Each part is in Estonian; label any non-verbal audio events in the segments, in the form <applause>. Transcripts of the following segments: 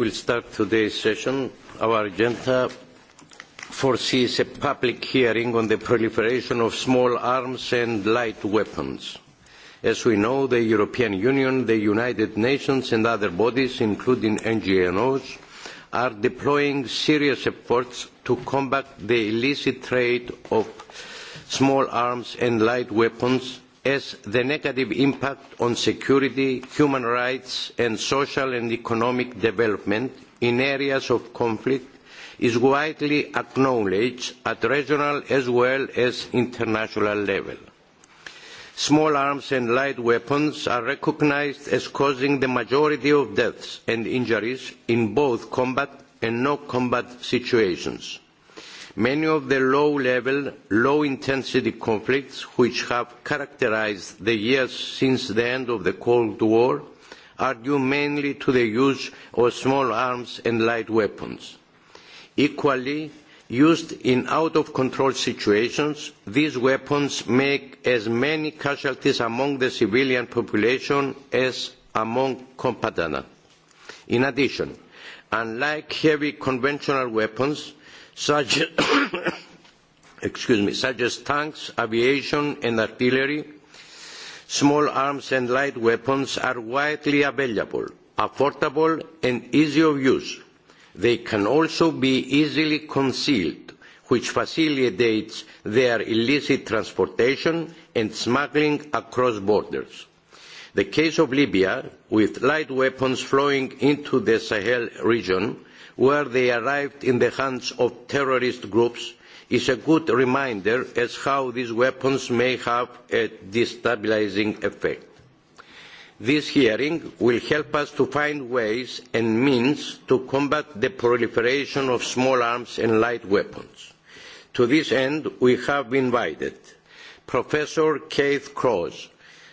will start today's session. Our agenda foresees a public hearing on the proliferation of small arms and light weapons. As we know, the European Union, the United Nations and other bodies, including NGOs, are deploying serious efforts to combat the illicit trade of small arms and light weapons as the negative impact on security, human rights and social and economic development in areas of conflict is widely acknowledged at regional as well as international level. Small arms and light weapons are recognized as causing the majority of deaths and injuries in both combat and no-combat situations Many of the low-level, low-intensity conflicts which have characterized the years since the end of the Cold War are due mainly to the use of small arms and light weapons. Equally, used in out-of-control situations, these weapons make as many casualties among the civilian population as among combatants. In addition, unlike heavy conventional weapons, such, <coughs> excuse me, such as tanks, aviation and artillery, small arms and light weapons are widely available, affordable and easy of use. They can also be easily concealed, which facilitates their illicit transportation and smuggling across borders. The case of Libya, with light weapons flowing into the Sahel region, where they arrived in the hands of terrorist groups is a good reminder as how these weapons may have a destabilizing effect. This hearing will help us to find ways and means to combat the proliferation of small arms and light weapons. To this end, we have invited Professor Keith Cross,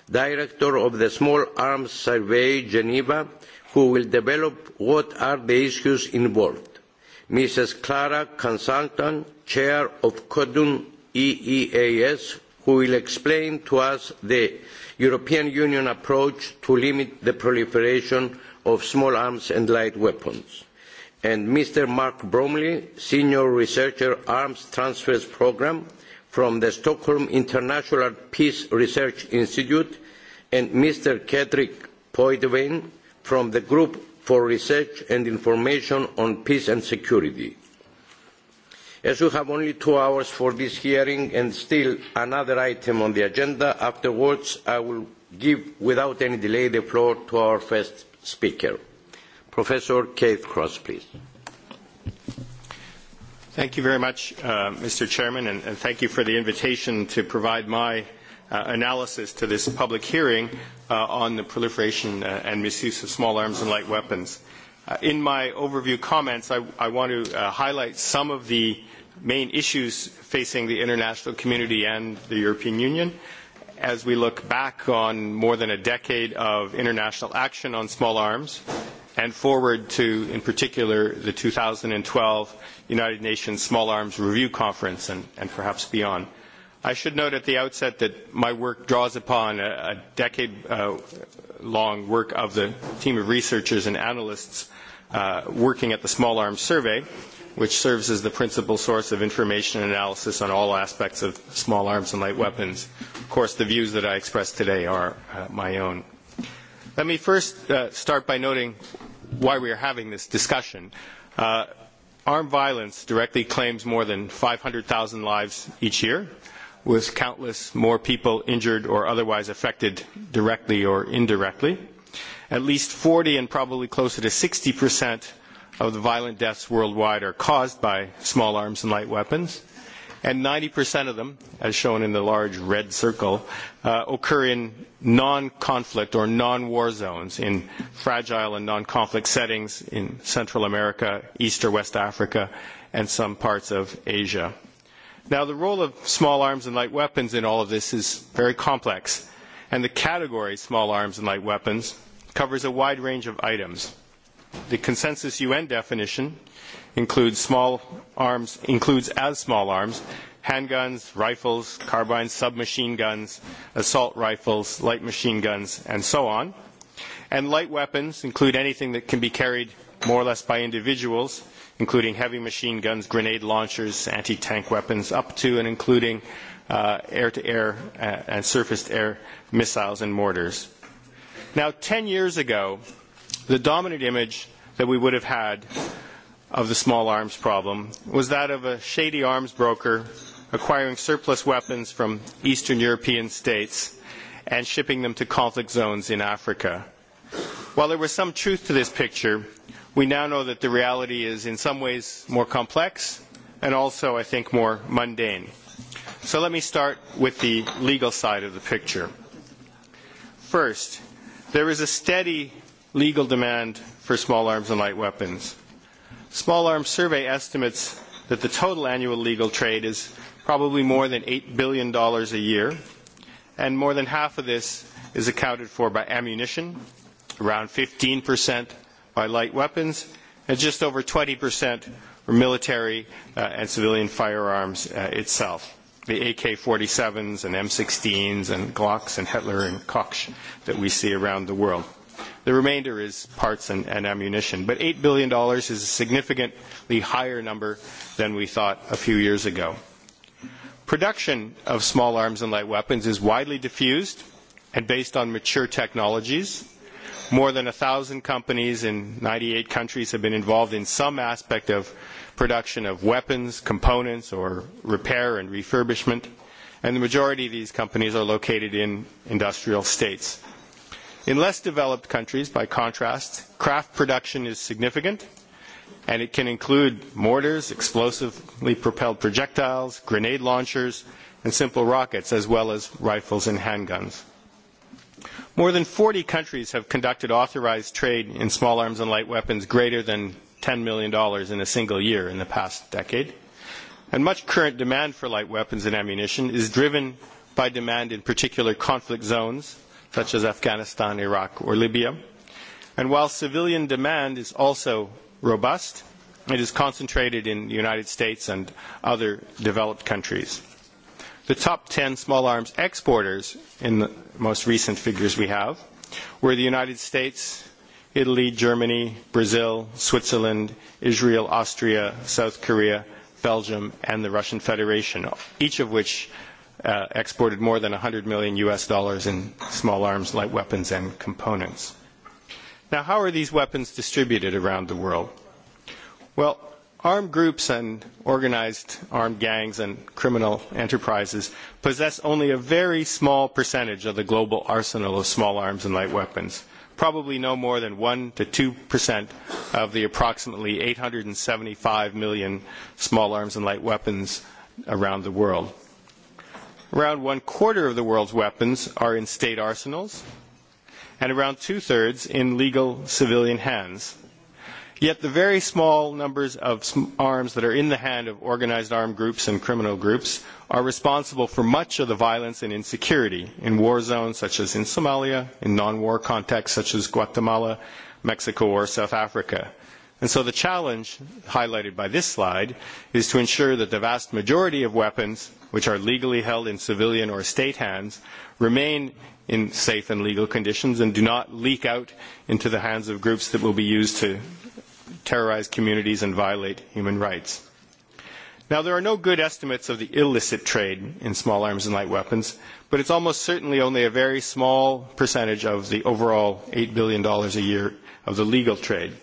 Director of the Small Arms Survey Geneva, who will develop what are the issues involved. Mrs. Clara Consultant, Chair of CODUN EEAS, who will explain to us the European Union approach to limit the proliferation of small arms and light weapons. And Mr. Mark Bromley, Senior Researcher Arms Transfers Programme from the Stockholm International Peace Research Institute, and Mr. Kedrick Poitevin, from the Group for Research and Information on Peace and Security. As we have only two hours for this hearing and still another item on the agenda, afterwards I will give, without any delay, the floor to our first speaker. Professor Keith Cross, please. Thank you very much, uh, Mr. Chairman, and, and thank you for the invitation to provide my uh, analysis to this public hearing uh, on the proliferation uh, and misuse of small arms and light weapons. Uh, in my overview comments, I, I want to uh, highlight some of the main issues facing the international community and the European Union as we look back on more than a decade of international action on small arms and forward to, in particular, the 2012 United Nations Small Arms Review Conference and, and perhaps beyond. Uh, I should note at the outset that my work draws upon a, a decade-long uh, work of the team of researchers and analysts uh, working at the Small Arms Survey, which serves as the principal source of information and analysis on all aspects of small arms and light weapons. Of course, the views that I express today are uh, my own. Let me first uh, start by noting why we are having this discussion. Uh, armed violence directly claims more than 500,000 lives each year. Uh, with countless more people injured or otherwise affected directly or indirectly. At least 40 and probably closer to 60 percent of the violent deaths worldwide are caused by small arms and light weapons, and 90% of them, as shown in the large red circle, uh, occur in non-conflict or non-war zones, in fragile and non-conflict settings in Central America, East or West Africa, and some parts of Asia. Now, the role of small arms and light weapons in all of this is very complex, and the category small arms and light weapons covers a wide range of items. The consensus UN definition includes small arms includes as small arms handguns, rifles, carbines, submachine guns, assault rifles, light machine guns, and so on. And light weapons include anything that can be carried more or less by individuals including heavy machine guns, grenade launchers, anti-tank weapons, up to and including uh, air-to-air uh, and surface-to-air missiles and mortars. Now, 10 years ago, the dominant image that we would have had of the small arms problem was that of a shady arms broker acquiring surplus weapons from Eastern European states and shipping them to conflict zones in Africa. While there was some truth to this picture, we now know that the reality is in some ways more complex and also, I think, more mundane. So let me start with the legal side of the picture. First, there is a steady legal demand for small arms and light weapons. Small Arms Survey estimates that the total annual legal trade is probably more than $8 billion a year, and more than half of this is accounted for by ammunition, around 15%, by light weapons, and just over 20% were military uh, and civilian firearms uh, itself. The AK-47s and M16s and Glocks and Hetler and Koch that we see around the world. The remainder is parts and, and ammunition. But $8 billion is a significantly higher number than we thought a few years ago. Production of small arms and light weapons is widely diffused and based on mature technologies more than 1,000 companies in 98 countries have been involved in some aspect of production of weapons, components, or repair and refurbishment, and the majority of these companies are located in industrial states. In less developed countries, by contrast, craft production is significant, and it can include mortars, explosively propelled projectiles, grenade launchers, and simple rockets, as well as rifles and handguns. More than 40 countries have conducted authorized trade in small arms and light weapons greater than $10 million in a single year in the past decade. And much current demand for light weapons and ammunition is driven by demand in particular conflict zones such as Afghanistan, Iraq, or Libya. And while civilian demand is also robust, it is concentrated in the United States and other developed countries the top 10 small arms exporters in the most recent figures we have were the United States, Italy, Germany, Brazil, Switzerland, Israel, Austria, South Korea, Belgium, and the Russian Federation, each of which uh, exported more than 100 million US dollars in small arms, light weapons, and components. Now, how are these weapons distributed around the world? Well, Armed groups and organized armed gangs and criminal enterprises possess only a very small percentage of the global arsenal of small arms and light weapons, probably no more than 1 to 2 percent of the approximately 875 million small arms and light weapons around the world. Around one quarter of the world's weapons are in state arsenals, and around two thirds in legal civilian hands Yet the very small numbers of arms that are in the hand of organized armed groups and criminal groups are responsible for much of the violence and insecurity in war zones such as in Somalia, in non-war contexts such as Guatemala, Mexico, or South Africa. And so the challenge highlighted by this slide is to ensure that the vast majority of weapons which are legally held in civilian or state hands remain in safe and legal conditions and do not leak out into the hands of groups that will be used to terrorize communities and violate human rights. Now, there are no good estimates of the illicit trade in small arms and light weapons, but it's almost certainly only a very small percentage of the overall $8 billion a year of the legal trade.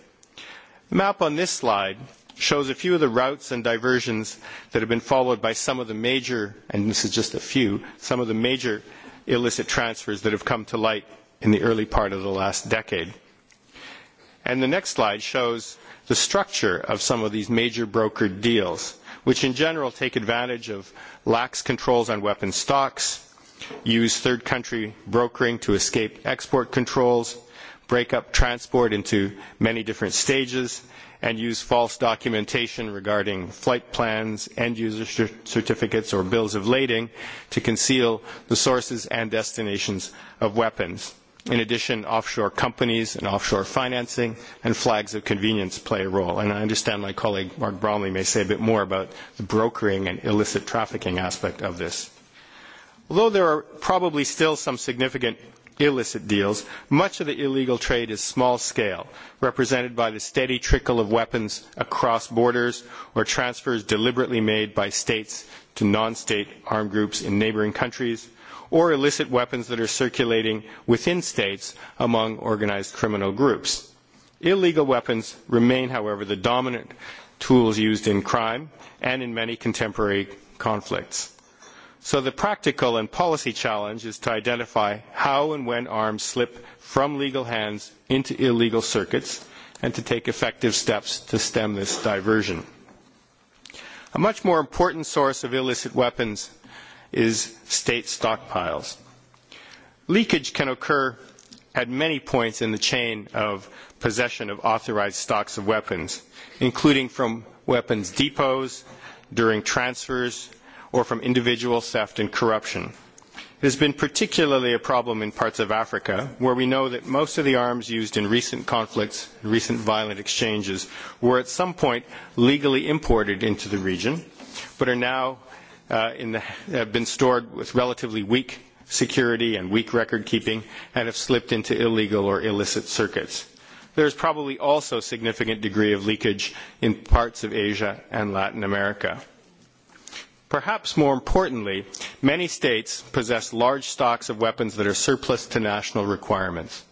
The map on this slide shows a few of the routes and diversions that have been followed by some of the major, and this is just a few, some of the major illicit transfers that have come to light in the early part of the last decade. And the next slide shows the structure of some of these major brokered deals, which in general take advantage of lax controls on weapon stocks, use third country brokering to escape export controls, break up transport into many different stages, and use false documentation regarding flight plans, end user cer- certificates, or bills of lading to conceal the sources and destinations of weapons. In addition, offshore companies and offshore financing and flags of convenience play a role. And I understand my colleague Mark Bromley may say a bit more about the brokering and illicit trafficking aspect of this. Although there are probably still some significant illicit deals, much of the illegal trade is small scale, represented by the steady trickle of weapons across borders or transfers deliberately made by states to non-state armed groups in neighboring countries or illicit weapons that are circulating within states among organized criminal groups. Illegal weapons remain, however, the dominant tools used in crime and in many contemporary conflicts. So the practical and policy challenge is to identify how and when arms slip from legal hands into illegal circuits and to take effective steps to stem this diversion. A much more important source of illicit weapons is state stockpiles. Leakage can occur at many points in the chain of possession of authorized stocks of weapons, including from weapons depots, during transfers, or from individual theft and corruption. It has been particularly a problem in parts of Africa, where we know that most of the arms used in recent conflicts and recent violent exchanges were at some point legally imported into the region, but are now uh, in the, have been stored with relatively weak security and weak record keeping and have slipped into illegal or illicit circuits. There is probably also significant degree of leakage in parts of Asia and Latin America. Perhaps more importantly, many states possess large stocks of weapons that are surplus to national requirements.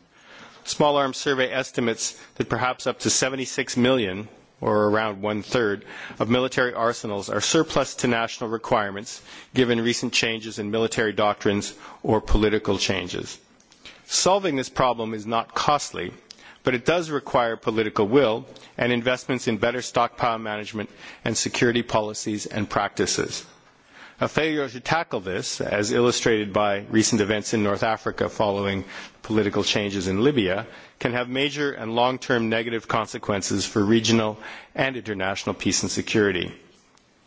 Small Arms Survey estimates that perhaps up to 76 million or around one-third, of military arsenals are surplus to national requirements given recent changes in military doctrines or political changes. Solving this problem is not costly, but it does require political will and investments in better stockpile management and security policies and practices a failure to tackle this, as illustrated by recent events in North Africa following political changes in Libya, can have major and long-term negative consequences for regional and international peace and security.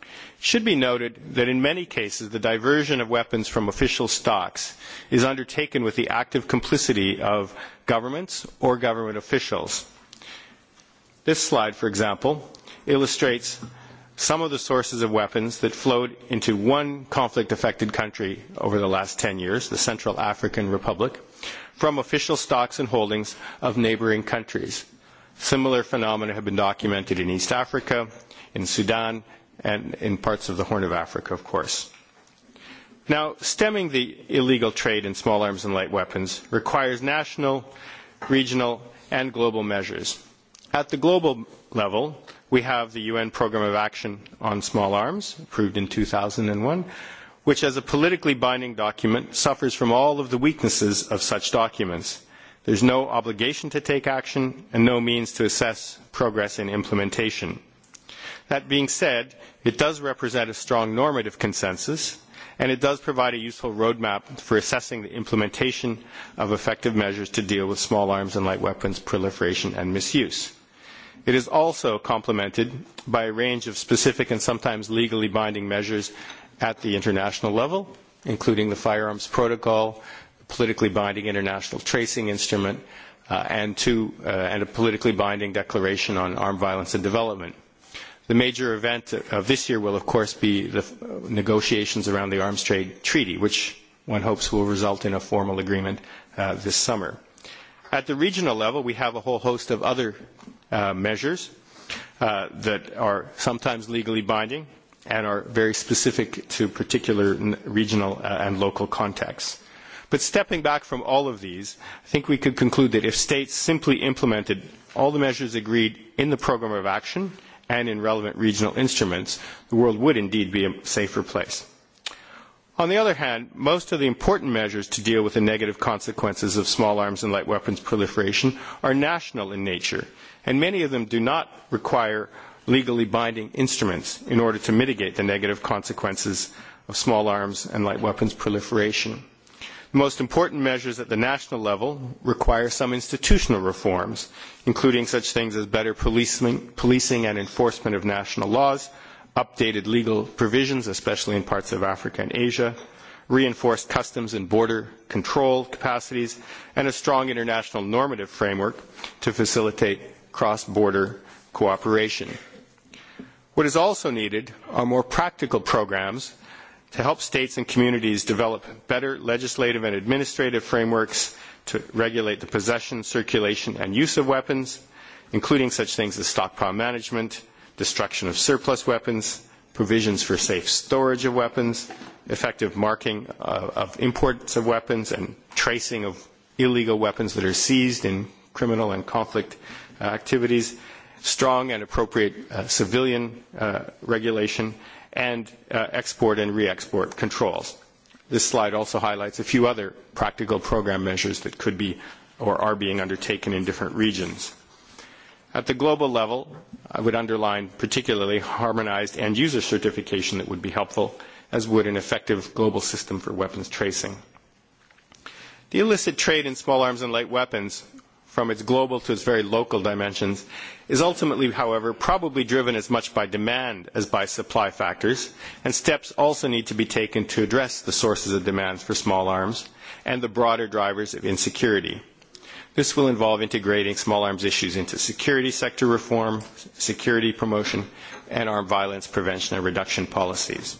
It should be noted that in many cases the diversion of weapons from official stocks is undertaken with the active complicity of governments or government officials. This slide, for example, illustrates some of the sources of weapons that flowed into one conflict affected country over the last 10 years, the Central African Republic, from official stocks and holdings of neighboring countries. Similar phenomena have been documented in East Africa, in Sudan, and in parts of the Horn of Africa, of course. Now, stemming the illegal trade in small arms and light weapons requires national, regional, and global measures. At the global level, We have the UN Programme of Action on Small Arms, approved in 2001, which as a politically binding document suffers from all of the weaknesses of such documents. There's no obligation to take action and no means to assess progress in implementation. That being said, it does represent a strong normative consensus and it does provide a useful roadmap for assessing the implementation of effective measures to deal with small arms and light weapons proliferation and misuse. It is also complemented by a range of specific and sometimes legally binding measures at the international level, including the Firearms Protocol, politically binding international tracing instrument, uh, and, two, uh, and a politically binding declaration on armed violence and development. The major event of this year will, of course, be the uh, negotiations around the arms trade treaty, which one hopes will result in a formal agreement uh, this summer. At the regional level, we have a whole host of other uh, measures uh, that are sometimes legally binding and are very specific to particular n- regional uh, and local contexts. But stepping back from all of these, I think we could conclude that if states simply implemented all the measures agreed in the program of action and in relevant regional instruments, the world would indeed be a safer place. On the other hand, most of the important measures to deal with the negative consequences of small arms and light weapons proliferation are national in nature and many of them do not require legally binding instruments in order to mitigate the negative consequences of small arms and light weapons proliferation. The most important measures at the national level require some institutional reforms, including such things as better policing, policing and enforcement of national laws, updated legal provisions, especially in parts of Africa and Asia, reinforced customs and border control capacities, and a strong international normative framework to facilitate cross-border cooperation. What is also needed are more practical programs to help states and communities develop better legislative and administrative frameworks to regulate the possession, circulation, and use of weapons, including such things as stockpile management, destruction of surplus weapons, provisions for safe storage of weapons, effective marking uh, of imports of weapons, and tracing of illegal weapons that are seized in criminal and conflict Uh, activities, strong and appropriate uh, civilian uh, regulation, and uh, export and re-export controls. This slide also highlights a few other practical program measures that could be or are being undertaken in different regions. At the global level, I would underline particularly harmonized end user certification that would be helpful, as would an effective global system for weapons tracing. The illicit trade in small arms and light weapons from its global to its very local dimensions, is ultimately, however, probably driven as much by demand as by supply factors, and steps also need to be taken to address the sources of demand for small arms and the broader drivers of insecurity. This will involve integrating small arms issues into security sector reform, security promotion, and armed violence prevention and reduction policies.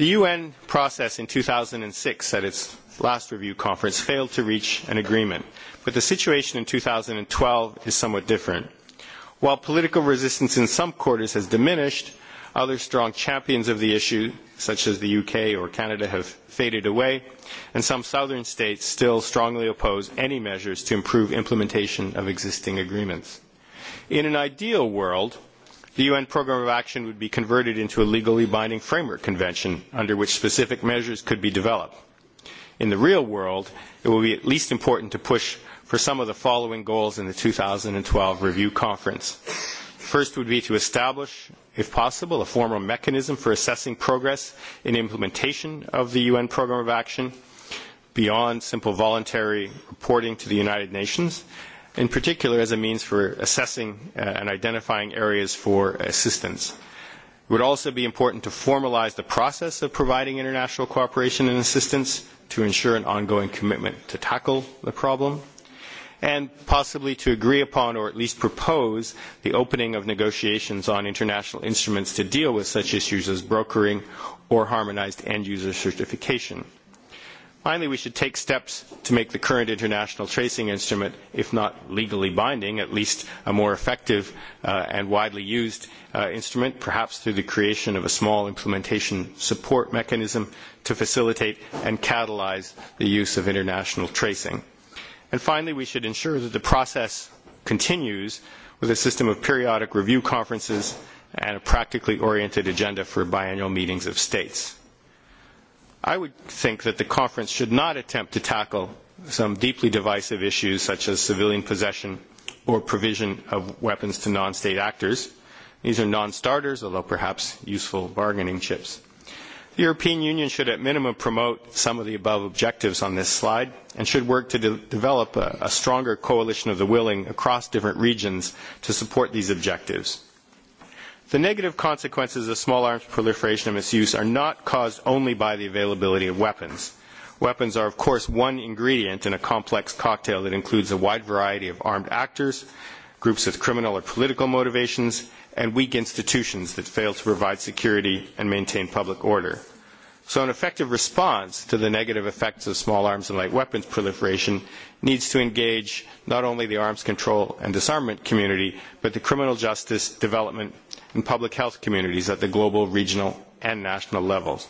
The UN process in 2006 at its last review conference failed to reach an agreement, but the situation in 2012 is somewhat different. While political resistance in some quarters has diminished, other strong champions of the issue, such as the UK or Canada, have faded away, and some southern states still strongly oppose any measures to improve implementation of existing agreements. In an ideal world, the UN Programme of Action would be converted into a legally binding framework convention under which specific measures could be developed. In the real world, it will be at least important to push for some of the following goals in the 2012 review conference. First would be to establish, if possible, a formal mechanism for assessing progress in implementation of the UN Programme of Action beyond simple voluntary reporting to the United Nations in particular as a means for assessing uh, and identifying areas for assistance. It would also be important to formalize the process of providing international cooperation and assistance to ensure an ongoing commitment to tackle the problem and possibly to agree upon or at least propose the opening of negotiations on international instruments to deal with such issues as brokering or harmonized end user certification. Finally, we should take steps to make the current international tracing instrument, if not legally binding, at least a more effective uh, and widely used uh, instrument, perhaps through the creation of a small implementation support mechanism to facilitate and catalyze the use of international tracing. And finally, we should ensure that the process continues with a system of periodic review conferences and a practically oriented agenda for biannual meetings of states. I would think that the conference should not attempt to tackle some deeply divisive issues such as civilian possession or provision of weapons to non-state actors. These are non-starters, although perhaps useful bargaining chips. The European Union should at minimum promote some of the above objectives on this slide and should work to de- develop a, a stronger coalition of the willing across different regions to support these objectives The negative consequences of small arms proliferation and misuse are not caused only by the availability of weapons. Weapons are, of course, one ingredient in a complex cocktail that includes a wide variety of armed actors, groups with criminal or political motivations, and weak institutions that fail to provide security and maintain public order. So an effective response to the negative effects of small arms and light weapons proliferation needs to engage not only the arms control and disarmament community, but the criminal justice, development, and public health communities at the global, regional, and national levels.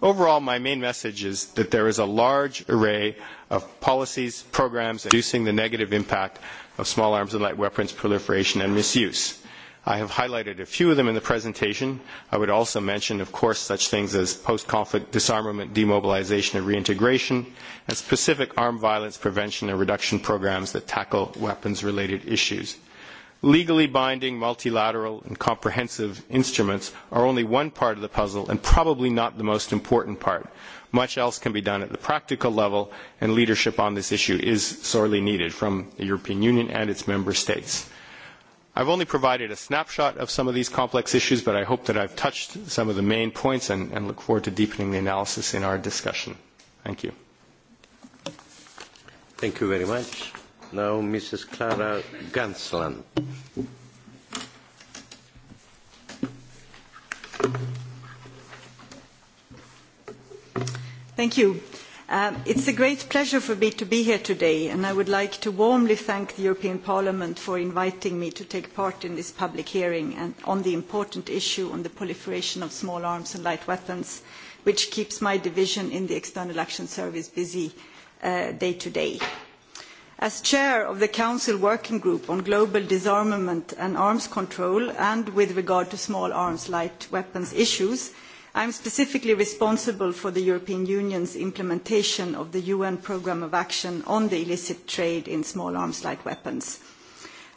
Overall, my main message is that there is a large array of policies, programs reducing the negative impact of small arms and light weapons proliferation and misuse I have highlighted a few of them in the presentation. I would also mention, of course, such things as post-conflict disarmament, demobilization, and reintegration, and specific armed violence prevention and reduction programs that tackle weapons-related issues. Legally binding, multilateral, and comprehensive instruments are only one part of the puzzle and probably not the most important part. Much else can be done at the practical level, and leadership on this issue is sorely needed from the European Union and its member states. I've only provided a snapshot of some of these complex issues, but I hope that I've touched some of the main points and, and look forward to deepening the analysis in our discussion. Thank you. Thank you very much. Now, Mrs. Clara Gansland. Thank you. Um, it's a great pleasure for me to be here today, and I would like to warmly thank the European Parliament for inviting me to take part in this public hearing and on the important issue on the proliferation of small arms and light weapons, which keeps my division in the External Action Service busy uh, day to day. As chair of the Council Working Group on Global Disarmament and Arms Control, and with regard to small arms light weapons issues, uh, i am specifically responsible for the european union's implementation of the un programme of action on the illicit trade in small arms light weapons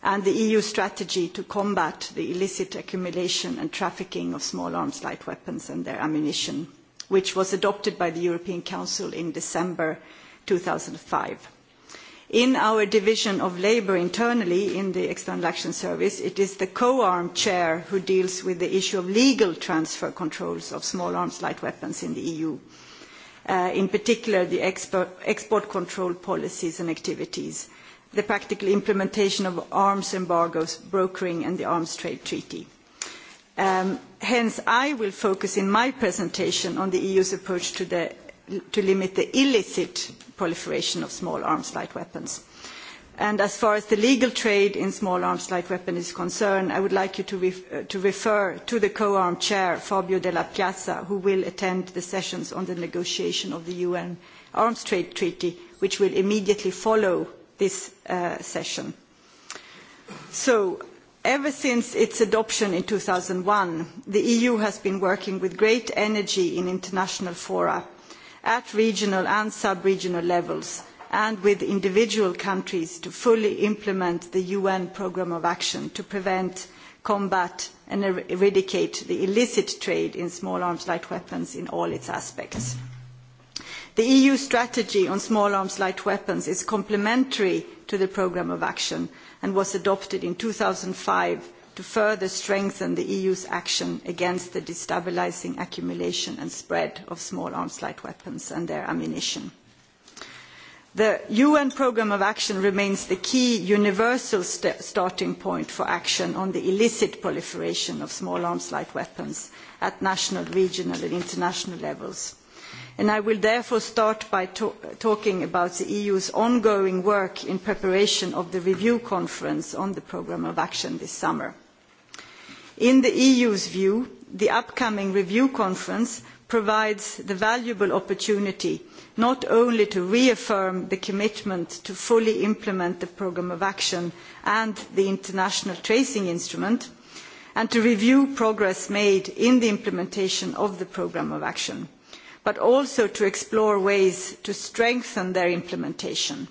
and the eu strategy to combat the illicit accumulation and trafficking of small arms light weapons and their ammunition which was adopted by the european council in december two thousand and five in our division of labour internally in the external action service it is the co arm chair who deals with the issue of legal transfer controls of small arms light weapons in the eu uh, in particular the export, export control policies and activities the practical implementation of arms embargoes brokering and the arms trade treaty um, hence i will focus in my presentation on the eu's approach to the to limit the illicit proliferation of small arms light weapons. And as far as the legal trade in small arms light weapons is concerned, I would like you to, ref uh, to refer to the COARM chair, Fabio Della Piazza, who will attend the sessions on the negotiation of the UN Arms Trade Treaty, which will immediately follow this uh, session. So, ever since its adoption in 2001, the EU has been working with great energy in international fora at regional and sub regional levels and with individual countries to fully implement the un programme of action to prevent combat and er-, eradicate the illicit trade in small arms light weapons in all its aspects. the eu strategy on small arms light weapons is complementary to the programme of action and was adopted in two thousand and five to further strengthen the EU's action against the destabilizing accumulation and spread of small arms light weapons and their ammunition. The UN Programme of Action remains the key universal st starting point for action on the illicit proliferation of small arms light weapons at national, regional and international levels. And I will therefore start by to talking about the EU's ongoing work in preparation of the review conference on the Programme of Action this summer in the eu's view the upcoming review conference provides the valuable opportunity not only to reaffirm the commitment to fully implement the programme of action and the international tracing instrument and to review progress made in the implementation of the programme of action but also to explore ways to strengthen their implementation.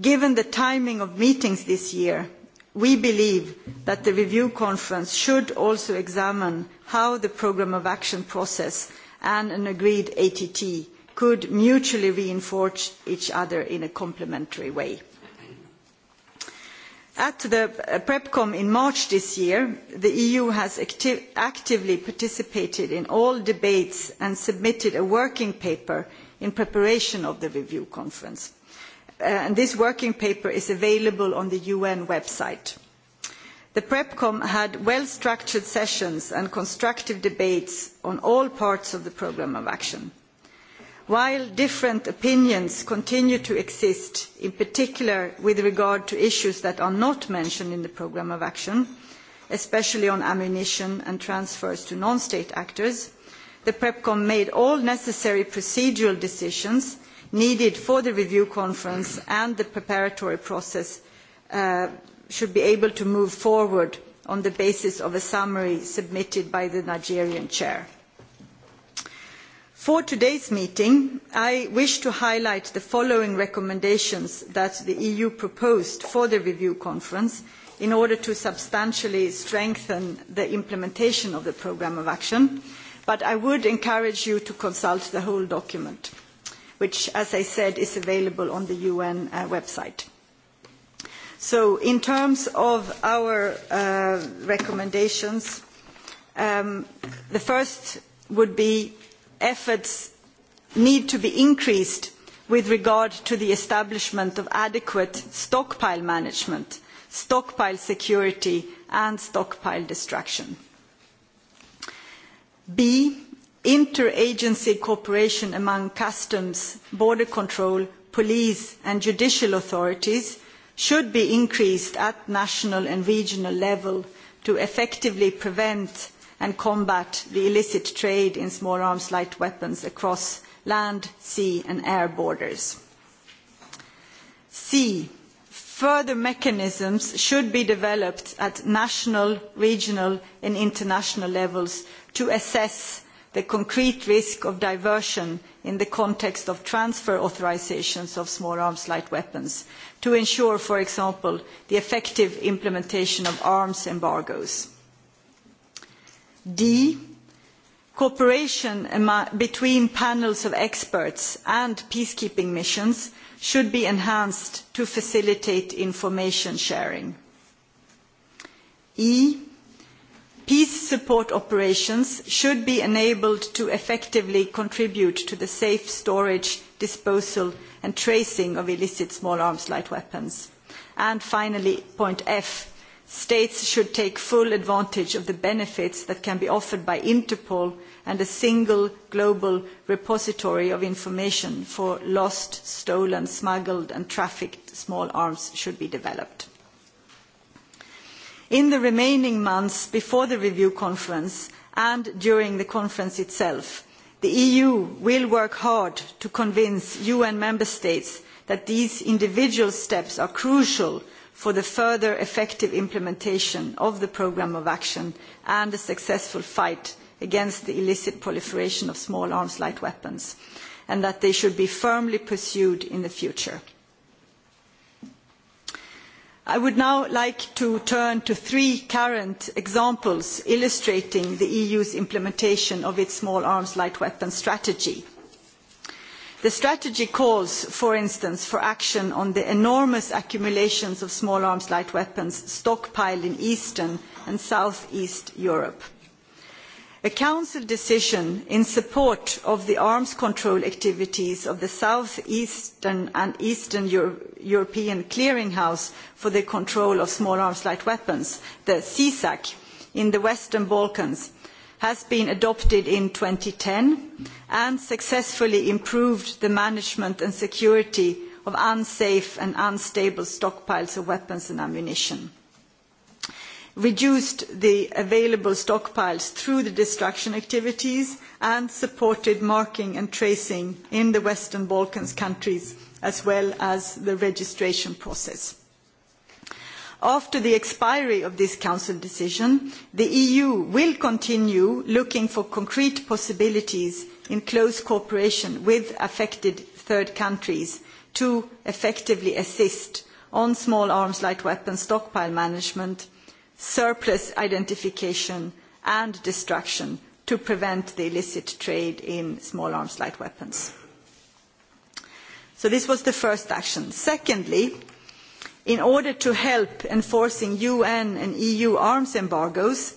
given the timing of meetings this year we believe that the review conference should also examine how the programme of action process and an agreed att could mutually reinforce each other in a complementary way. At the uh, PrepCom in March this year, the EU has acti actively participated in all debates and submitted a working paper in preparation of the review conference Uh, and this working paper is available on the UN website. The PrepCom had well-structured sessions and constructive debates on all parts of the programme of action. While different opinions continue to exist, in particular with regard to issues that are not mentioned in the programme of action, especially on ammunition and transfers to non-state actors, the PrepCom made all necessary procedural decisions needed for the review conference and the preparatory process uh, should be able to move forward on the basis of a summary submitted by the Nigerian chair. For today's meeting, I wish to highlight the following recommendations that the EU proposed for the review conference in order to substantially strengthen the implementation of the programme of action, but I would encourage you to consult the whole document which, as I said, is available on the UN uh, website. So in terms of our uh, recommendations, um, the first would be efforts need to be increased with regard to the establishment of adequate stockpile management, stockpile security and stockpile destruction. B, interagency cooperation among customs, border control, police and judicial authorities should be increased at national and regional level to effectively prevent and combat the illicit trade in small arms light weapons across land, sea and air borders. C. Further mechanisms should be developed at national, regional and international levels to assess the concrete risk of diversion in the context of transfer authorisations of small arms light weapons to ensure, for example, the effective implementation of arms embargoes. D. Cooperation between panels of experts and peacekeeping missions should be enhanced to facilitate information sharing. E Peace support operations should be enabled to effectively contribute to the safe storage, disposal and tracing of illicit small arms light weapons. And finally, point F, states should take full advantage of the benefits that can be offered by Interpol and a single global repository of information for lost, stolen, smuggled and trafficked small arms should be developed in the remaining months before the review conference and during the conference itself the eu will work hard to convince un member states that these individual steps are crucial for the further effective implementation of the programme of action and the successful fight against the illicit proliferation of small arms light weapons and that they should be firmly pursued in the future i would now like to turn to three current examples illustrating the eu's implementation of its small arms light weapons strategy. the strategy calls for instance for action on the enormous accumulations of small arms light weapons stockpiled in eastern and south east europe a council decision in support of the arms control activities of the south eastern and eastern Euro european clearinghouse for the control of small arms light weapons the cisac in the western balkans has been adopted in two thousand and ten and successfully improved the management and security of unsafe and unstable stockpiles of weapons and ammunition reduced the available stockpiles through the destruction activities and supported marking and tracing in the Western Balkans countries as well as the registration process. After the expiry of this Council decision, the EU will continue looking for concrete possibilities in close cooperation with affected third countries to effectively assist on small arms light weapons stockpile management surplus identification and destruction to prevent the illicit trade in small arms light weapons. So this was the first action. Secondly, in order to help enforcing UN and EU arms embargoes,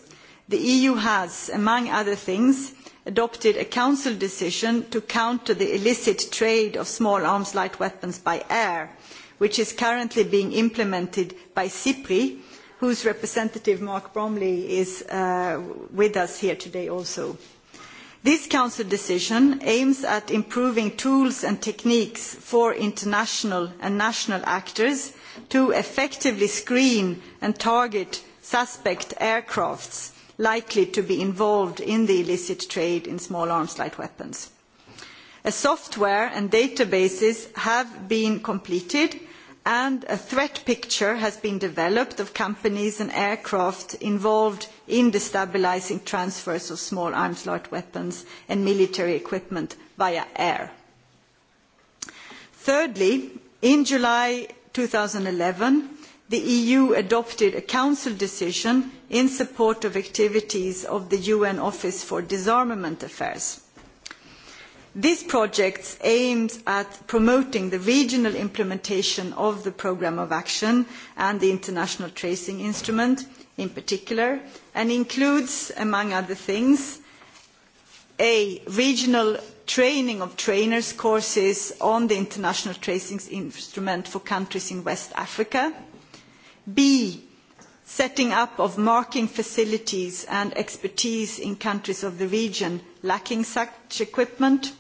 the EU has, among other things, adopted a Council decision to counter the illicit trade of small arms light weapons by air, which is currently being implemented by CIPRI, whose representative, Mark Bromley, is uh, with us here today also. This Council decision aims at improving tools and techniques for international and national actors to effectively screen and target suspect aircrafts likely to be involved in the illicit trade in small arms light weapons. A software and databases have been completed and a threat picture has been developed of companies and aircraft involved in destabilising transfers of small arms, light weapons and military equipment via air. Thirdly, in July 2011, the EU adopted a Council decision in support of activities of the UN Office for Disarmament Affairs This project aims at promoting the regional implementation of the Programme of Action and the International Tracing Instrument in particular, and includes, among other things, a regional training of trainers courses on the International Tracing Instrument for countries in West Africa, b setting up of marking facilities and expertise in countries of the region lacking such equipment,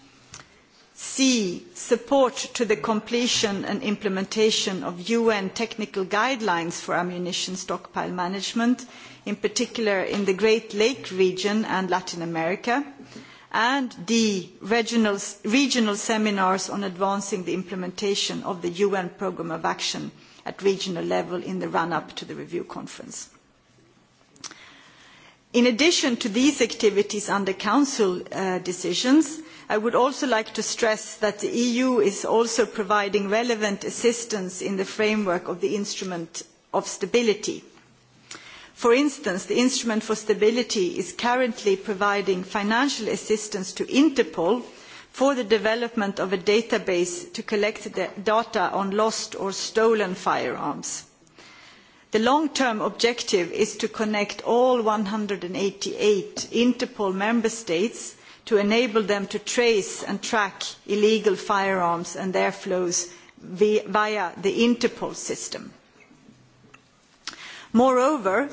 c support to the completion and implementation of un technical guidelines for ammunition stockpile management in particular in the great lakes region and latin america and d regional, regional seminars on advancing the implementation of the un programme of action at regional level in the run up to the review conference. in addition to these activities under council uh, decisions i would also like to stress that the eu is also providing relevant assistance in the framework of the instrument of stability. for instance the instrument for stability is currently providing financial assistance to interpol for the development of a database to collect data on lost or stolen firearms. The long-term objective is to connect all 188 Interpol member states to enable them to trace and track illegal firearms and their flows via, via the Interpol system. Moreover,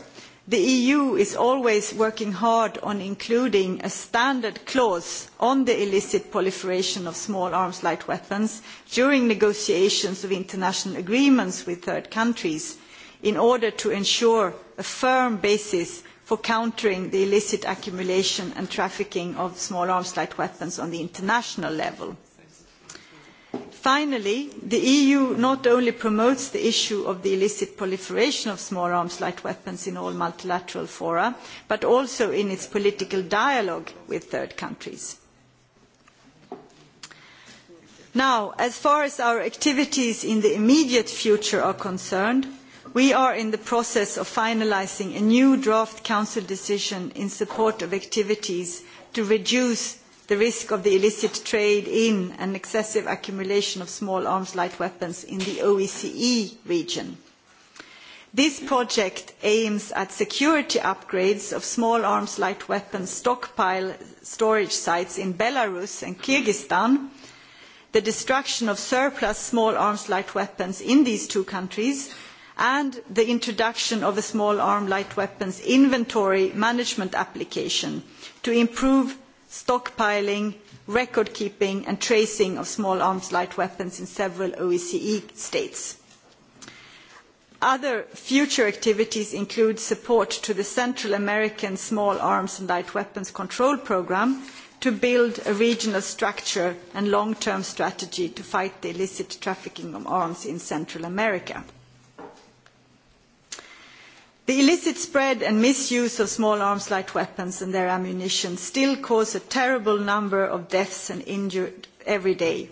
the eu is always working hard on including a standard clause on the illicit proliferation of small arms light weapons during negotiations of international agreements with third countries in order to ensure a firm basis for countering the illicit accumulation and trafficking of small arms light weapons on the international level. Finally, the EU not only promotes the issue of the illicit proliferation of small arms light weapons in all multilateral fora, but also in its political dialogue with third countries. Now, as far as our activities in the immediate future are concerned, we are in the process of finalising a new draft council decision in support of activities to reduce the risk of the illicit trade in and excessive accumulation of small arms light weapons in the OECE e region. This project aims at security upgrades of small arms light weapons stockpile storage sites in Belarus and Kyrgyzstan, the destruction of surplus small arms light weapons in these two countries, and the introduction of a small arms light weapons inventory management application to improve stockpiling record keeping and tracing of small arms light weapons in several osce e states. other future activities include support to the central american small arms and light weapons control programme to build a regional structure and long term strategy to fight the illicit trafficking of arms in central america. The illicit spread and misuse of small arms light weapons and their ammunition still cause a terrible number of deaths and injured every day.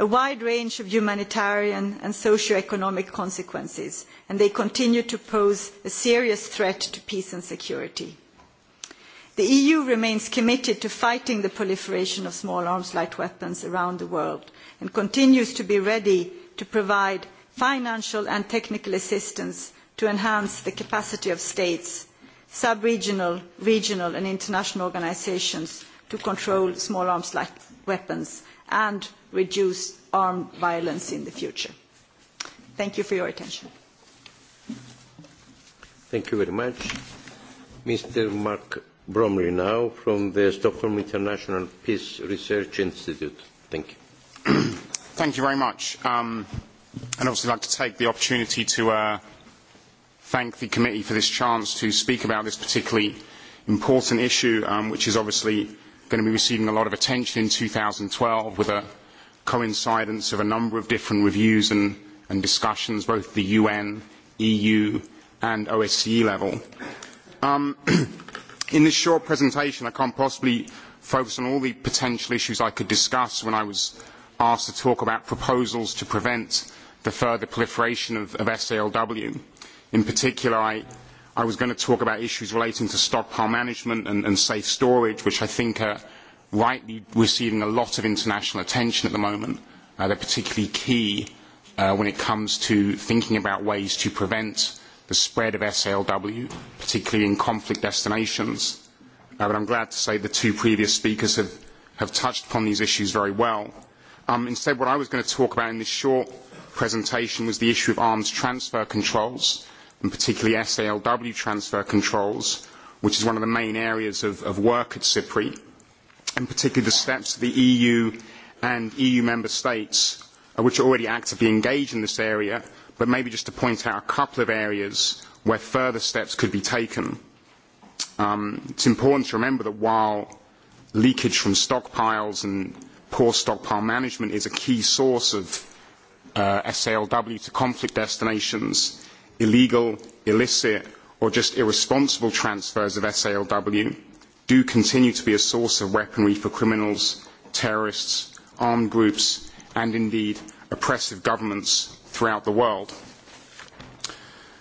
A wide range of humanitarian and socio-economic consequences, and they continue to pose a serious threat to peace and security. The EU remains committed to fighting the proliferation of small arms light weapons around the world and continues to be ready to provide financial and technical assistance to enhance the capacity of states, sub-regional, regional and international organisations to control small arms like weapons and reduce armed violence in the future. Thank you for your attention. Thank you very much. Mr. Mark Bromley now from the Stockholm International Peace Research Institute. Thank you. <clears throat> Thank you very much. Um, I'd obviously like to take the opportunity to uh, thank the committee for this chance to speak about this particularly important issue, um, which is obviously going to be receiving a lot of attention in 2012 with a coincidence of a number of different reviews and, and discussions, both the UN, EU, and OSCE level. Um, <clears throat> in this short presentation, I can't possibly focus on all the potential issues I could discuss when I was asked to talk about proposals to prevent the further proliferation of, of SALW. In particular, I, I was going to talk about issues relating to stockpile management and, and safe storage, which I think are rightly receiving a lot of international attention at the moment. Uh, they're particularly key uh, when it comes to thinking about ways to prevent the spread of SALW, particularly in conflict destinations. Uh, but I'm glad to say the two previous speakers have, have touched upon these issues very well. Um, instead, what I was going to talk about in this short presentation was the issue of arms transfer controls, and particularly SALW transfer controls, which is one of the main areas of, of work at CIPRI, and particularly the steps the EU and EU member states, uh, which are already actively engaged in this area, but maybe just to point out a couple of areas where further steps could be taken. Um, it's important to remember that while leakage from stockpiles and poor stockpile management is a key source of uh, SALW to conflict destinations, illegal, illicit or just irresponsible transfers of SALW do continue to be a source of weaponry for criminals, terrorists, armed groups and indeed oppressive governments throughout the world.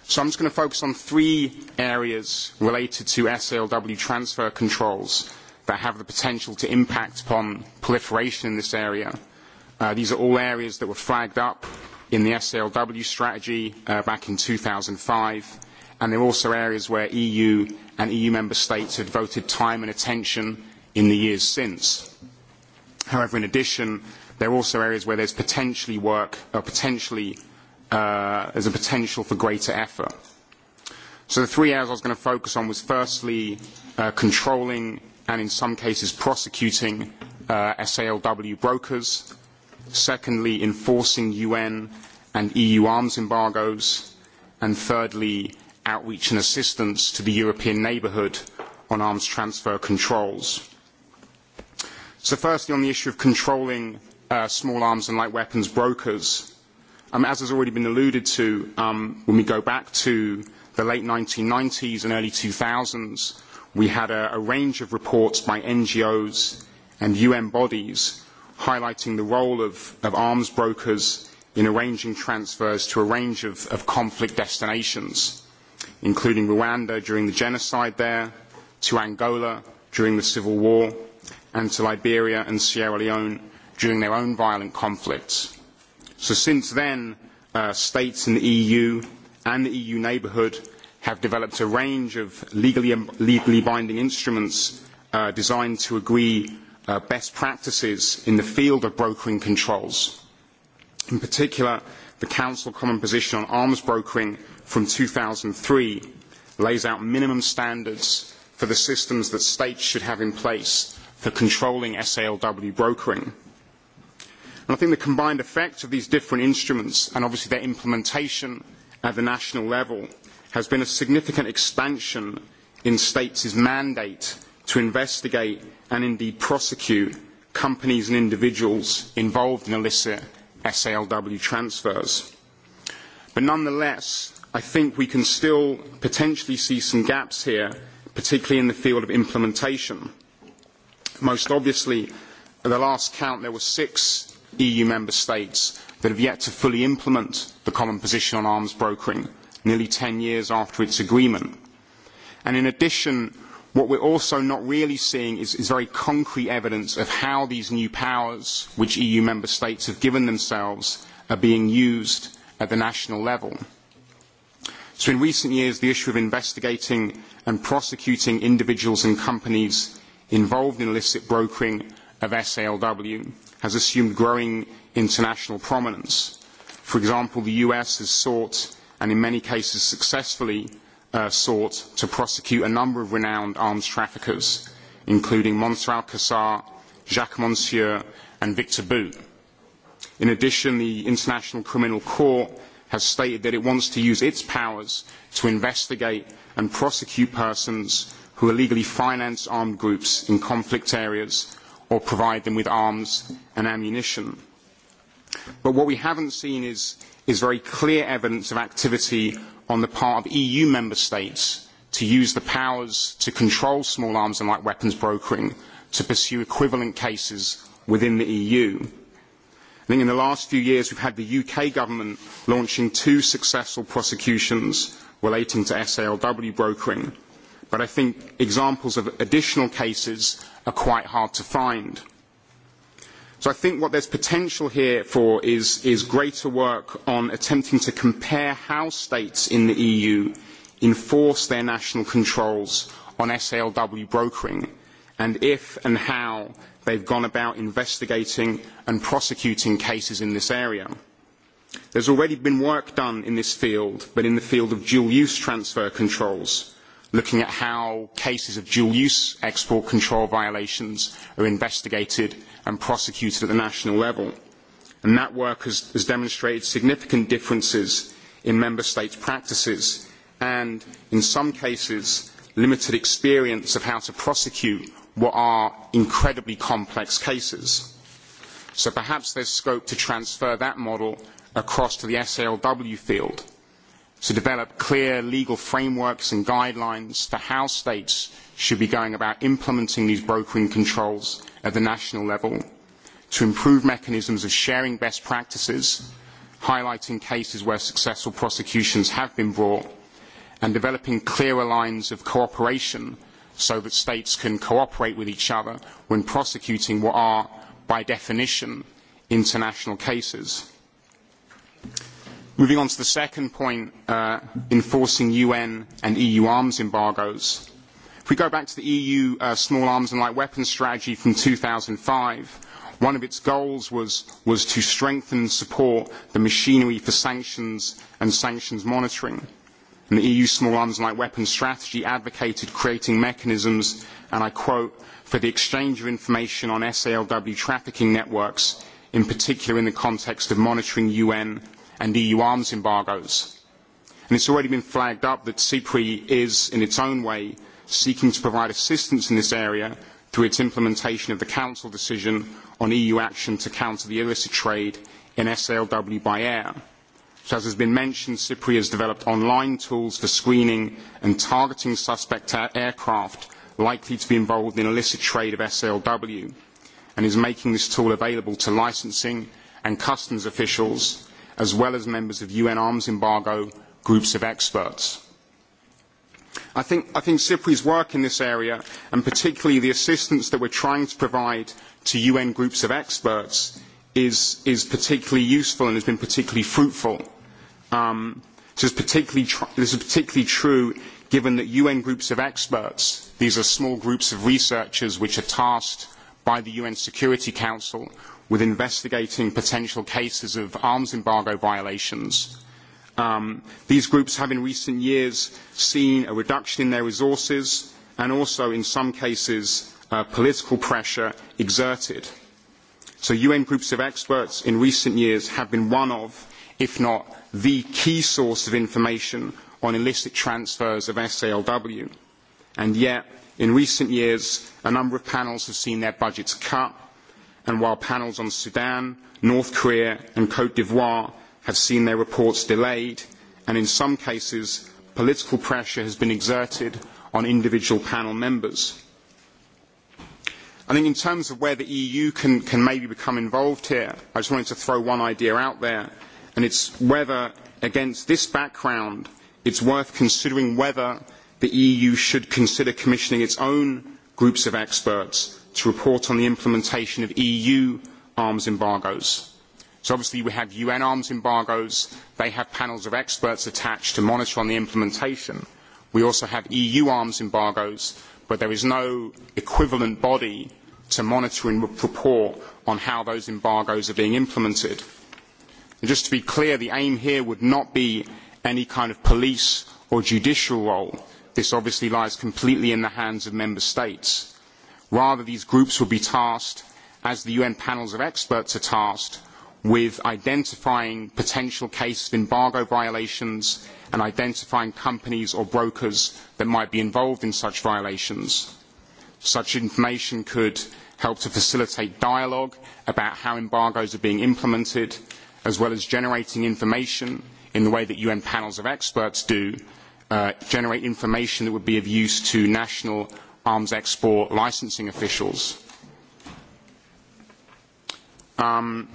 So I'm just going to focus on three areas related to SALW transfer controls that have the potential to impact upon proliferation in this area. Uh, these are all areas that were flagged up in the SLW strategy uh, back in 2005, and there were also areas where EU and EU member states had voted time and attention in the years since. However, in addition, there are also areas where there's potentially work or uh, potentially uh, there's a potential for greater effort. So the three areas I was going to focus on was firstly uh, controlling and in some cases prosecuting uh, SALW brokers Secondly, enforcing UN and EU arms embargoes. And thirdly, outreach and assistance to the European neighbourhood on arms transfer controls. So firstly, on the issue of controlling uh, small arms and light weapons brokers, um, as has already been alluded to, um, when we go back to the late 1990s and early 2000s, we had a, a range of reports by NGOs and UN bodies highlighting the role of, of arms brokers in arranging transfers to a range of, of conflict destinations, including Rwanda during the genocide there, to Angola during the civil war, and to Liberia and Sierra Leone during their own violent conflicts. So since then, uh, states in the EU and the EU neighbourhood have developed a range of legally, legally binding instruments uh, designed to agree uh, best practices in the field of brokering controls. In particular, the Council Common Position on Arms Brokering from 2003 lays out minimum standards for the systems that states should have in place for controlling SALW brokering. And I think the combined effect of these different instruments and obviously their implementation at the national level has been a significant expansion in states' mandate to investigate and indeed prosecute companies and individuals involved in illicit SALW transfers. But nonetheless, I think we can still potentially see some gaps here, particularly in the field of implementation. Most obviously, at the last count, there were six EU member states that have yet to fully implement the Common Position on Arms Brokering, nearly 10 years after its agreement. And in addition, What we're also not really seeing is, is very concrete evidence of how these new powers, which EU member states have given themselves, are being used at the national level. So in recent years, the issue of investigating and prosecuting individuals and companies involved in illicit brokering of SALW has assumed growing international prominence. For example, the US has sought, and in many cases successfully, uh, sought to prosecute a number of renowned arms traffickers, including Monser Alcazar, Jacques Monsieur, and Victor Bout. In addition, the International Criminal Court has stated that it wants to use its powers to investigate and prosecute persons who illegally finance armed groups in conflict areas or provide them with arms and ammunition. But what we haven't seen is, is very clear evidence of activity on the part of EU member states to use the powers to control small arms and light weapons brokering to pursue equivalent cases within the EU. I think in the last few years we've had the UK government launching two successful prosecutions relating to SALW brokering, but I think examples of additional cases are quite hard to find. So I think what there's potential here for is, is greater work on attempting to compare how states in the EU enforce their national controls on SALW brokering and if and how they've gone about investigating and prosecuting cases in this area. There's already been work done in this field, but in the field of dual-use transfer controls, looking at how cases of dual-use export control violations are investigated and prosecuted at the national level. And that work has, has demonstrated significant differences in member states' practices and, in some cases, limited experience of how to prosecute what are incredibly complex cases. So perhaps there's scope to transfer that model across to the SALW field – to develop clear legal frameworks and guidelines for how states should be going about implementing these brokering controls at the national level, to improve mechanisms of sharing best practices, highlighting cases where successful prosecutions have been brought, and developing clearer lines of cooperation so that states can cooperate with each other when prosecuting what are, by definition, international cases. Moving on to the second point, uh, enforcing UN and EU arms embargoes. If we go back to the EU uh, small arms and light weapons strategy from 2005, one of its goals was, was to strengthen and support the machinery for sanctions and sanctions monitoring. And the EU small arms and light weapons strategy advocated creating mechanisms, and I quote, for the exchange of information on SALW trafficking networks, in particular in the context of monitoring UN and EU e arms embargoes. And it's already been flagged up that CPRI is, in its own way, seeking to provide assistance in this area through its implementation of the Council decision on EU action to counter the illicit trade in SLW by air. So as has been mentioned, CIPRI has developed online tools for screening and targeting suspect aircraft likely to be involved in illicit trade of SLW and is making this tool available to licensing and customs officials as well as members of UN arms embargo groups of experts. I think, I think CIPRI's work in this area, and particularly the assistance that we're trying to provide to UN groups of experts, is, is particularly useful and has been particularly fruitful. Um, this, is particularly tr- this is particularly true given that UN groups of experts, these are small groups of researchers which are tasked by the UN Security Council with investigating potential cases of arms embargo violations. Um, these groups have in recent years seen a reduction in their resources and also in some cases uh, political pressure exerted. So UN groups of experts in recent years have been one of, if not the key source of information on illicit transfers of SALW. And yet, in recent years, a number of panels have seen their budgets cut and while panels on Sudan, North Korea and Cote d'Ivoire have seen their reports delayed, and in some cases, political pressure has been exerted on individual panel members. I think in terms of where the EU can, can maybe become involved here, I just wanted to throw one idea out there, and it's whether, against this background, it's worth considering whether the EU should consider commissioning its own groups of experts to report on the implementation of EU arms embargoes. So obviously we have UN arms embargoes, they have panels of experts attached to monitor on the implementation. We also have EU arms embargoes, but there is no equivalent body to monitor and report on how those embargoes are being implemented. And just to be clear, the aim here would not be any kind of police or judicial role. This obviously lies completely in the hands of member states. Rather, these groups will be tasked, as the UN panels of experts are tasked, with identifying potential cases of embargo violations and identifying companies or brokers that might be involved in such violations. Such information could help to facilitate dialogue about how embargoes are being implemented, as well as generating information in the way that UN panels of experts do, uh, generate information that would be of use to national arms export licensing officials. Um,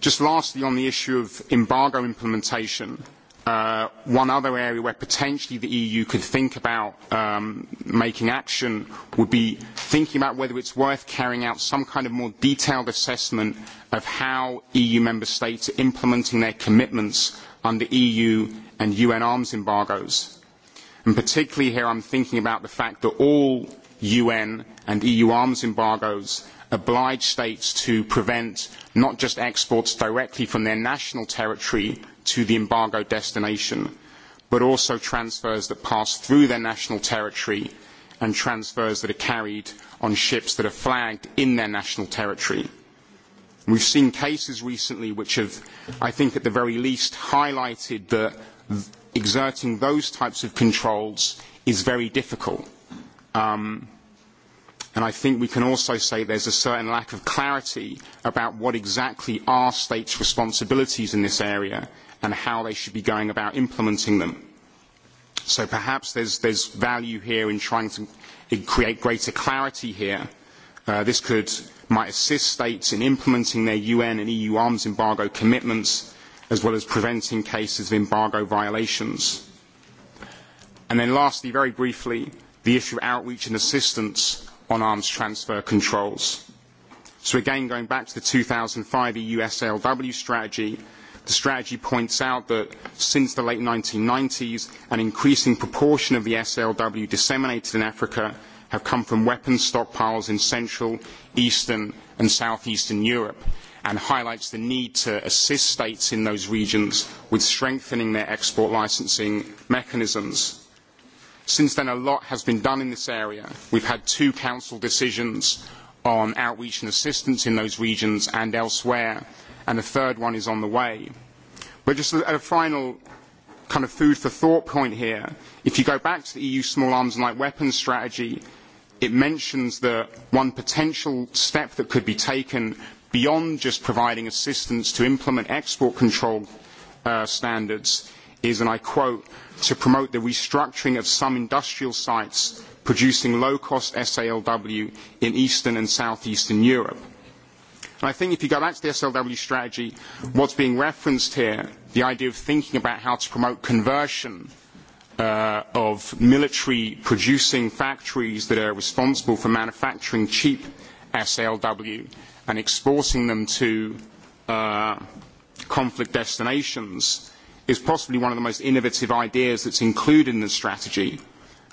just lastly, on the issue of embargo implementation, uh, one other area where potentially the EU could think about um, making action would be thinking about whether it's worth carrying out some kind of more detailed assessment of how EU member states are implementing their commitments under EU and UN arms embargoes. And particularly here I'm thinking about the fact that all UN and EU arms embargoes oblige states to prevent not just exports directly from their national territory to the embargo destination, but also transfers that pass through their national territory and transfers that are carried on ships that are flagged in their national territory. We've seen cases recently which have, I think, at the very least, highlighted that exerting those types of controls is very difficult. Um, and I think we can also say there's a certain lack of clarity about what exactly are states' responsibilities in this area and how they should be going about implementing them. So perhaps there's, there's value here in trying to create greater clarity here. Uh, this could, might assist states in implementing their UN and EU arms embargo commitments as well as preventing cases of embargo violations. And then lastly, very briefly, the issue of outreach and assistance on arms transfer controls. So again, going back to the 2005 EU SLW strategy, the strategy points out that since the late 1990s, an increasing proportion of the SLW disseminated in Africa have come from weapons stockpiles in Central, Eastern and Southeastern Europe, and highlights the need to assist states in those regions with strengthening their export licensing mechanisms. Since then, a lot has been done in this area. We've had two council decisions on outreach and assistance in those regions and elsewhere, and the third one is on the way. But just a, a final kind of food for thought point here. If you go back to the EU small arms and light weapons strategy, it mentions that one potential step that could be taken beyond just providing assistance to implement export control uh, standards is, and I quote, to promote the restructuring of some industrial sites producing low-cost SALW in Eastern and Southeastern Europe. And I think if you go back to the SLW strategy, what's being referenced here, the idea of thinking about how to promote conversion uh, of military producing factories that are responsible for manufacturing cheap SLW and exporting them to uh, conflict destinations is possibly one of the most innovative ideas that's included in the strategy.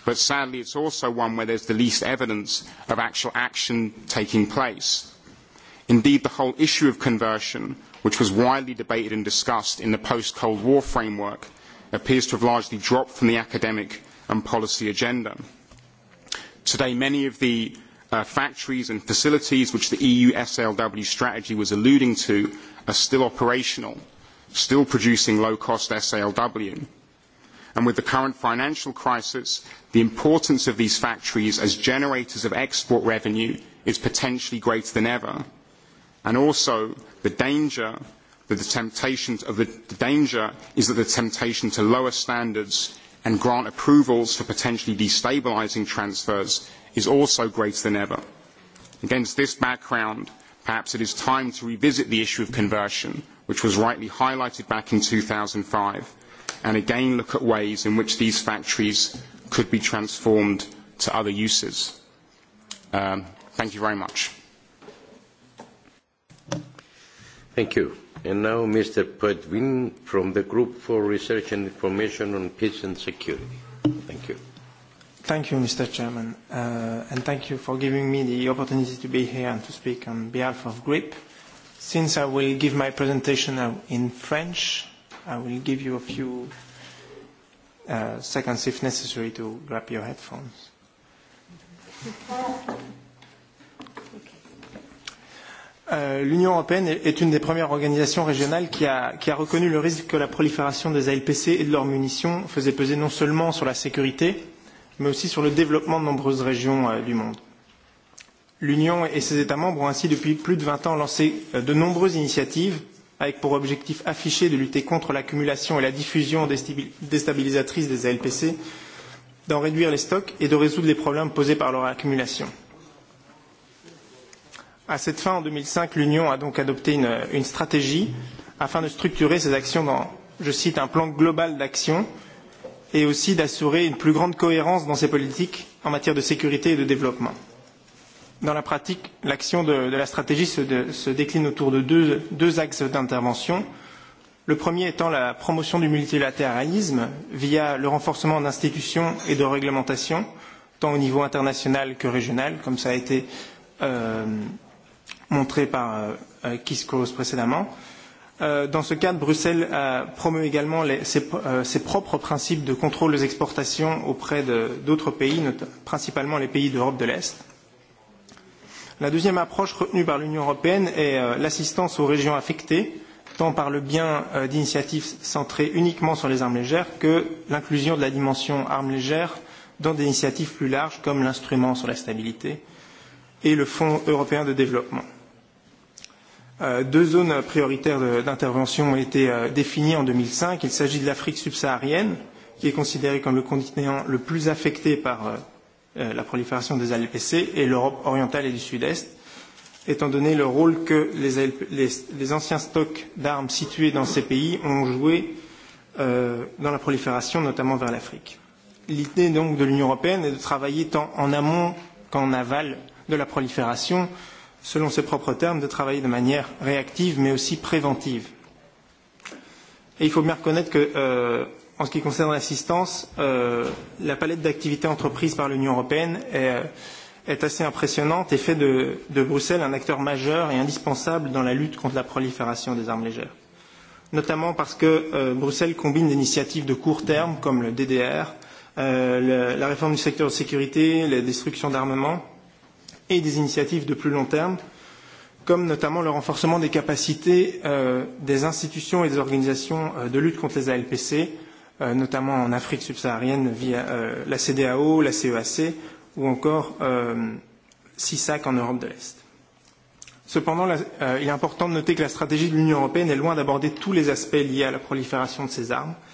But sadly, it's also one where there's the least evidence of actual action taking place. Indeed, the whole issue of conversion, which was widely debated and discussed in the post-Cold War framework, appears to have largely dropped from the academic and policy agenda. Today, many of the uh, factories and facilities, which the EU SLW strategy was alluding to, are still operational, still producing low-cost SLW. And with the current financial crisis, the importance of these factories as generators of export revenue is potentially greater than ever. And also, the danger that the temptation of the, the danger is that the temptation to lower standards and grant approvals for potentially destabilizing transfers is also greater than ever. Against this background, perhaps it is time to revisit the issue of conversion, which was rightly highlighted back in 2005, and again look at ways in which these factories could be transformed to other uses. Um, thank you very much. Thank you. And now Mr. Pudwin from the Group for Research and Information on Peace and Security. Thank you. Thank you, Mr. Chairman, uh, and thank you for giving me the opportunity to be here and to speak on behalf of GRIP. Since I will give my presentation in French, I will give you a few uh, seconds, if necessary, to grab your headphones. Euh, L'Union européenne est une des premières organisations régionales qui a, qui a reconnu le risque que la prolifération des ALPC et de leurs munitions faisait peser non seulement sur la sécurité, mais aussi sur le développement de nombreuses régions euh, du monde. L'Union et ses États membres ont ainsi depuis plus de 20 ans lancé euh, de nombreuses initiatives avec pour objectif affiché de lutter contre l'accumulation et la diffusion déstabilisatrice des ALPC, d'en réduire les stocks et de résoudre les problèmes posés par leur accumulation. À cette fin, en 2005, l'Union a donc adopté une, une stratégie afin de structurer ses actions dans, je cite, un plan global d'action euh, et aussi d'assurer une plus grande cohérence dans ces politiques en matière de sécurité et de développement. Dans la pratique, l'action de, de la stratégie se, de, se décline autour de deux, deux axes d'intervention. Le premier étant la promotion du multilatéralisme via le renforcement d'institutions et de réglementations, tant au niveau international que régional, comme ça a été euh, montré par euh, Keith Cross précédemment. Euh, Euh, dans ce cadre, Bruxelles euh, promeut également les, ses, euh, ses propres principes de contrôle des exportations auprès d'autres pays, not, principalement les pays d'Europe de l'Est. La deuxième approche retenue par l'Union européenne est euh, l'assistance aux régions affectées, tant par le bien euh, d'initiatives centrées uniquement sur les armes légères que l'inclusion de la dimension armes légères dans des initiatives plus larges comme l'instrument sur la stabilité et le Fonds européen de développement. Euh, deux zones prioritaires d'intervention ont été euh, définies en 2005. Il s'agit de l'Afrique subsaharienne, qui est considérée comme le continent le plus affecté par euh, euh la prolifération des ALPC, et l'Europe orientale et du Sud-Est, étant donné le rôle que les, ALP, les, les anciens stocks d'armes situés dans ces pays ont joué euh, dans la prolifération, notamment vers l'Afrique. L'idée donc de l'Union européenne est de travailler tant en amont qu'en aval de la prolifération, euh, selon ses propres termes, de travailler de manière réactive mais aussi préventive. Et il faut bien reconnaître que, euh, en ce qui concerne l'assistance, euh, la palette d'activités entreprises par l'Union européenne est, euh, est assez impressionnante et fait de, de Bruxelles un acteur majeur et indispensable dans la lutte contre la prolifération des armes légères. Notamment parce que euh, Bruxelles combine des initiatives de court terme comme le DDR, euh, le, la réforme du secteur de sécurité, les destructions d'armement, et des initiatives de plus long terme, comme notamment le renforcement des capacités euh, des institutions et des organisations euh, de lutte contre les ALPC, euh, notamment en Afrique subsaharienne via euh, la CDAO, la CEAC e ou encore euh, CISAC en Europe de l'Est. Cependant, la, euh, il est important de noter que la stratégie de l'Union européenne est loin d'aborder tous les aspects liés à la prolifération de ces armes, euh,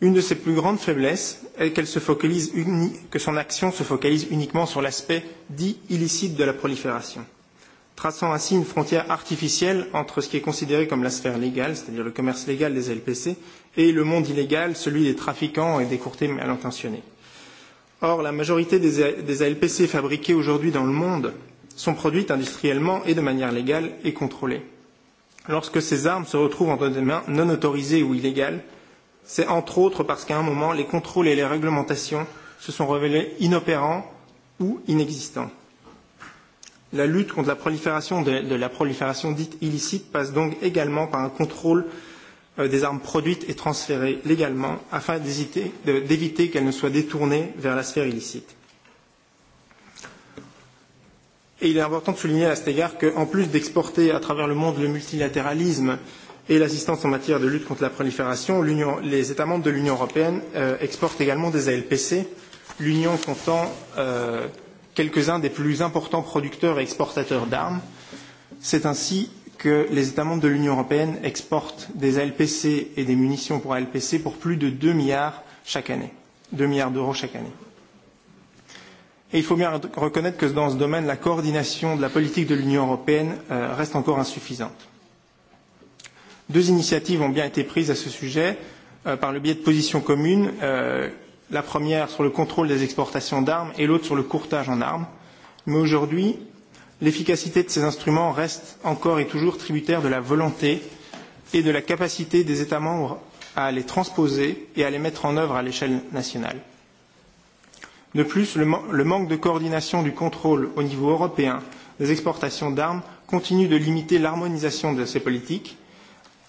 Une de ses plus grandes faiblesses est qu'elle se focalise uni, que son action se focalise uniquement sur l'aspect dit illicite de la prolifération, traçant ainsi une frontière artificielle entre ce qui est considéré comme la sphère légale, c'est-à-dire le commerce légal des LPC, et le monde illégal, celui des trafiquants et des courtiers mal intentionnés. Or, la majorité des, des ALPC fabriquées aujourd'hui dans le monde sont produites industriellement et de manière légale et contrôlée. Lorsque ces armes se retrouvent entre des mains non autorisées ou illégales, C'est entre autres parce qu'à un moment, les contrôles et les réglementations se sont révélés inopérants ou inexistants. La lutte contre la prolifération de, de la prolifération dite illicite passe donc également par un contrôle euh, des armes produites et transférées légalement afin d'éviter qu'elles ne soient détournées vers la sphère illicite. Et il est important de souligner à cet égard qu'en plus d'exporter à travers le monde le multilatéralisme euh, et l'assistance en matière de lutte contre la prolifération, les États membres de l'Union européenne euh, exportent également des ALPC, l'Union comptant euh, quelques-uns des plus importants producteurs et exportateurs d'armes. C'est ainsi que les États membres de l'Union européenne exportent des ALPC et des munitions pour ALPC pour plus de 2 milliards chaque année, 2 milliards d'euros chaque année. Et il faut bien reconnaître que dans ce domaine, la coordination de la politique de l'Union européenne euh, reste encore insuffisante. Deux initiatives ont bien été prises à ce sujet euh, par le biais de positions communes, euh, la première sur le contrôle des exportations d'armes et l'autre sur le courtage en armes. Mais aujourd'hui, l'efficacité de ces instruments reste encore et toujours tributaire de la volonté et de la capacité des États membres à les transposer et à les mettre en œuvre à l'échelle nationale. De plus, le, le manque de coordination du contrôle au niveau européen des exportations d'armes continue de limiter l'harmonisation de ces politiques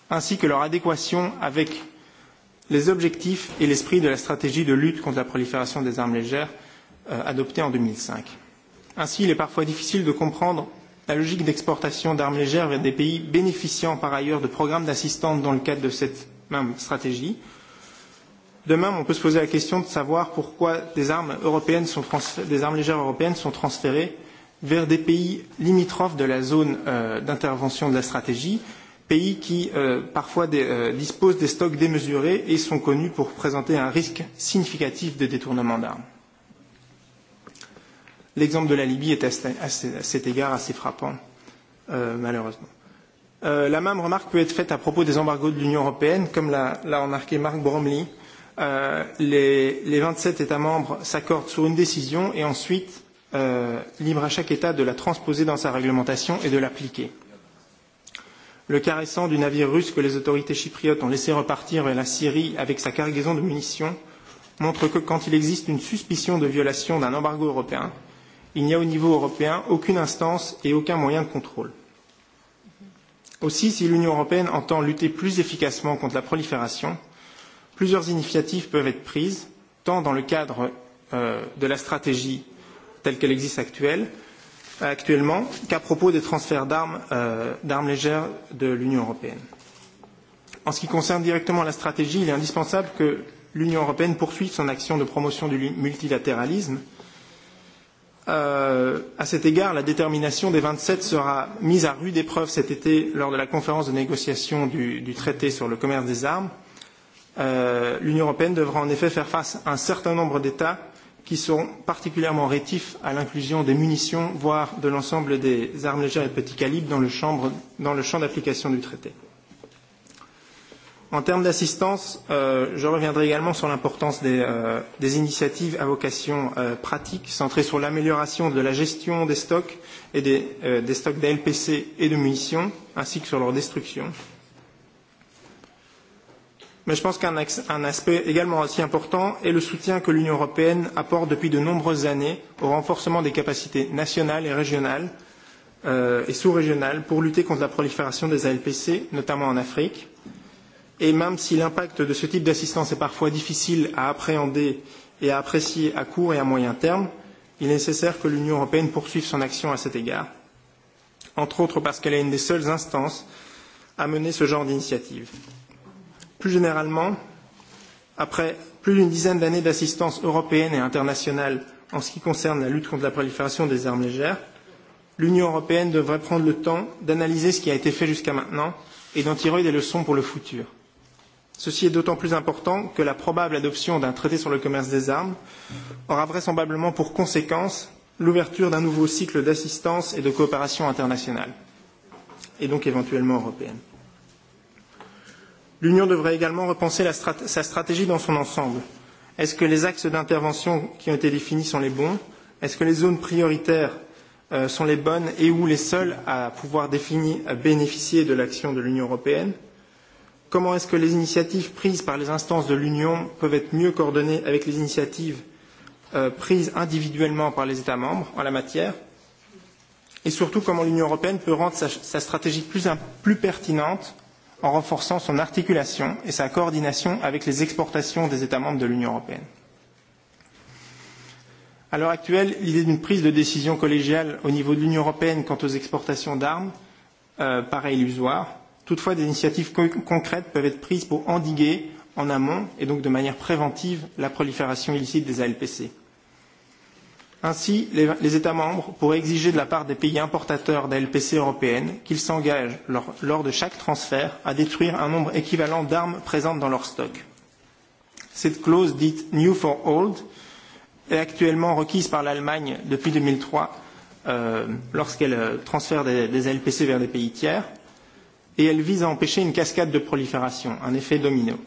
ainsi que leur adéquation avec les objectifs et l'esprit de la stratégie de lutte contre la prolifération des armes légères euh, adoptée en 2005. Ainsi, il est parfois difficile de comprendre la logique d'exportation d'armes légères vers des pays bénéficiant par ailleurs de programmes d'assistance dans le cadre de cette même stratégie. De même, on peut se poser la question de savoir pourquoi des armes, européennes sont des armes légères européennes sont transférées vers des pays limitrophes de la zone euh, d'intervention de la stratégie, euh, pays qui euh, parfois des, euh, disposent des stocks démesurés et sont connus pour présenter un risque significatif de détournement d'armes. L'exemple de la Libye est à, à, à cet égard assez frappant, euh, malheureusement. Euh, la même remarque peut être faite à propos des embargos de l'Union européenne, comme l'a remarqué Marc Bromley. Euh, les, les 27 États membres s'accordent sur une décision et ensuite euh, libre à chaque État de la transposer dans sa réglementation et de l'appliquer. Euh, le caressant du navire russe que les autorités chypriotes ont laissé repartir vers la Syrie avec sa cargaison de munitions montre que quand il existe une suspicion de violation d'un embargo européen, il n'y a au niveau européen aucune instance et aucun moyen de contrôle. Aussi, si l'Union européenne entend lutter plus efficacement contre la prolifération, plusieurs initiatives peuvent être prises, tant dans le cadre euh, de la stratégie telle qu'elle existe actuelle, actuellement qu'à propos des transferts d'armes euh, légères de l'Union européenne. En ce qui concerne directement la stratégie, il est indispensable que l'Union européenne poursuive son action de promotion du multilatéralisme. Euh, à cet égard, la détermination des 27 sera mise à rude épreuve cet été lors de la conférence de négociation du, du traité sur le commerce des armes. Euh, L'Union européenne devra en effet faire face à un certain nombre d'États qui sont particulièrement rétifs à l'inclusion des munitions, voire de l'ensemble des armes légères et petits calibres dans le, chambre, dans le champ d'application du traité. En termes d'assistance, euh, je reviendrai également sur l'importance des, euh, des initiatives à vocation euh, pratique, centrées sur l'amélioration de la gestion des stocks et des, euh, des stocks d'ALPC et de munitions, ainsi que sur leur destruction. Euh, Mais je pense qu'un un aspect également aussi important est le soutien que l'Union européenne apporte depuis de nombreuses années au renforcement des capacités nationales et régionales euh, et sous-régionales pour lutter contre la prolifération des ALPC, notamment en Afrique. Et même si l'impact de ce type d'assistance est parfois difficile à appréhender et à apprécier à court et à moyen terme, il est nécessaire que l'Union européenne poursuive son action à cet égard, entre autres parce qu'elle est une des seules instances à mener ce genre d'initiative. Euh, Plus généralement, après plus d'une dizaine d'années d'assistance européenne et internationale en ce qui concerne la lutte contre la prolifération des armes légères, l'Union européenne devrait prendre le temps d'analyser ce qui a été fait jusqu'à maintenant et d'en tirer des leçons pour le futur. Ceci est d'autant plus important que la probable adoption d'un traité sur le commerce des armes aura vraisemblablement pour conséquence l'ouverture d'un nouveau cycle d'assistance et de coopération internationale, et donc éventuellement européenne. L'Union devrait également repenser la strat sa stratégie dans son ensemble. Est-ce que les axes d'intervention qui ont été définis sont les bons Est-ce que les zones prioritaires euh, sont les bonnes et ou les seules à pouvoir définir, à bénéficier de l'action de l'Union européenne Comment est-ce que les initiatives prises par les instances de l'Union peuvent être mieux coordonnées avec les initiatives euh, prises individuellement par les États membres en la matière Et surtout, comment l'Union européenne peut rendre sa, sa stratégie plus, plus pertinente en renforçant son articulation et sa coordination avec les exportations des États membres de l'Union européenne. À l'heure actuelle, l'idée d'une prise de décision collégiale au niveau de l'Union européenne quant aux exportations d'armes euh, paraît illusoire. Toutefois, des initiatives co concrètes peuvent être prises pour endiguer en amont et donc de manière préventive la prolifération illicite des ALPC. Ainsi, les, les États membres pourraient exiger de la part des pays importateurs des LPC européennes qu'ils s'engagent lors, lors de chaque transfert à détruire un nombre équivalent d'armes présentes dans leur stock. Cette clause dite New for Old est actuellement requise par l'Allemagne depuis 2003 euh, lorsqu'elle euh, transfère des, des LPC vers des pays tiers et elle vise à empêcher une cascade de prolifération, un effet domino. Euh,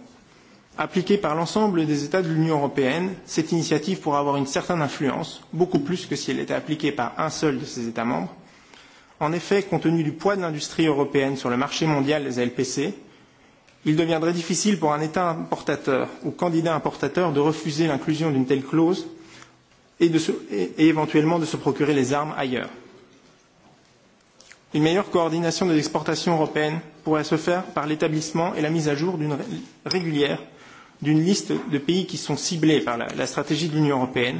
appliquée par l'ensemble des États de l'Union européenne, cette initiative pourra avoir une certaine influence, beaucoup plus que si elle était appliquée par un seul de ses États membres. En effet, compte tenu du poids de l'industrie européenne sur le marché mondial des LPC, il deviendrait difficile pour un État importateur ou candidat importateur de refuser l'inclusion d'une telle clause et, de se, et, et éventuellement de se procurer les armes ailleurs. Une meilleure coordination des exportations européennes pourrait se faire par l'établissement et la mise à jour d'une régulière d'une liste de pays qui sont ciblés par la, la stratégie de l'Union européenne,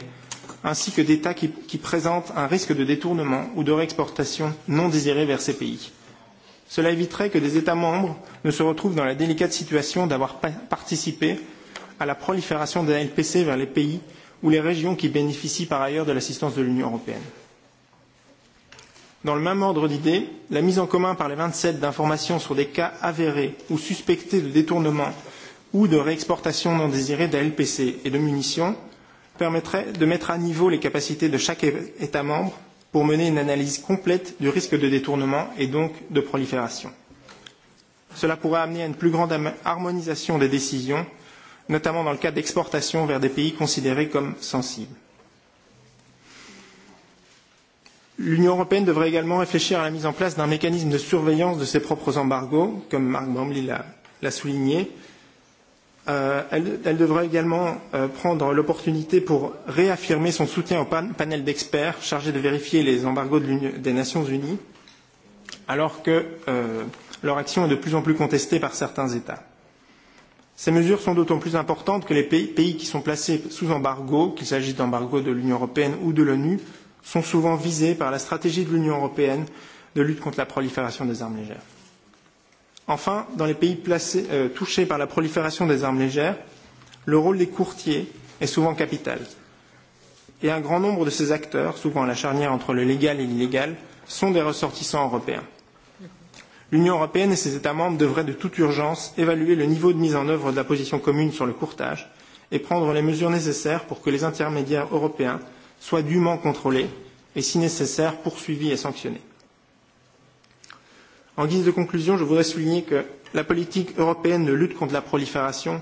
ainsi que d'États qui, qui présentent un risque de détournement ou de réexportation non désirée vers ces pays. Cela éviterait que des États membres ne se retrouvent dans la délicate situation d'avoir pa participé à la prolifération des LPC vers les pays ou les régions qui bénéficient par ailleurs de l'assistance de l'Union européenne. Dans le même ordre d'idées, la mise en commun par les 27 d'informations sur des cas avérés ou suspectés de détournement ou de réexportation non désirée des LPC et de munitions permettrait de mettre à niveau les capacités de chaque État membre pour mener une analyse complète du risque de détournement et donc de prolifération. Cela pourrait amener à une plus grande harmonisation des décisions, notamment dans le cas d'exportation vers des pays considérés comme sensibles. L'Union européenne devrait également réfléchir à la mise en place d'un mécanisme de surveillance de ses propres embargos, comme Marc Bramley l'a souligné, euh, euh, elle, elle devra également euh, prendre l'opportunité pour réaffirmer son soutien au pan panel d'experts chargé de vérifier les embargos de des Nations Unies, alors que euh, leur action est de plus en plus contestée par certains États. Ces mesures sont d'autant plus importantes que les pays, pays qui sont placés sous embargo, qu'il s'agisse d'embargo de l'Union européenne ou de l'ONU, sont souvent visés par la stratégie de l'Union européenne de lutte contre la prolifération des armes légères. Enfin, dans les pays placés, euh, touchés par la prolifération des armes légères, le rôle des courtiers est souvent capital. Et un grand nombre de ces acteurs, souvent à la charnière entre le légal et l'illégal, sont des ressortissants européens. L'Union européenne et ses États membres devraient de toute urgence évaluer le niveau de mise en œuvre de la position commune sur le courtage et prendre les mesures nécessaires pour que les intermédiaires européens soient dûment contrôlés et, si nécessaire, poursuivis et sanctionnés. En guise de conclusion, je voudrais souligner que la politique européenne de lutte contre la prolifération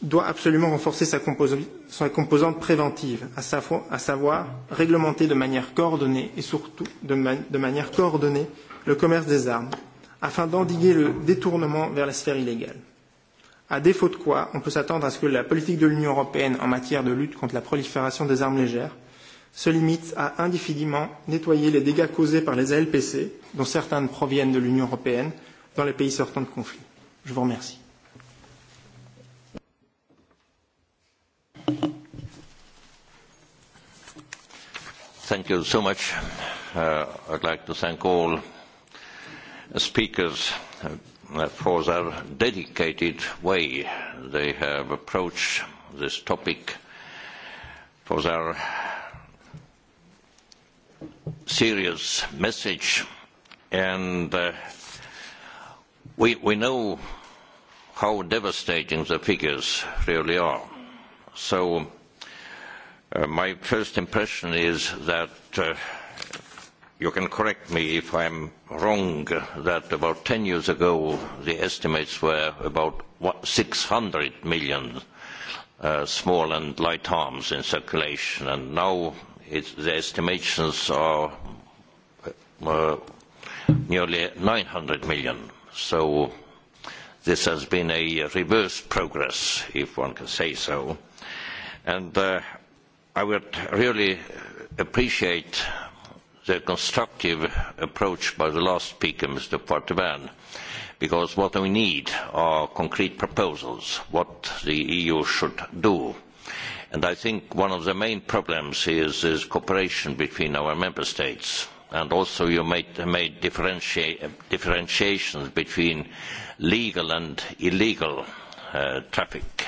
doit absolument renforcer sa, compos sa composante préventive, à, sa à savoir réglementer de manière coordonnée et surtout de, ma de manière coordonnée le commerce des armes, afin d'endiguer le détournement vers la sphère illégale. À défaut de quoi, on peut s'attendre à ce que la politique de l'Union européenne en matière de lutte contre la prolifération des armes légères se limite à indéfiniment nettoyer les dégâts causés par les ALPC, dont certaines proviennent de l'Union européenne, dans les pays sortants de conflit. Je vous remercie. Thank you so much. Uh, I'd like to thank all speakers uh, for their dedicated way they have approached this topic, for their serious message, and uh, we, we know how devastating the figures really are. So uh, my first impression is that uh, you can correct me if I'm wrong, that about 10 years ago the estimates were about 600 million uh, small and light arms in circulation, and now it's, the estimations are uh, nearly 900 million. So this has been a reverse progress, if one can say so. And uh, I would really appreciate the constructive approach by the last speaker, Mr. Poitevin, because what we need are concrete proposals, what the EU should do. Uh, And I think one of the main problems is, is cooperation between our member states. And also you made, made differenti differentiations between legal and illegal uh, traffic.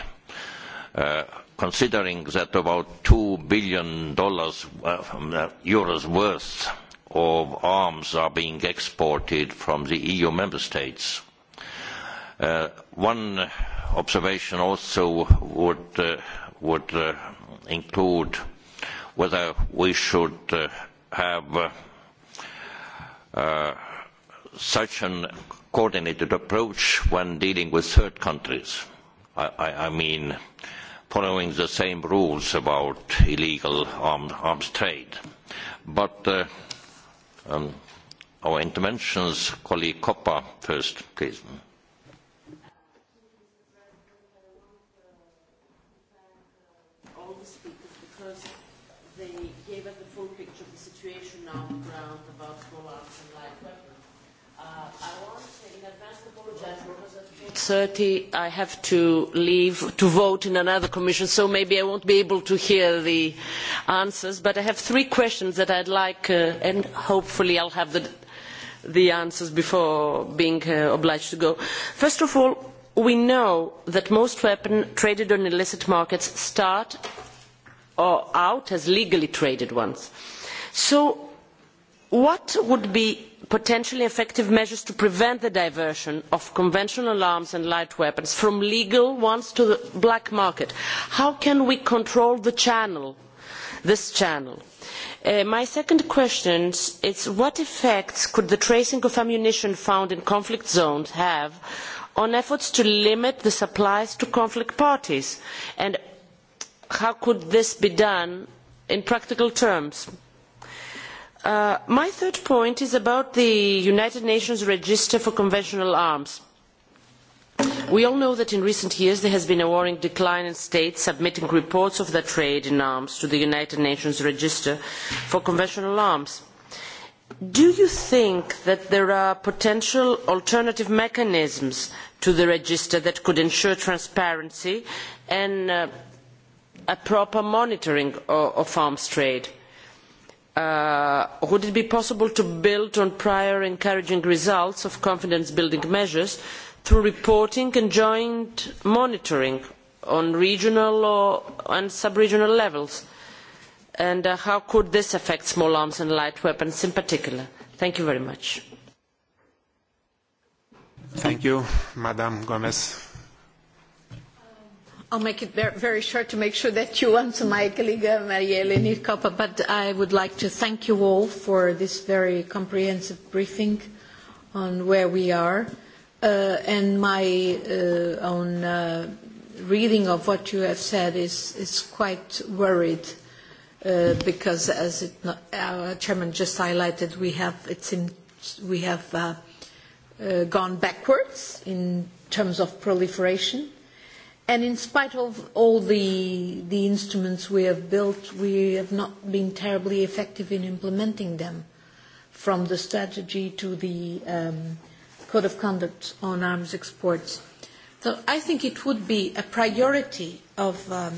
Uh, considering that about $2 billion dollars, uh, euros worth of arms are being exported from the EU member states. Uh, one observation also would uh, would uh, include whether we should uh, have uh, uh, such a coordinated approach when dealing with third countries. I, I, I mean, following the same rules about illegal armed, arms trade. But uh, um, our interventions, colleague Koppa first, please. Mm-hmm. thirty i have to leave to vote in another commission so maybe i will not be able to hear the answers but i have three questions that i would like uh, and hopefully i will have the, the answers before being uh, obliged to go. first of all we know that most weapons traded on illicit markets start out as legally traded ones. so what would be potentially effective measures to prevent the diversion of conventional arms and light weapons from legal ones to the black market. How can we control the channel, this channel? Uh, my second question is what effects could the tracing of ammunition found in conflict zones have on efforts to limit the supplies to conflict parties and how could this be done in practical terms? Uh, my third point is about the united nations register for conventional arms. we all know that in recent years there has been a worrying decline in states submitting reports of their trade in arms to the united nations register for conventional arms. do you think that there are potential alternative mechanisms to the register that could ensure transparency and uh, a proper monitoring of, of arms trade? Uh, would it be possible to build on prior encouraging results of confidence building measures through reporting and joint monitoring on regional or, and sub regional levels? And uh, how could this affect small arms and light weapons in particular? Thank you very much. Thank you, Madam Gomez. I'll make it very, very short to make sure that you answer my colleague uh, Maria Eleni Koppa, but I would like to thank you all for this very comprehensive briefing on where we are. Uh, and my uh, own uh, reading of what you have said is, is quite worried uh, because, as it not, our chairman just highlighted, we have, it seems, we have uh, uh, gone backwards in terms of proliferation. Uh, And in spite of all the, the instruments we have built, we have not been terribly effective in implementing them, from the strategy to the um, code of conduct on arms exports. So I think it would be a priority of, um,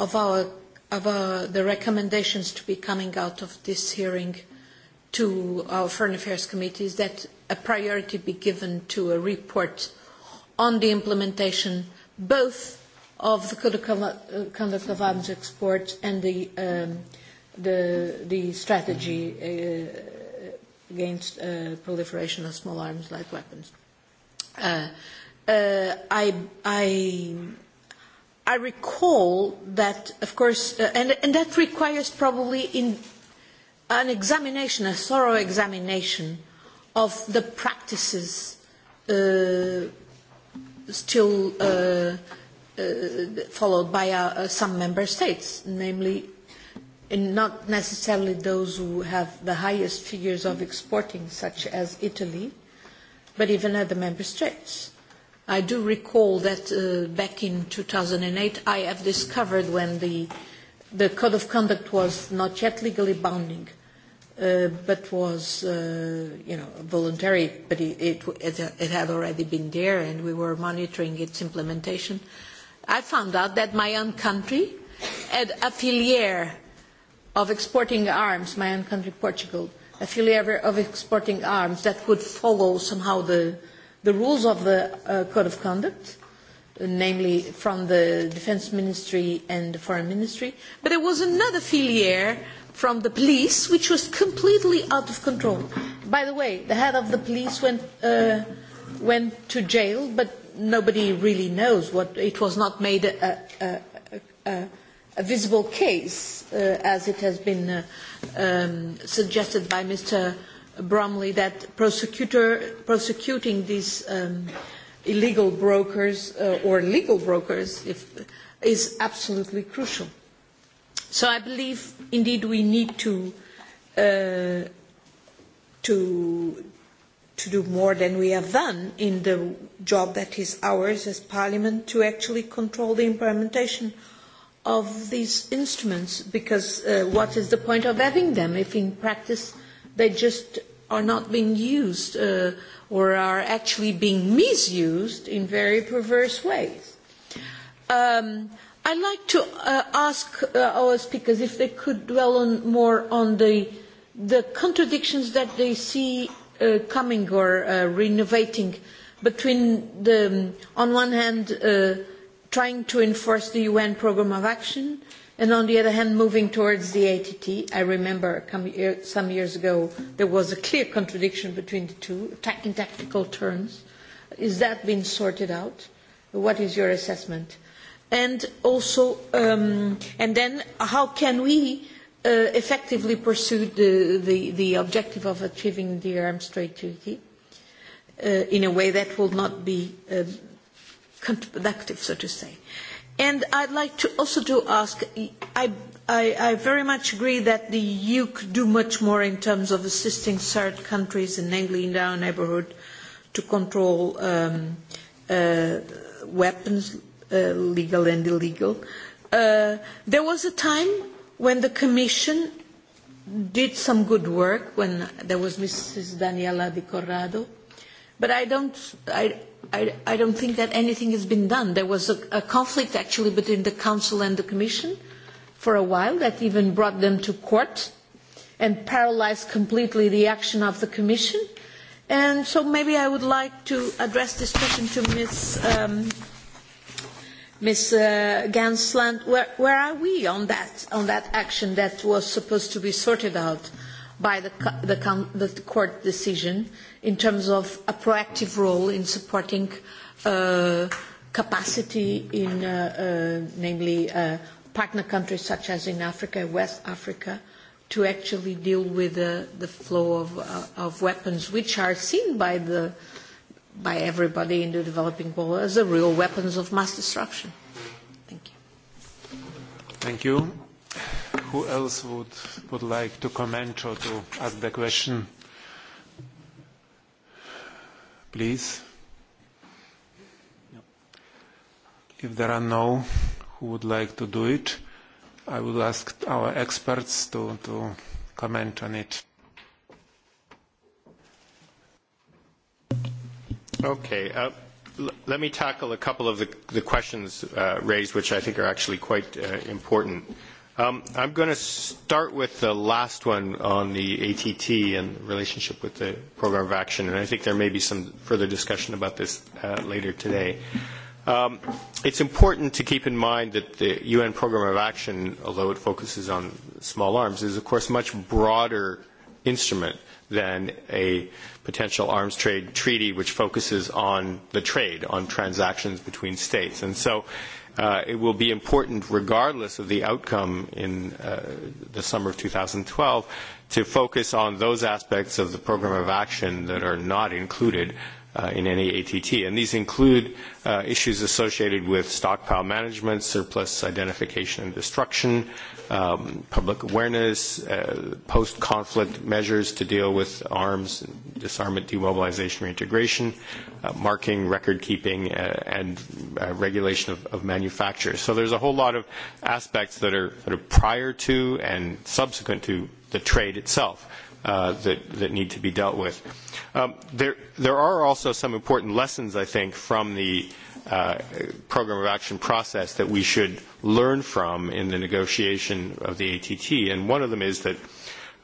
of, our, of our, the recommendations to be coming out of this hearing to our Foreign Affairs Committee is that a priority be given to a report on the implementation both of the code of uh, conduct of arms export and the um, the the strategy uh, against uh, proliferation of small arms light weapons. Uh, uh, I I. I recall that, of course, uh, and, and that requires probably in an examination, a thorough examination of the practices uh, still uh, uh, followed by uh, uh, some member states, namely and not necessarily those who have the highest figures of exporting, such as Italy, but even other member states. I do recall that uh, back in 2008, I have discovered when the, the Code of Conduct was not yet legally binding, uh, uh, but was, uh, you know, voluntary, but it, it, it, it had already been there and we were monitoring its implementation. I found out that my own country had a filiere of exporting arms, my own country, Portugal, a filiere of exporting arms that would follow somehow the, the rules of the uh, Code of Conduct, uh, namely from the Defense Ministry and the Foreign Ministry. But there was another filiere from the police, which was completely out of control. By the way, the head of the police went, uh, went to jail, but nobody really knows what it was not made a, a, a, a visible case, uh, as it has been uh, um, suggested by Mr. Bromley, that prosecutor, prosecuting these um, illegal brokers uh, or legal brokers if, is absolutely crucial. So I believe indeed we need to uh, to to do more than we have done in the job that is ours as Parliament to actually control the implementation of these instruments because uh, what is the point of having them if in practice they just are not being used uh, or are actually being misused in very perverse ways. Um, I'd like to uh, ask uh, our speakers if they could dwell on more on the, the contradictions that they see uh, coming or uh, renovating between the, um, on one hand, uh, trying to enforce the UN Programme of Action, and on the other hand, moving towards the ATT. I remember uh, some years ago there was a clear contradiction between the two, attacking tactical turns. Is that been sorted out? What is your assessment? and also um, and then how can we uh, effectively pursue the, the, the objective of achieving the arms trade treaty uh, in a way that will not be uh, counterproductive, so to say. And I'd like to also to ask, I, I, I very much agree that the EU could do much more in terms of assisting third countries and namely in our neighbourhood to control um, uh, weapons uh, legal and illegal. Uh, there was a time when the Commission did some good work when there was Mrs. Daniela Di Corrado, but I don't, I, I, I don't think that anything has been done. There was a, a conflict actually between the Council and the Commission for a while that even brought them to court and paralyzed completely the action of the Commission. And so maybe I would like to address this question to Ms. Um, Ms. Uh, Gansland, where, where are we on that, on that action that was supposed to be sorted out by the, the, the court decision in terms of a proactive role in supporting uh, capacity in, uh, uh, namely, uh, partner countries such as in Africa, West Africa, to actually deal with uh, the flow of, uh, of weapons, which are seen by the uh, by everybody in the developing world as a real weapons of mass destruction. Thank you. Thank you. Who else would, would like to comment or to ask the question? Please. If there are no who would like to do it, I will ask our experts to, to comment on it. Okay. Uh, let me tackle a couple of the, the questions uh, raised, which I think are actually quite uh, important. Um, I'm going to start with the last one on the ATT and the relationship with the program of action, and I think there may be some further discussion about this uh, later today. Um, it's important to keep in mind that the UN program of action, although it focuses on small arms, is of course much broader instrument than a potential arms trade treaty which focuses on the trade, on transactions between states. And so uh, it will be important, regardless of the outcome in uh, the summer of 2012, to focus on those aspects of the program of action that are not included uh, in any ATT. And these include uh, issues associated with stockpile management, surplus identification and destruction, um, public awareness, uh, post-conflict measures to deal with arms, disarmament, demobilization, reintegration, uh, marking, record keeping, uh, and uh, regulation of, of manufacturers. So there's a whole lot of aspects that are sort of prior to and subsequent to the trade itself uh, that, that need to be dealt with. Um, there, there are also some important lessons, I think, from the uh, program of action process that we should learn from in the negotiation of the ATT. And one of them is that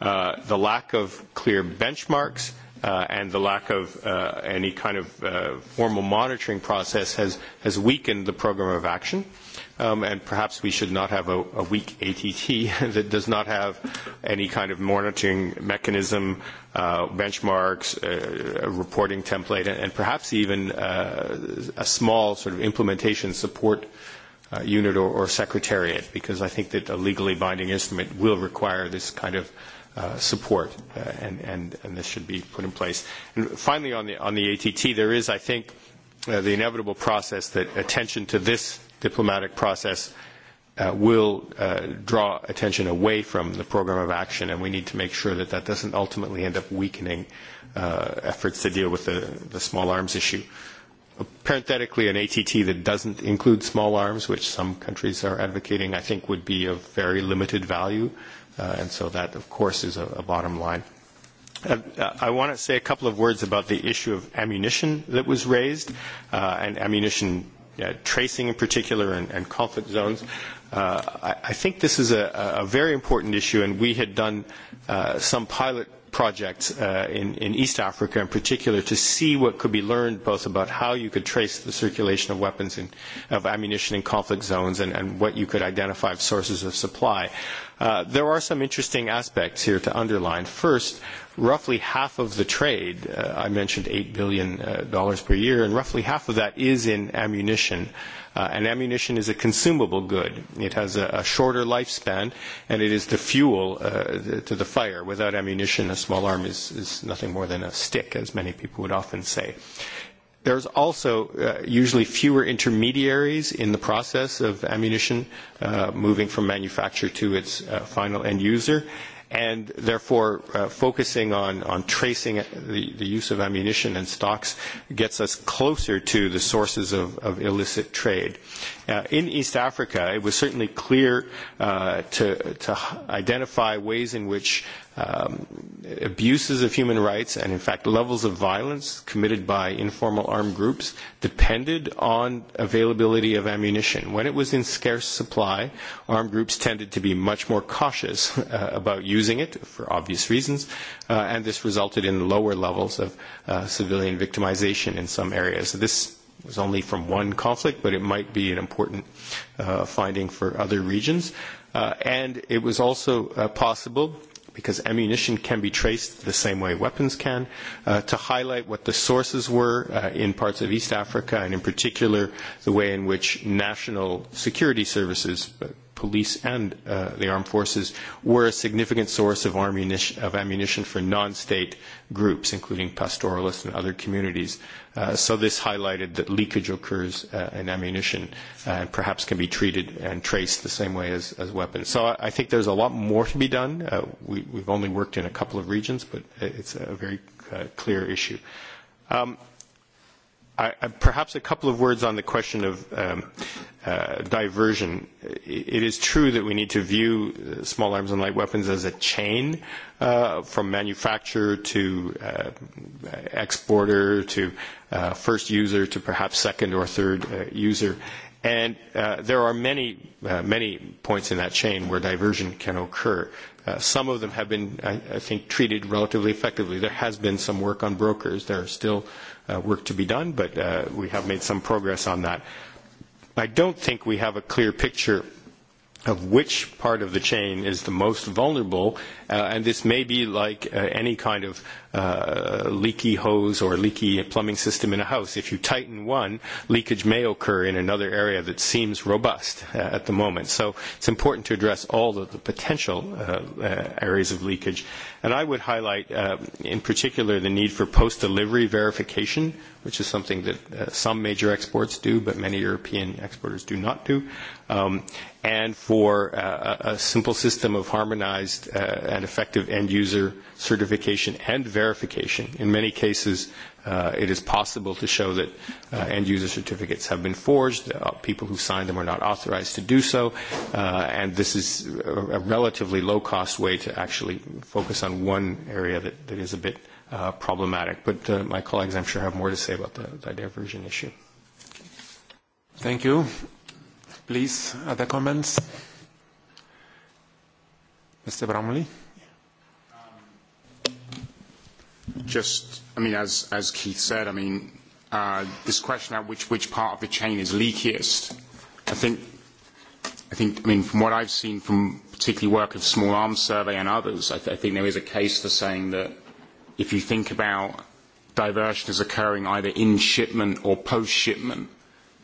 uh, the lack of clear benchmarks uh, and the lack of uh, any kind of uh, formal monitoring process has, has weakened the program of action. Uh, um, and perhaps we should not have a, a weak ATT <laughs> that does not have any kind of monitoring mechanism, uh, benchmarks, uh, a reporting template, and, and perhaps even uh, a small sort of implementation support uh, unit or, or secretariat, because I think that a legally binding instrument will require this kind of uh, support, uh, and, and, and this should be put in place. And finally, on the, on the ATT, there is, I think, uh, the inevitable process that attention to this diplomatic process uh, will uh, draw attention away from the program of action, and we need to make sure that that doesn't ultimately end up weakening uh, efforts to deal with the, the small arms issue. Parenthetically, an ATT that doesn't include small arms, which some countries are advocating, I think would be of very limited value, uh, and so that, of course, is a, a bottom line. Uh, uh I want to say a couple of words about the issue of ammunition that was raised, uh, and ammunition uh, tracing in particular and, and conflict zones. Uh, I, I think this is a, a very important issue, and we had done uh, some pilot project uh, in, in East Africa in particular to see what could be learned both about how you could trace the circulation of weapons and of ammunition in conflict zones and, and what you could identify of sources of supply. Uh, there are some interesting aspects here to underline. First, roughly half of the trade, uh, I mentioned $8 billion uh, dollars per year, and roughly half of that is in ammunition. Uh, Uh, and ammunition is a consumable good. It has a, a shorter lifespan, and it is the fuel uh, th- to the fire. Without ammunition, a small arm is, is nothing more than a stick, as many people would often say. There's also uh, usually fewer intermediaries in the process of ammunition uh, moving from manufacture to its uh, final end user and therefore uh, focusing on, on tracing the, the use of ammunition and stocks gets us closer to the sources of, of illicit trade. Uh, in East Africa, it was certainly clear uh, to, to identify ways in which um, abuses of human rights and, in fact, levels of violence committed by informal armed groups depended on availability of ammunition. When it was in scarce supply, armed groups tended to be much more cautious <laughs> uh, about using it for obvious reasons, uh, and this resulted in lower levels of uh, civilian victimization in some areas. This was only from one conflict, but it might be an important uh, finding for other regions. Uh, and it was also uh, possible, because ammunition can be traced the same way weapons can, uh, to highlight what the sources were uh, in parts of East Africa, and in particular the way in which national security services, uh, police and uh, the armed forces, were a significant source of ammunition, of ammunition for non-state groups, including pastoralists and other communities. Uh, Uh, so this highlighted that leakage occurs uh, in ammunition uh, and perhaps can be treated and traced the same way as, as weapons. So I, I think there's a lot more to be done. Uh, we, we've only worked in a couple of regions, but it's a very uh, clear issue. Um, I, I, perhaps a couple of words on the question of um, uh, diversion. It is true that we need to view uh, small arms and light weapons as a chain uh, from manufacturer to uh, exporter to uh, first user to perhaps second or third uh, user. And uh, there are many, uh, many points in that chain where diversion can occur. Uh, Uh, some of them have been, I, I think, treated relatively effectively. There has been some work on brokers. There are still uh, work to be done, but uh, we have made some progress on that. I don't think we have a clear picture of which part of the chain is the most vulnerable, uh, and this may be like uh, any kind of uh, leaky hose or leaky plumbing system in a house. If you tighten one, leakage may occur in another area that seems robust uh, at the moment. So it's important to address all of the potential uh, uh, areas of leakage. And I would highlight uh, in particular the need for post-delivery verification, which is something that uh, some major exports do, but many European exporters do not do. Um, and for uh, a simple system of harmonized uh, and effective end user certification and verification verification. In many cases, uh, it is possible to show that uh, end user certificates have been forged. Uh, people who signed them are not authorized to do so, uh, and this is a, a relatively low cost way to actually focus on one area that, that is a bit uh, problematic. But uh, my colleagues, I'm sure, have more to say about the, the diversion issue. Thank you. Please, other comments? Mr. Bramley? Just, I mean, as, as Keith said, I mean, uh, this question about which, which part of the chain is leakiest, I think, I think, I mean, from what I've seen from particularly work of Small Arms Survey and others, I, th- I think there is a case for saying that if you think about diversion as occurring either in shipment or post shipment,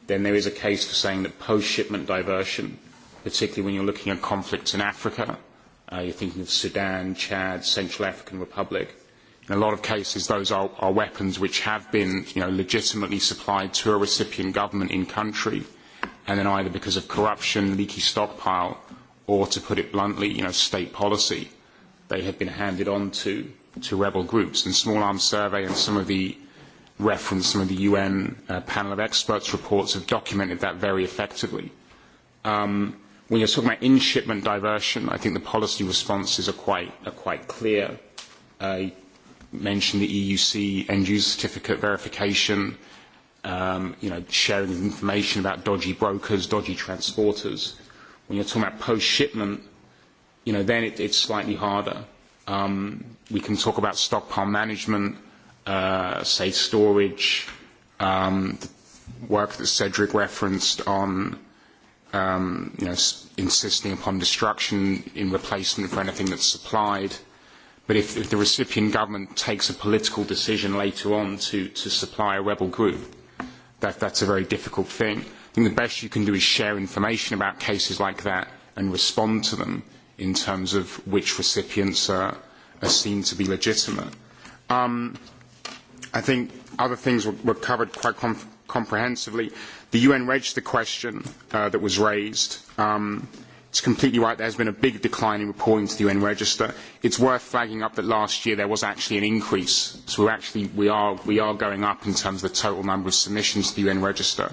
then there is a case for saying that post shipment diversion, particularly when you're looking at conflicts in Africa, uh, you're thinking of Sudan, Chad, Central African Republic, in a lot of cases, those are, are weapons which have been, you know, legitimately supplied to a recipient government in country, and then either because of corruption, leaky stockpile, or to put it bluntly, you know, state policy, they have been handed on to, to rebel groups. And Small Arms Survey and some of the reference, some of the UN uh, panel of experts reports have documented that very effectively. Um, when you're talking about in-shipment diversion, I think the policy responses are quite, are quite clear. Uh, mentioned the EUC end user certificate verification, um, you know, sharing information about dodgy brokers, dodgy transporters. When you're talking about post-shipment, you know, then it, it's slightly harder. Um, we can talk about stockpile management, uh, safe storage, um, the work that Cedric referenced on um, you know, s- insisting upon destruction in replacement for anything that's supplied. But if, if the recipient government takes a political decision later on to, to supply a rebel group, that, that's a very difficult thing. I think the best you can do is share information about cases like that and respond to them in terms of which recipients are, are seen to be legitimate. Um, I think other things were, were covered quite com- comprehensively. The UN register question uh, that was raised. Um, It's completely right. There's been a big decline in reporting to the UN Register. It's worth flagging up that last year there was actually an increase. So we're actually, we are, we are going up in terms of the total number of submissions to the UN Register.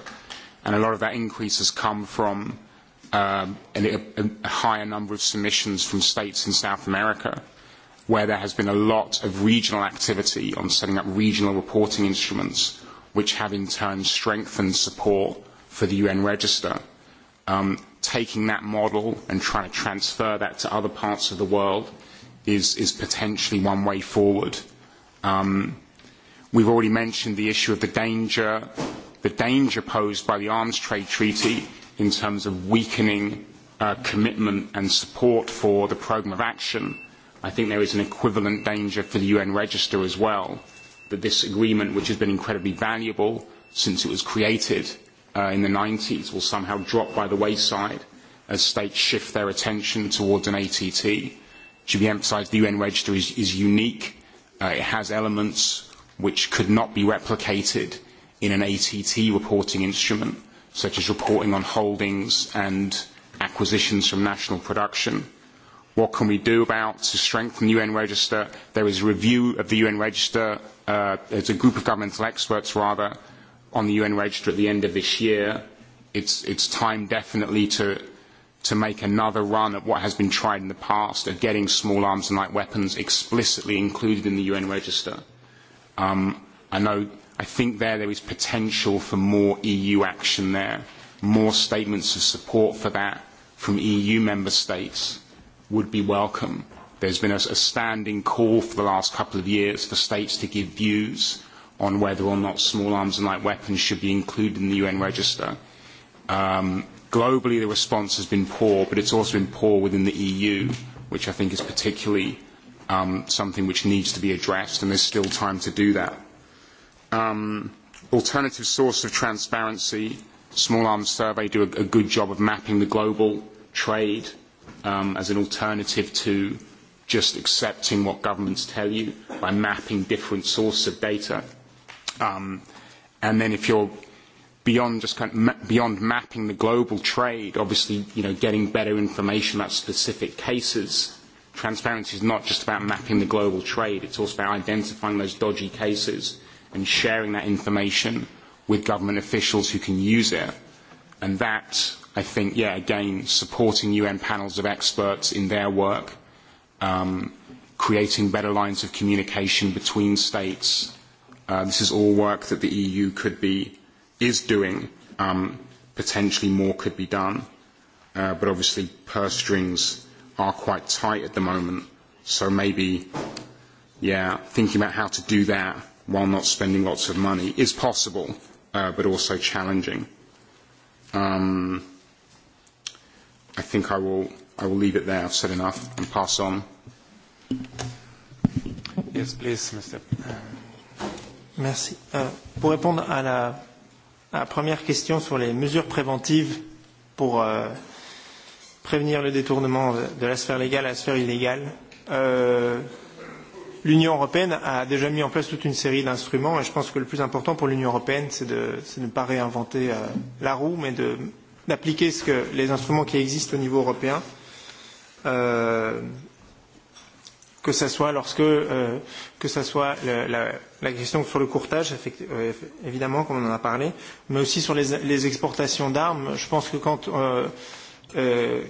And a lot of that increase has come from um, a, a, a higher number of submissions from states in South America, where there has been a lot of regional activity on setting up regional reporting instruments, which have in turn strengthened support for the UN Register. Um, taking that model and trying to transfer that to other parts of the world is, is potentially one way forward. Um, we've already mentioned the issue of the danger, the danger posed by the arms trade treaty in terms of weakening uh, commitment and support for the program of action. I think there is an equivalent danger for the UN register as well, that this agreement, which has been incredibly valuable since it was created, uh, in the 90s will somehow drop by the wayside as states shift their attention towards an ATT. Should be emphasized the UN Register is, is unique. Uh, it has elements which could not be replicated in an ATT reporting instrument, such as reporting on holdings and acquisitions from national production. What can we do about to strengthen the UN Register? There is a review of the UN Register. Uh, there's a group of governmental experts, rather, on the UN register at the end of this year. It's, it's time definitely to, to make another run at what has been tried in the past of getting small arms and light weapons explicitly included in the UN register. Um, I know, I think there there is potential for more EU action there, more statements of support for that from EU member states would be welcome. There's been a, a standing call for the last couple of years for states to give views on whether or not small arms and light weapons should be included in the UN register. Um, globally, the response has been poor, but it's also been poor within the EU, which I think is particularly um, something which needs to be addressed, and there's still time to do that. Um, alternative source of transparency. Small Arms Survey do a, a good job of mapping the global trade um, as an alternative to just accepting what governments tell you by mapping different sources of data Um, and then if you're beyond just kind of ma- beyond mapping the global trade, obviously, you know, getting better information about specific cases. Transparency is not just about mapping the global trade. It's also about identifying those dodgy cases and sharing that information with government officials who can use it. And that, I think, yeah, again, supporting UN panels of experts in their work, um, creating better lines of communication between states, Uh, this is all work that the EU could be, is doing. Um, potentially more could be done, uh, but obviously purse strings are quite tight at the moment. So maybe, yeah, thinking about how to do that while not spending lots of money is possible, uh, but also challenging. Um, I think I will, I will leave it there. I've said enough and pass on. Yes, please, Mr. Merci. Euh, pour répondre à la, à la première question sur les mesures préventives pour euh, prévenir le détournement de la sphère légale à la sphère illégale, euh, l'Union européenne a déjà mis en place toute une série d'instruments et je pense que le plus important pour l'Union européenne, c'est de, de ne pas réinventer euh, la roue, mais d'appliquer les instruments qui existent au niveau européen. Euh, que ce soit lorsque euh, que ce soit le, la, la question sur le courtage, effect, euh, évidemment, comme on en a parlé, mais aussi sur les, les exportations d'armes. Je pense que quand euh, euh,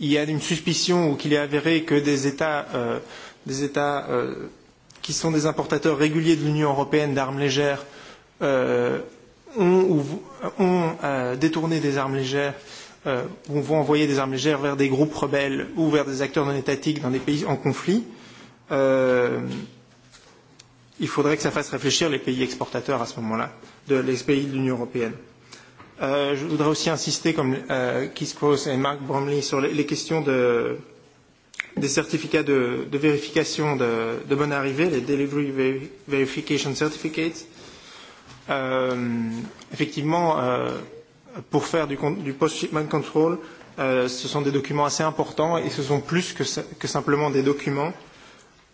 il y a une suspicion ou qu'il est avéré que des États, euh, des États euh, qui sont des importateurs réguliers de l'Union européenne d'armes légères euh, ont, ou, ont euh, détourné des armes légères euh, on va envoyer des armes légères vers des groupes rebelles ou vers des acteurs non étatiques dans des pays en conflit, euh, il faudrait que ça fasse réfléchir les pays exportateurs à ce moment-là, de, les pays de l'Union européenne. Euh, je voudrais aussi insister, comme euh, Keith Cross et Mark Bromley, sur les, les questions de, des certificats de, de vérification de, de bonne arrivée, les Delivery Ver Verification Certificates. Euh, effectivement, euh, pour faire du, du post-shipment control, euh, ce sont des documents assez importants et ce sont plus que, que simplement des documents. Euh,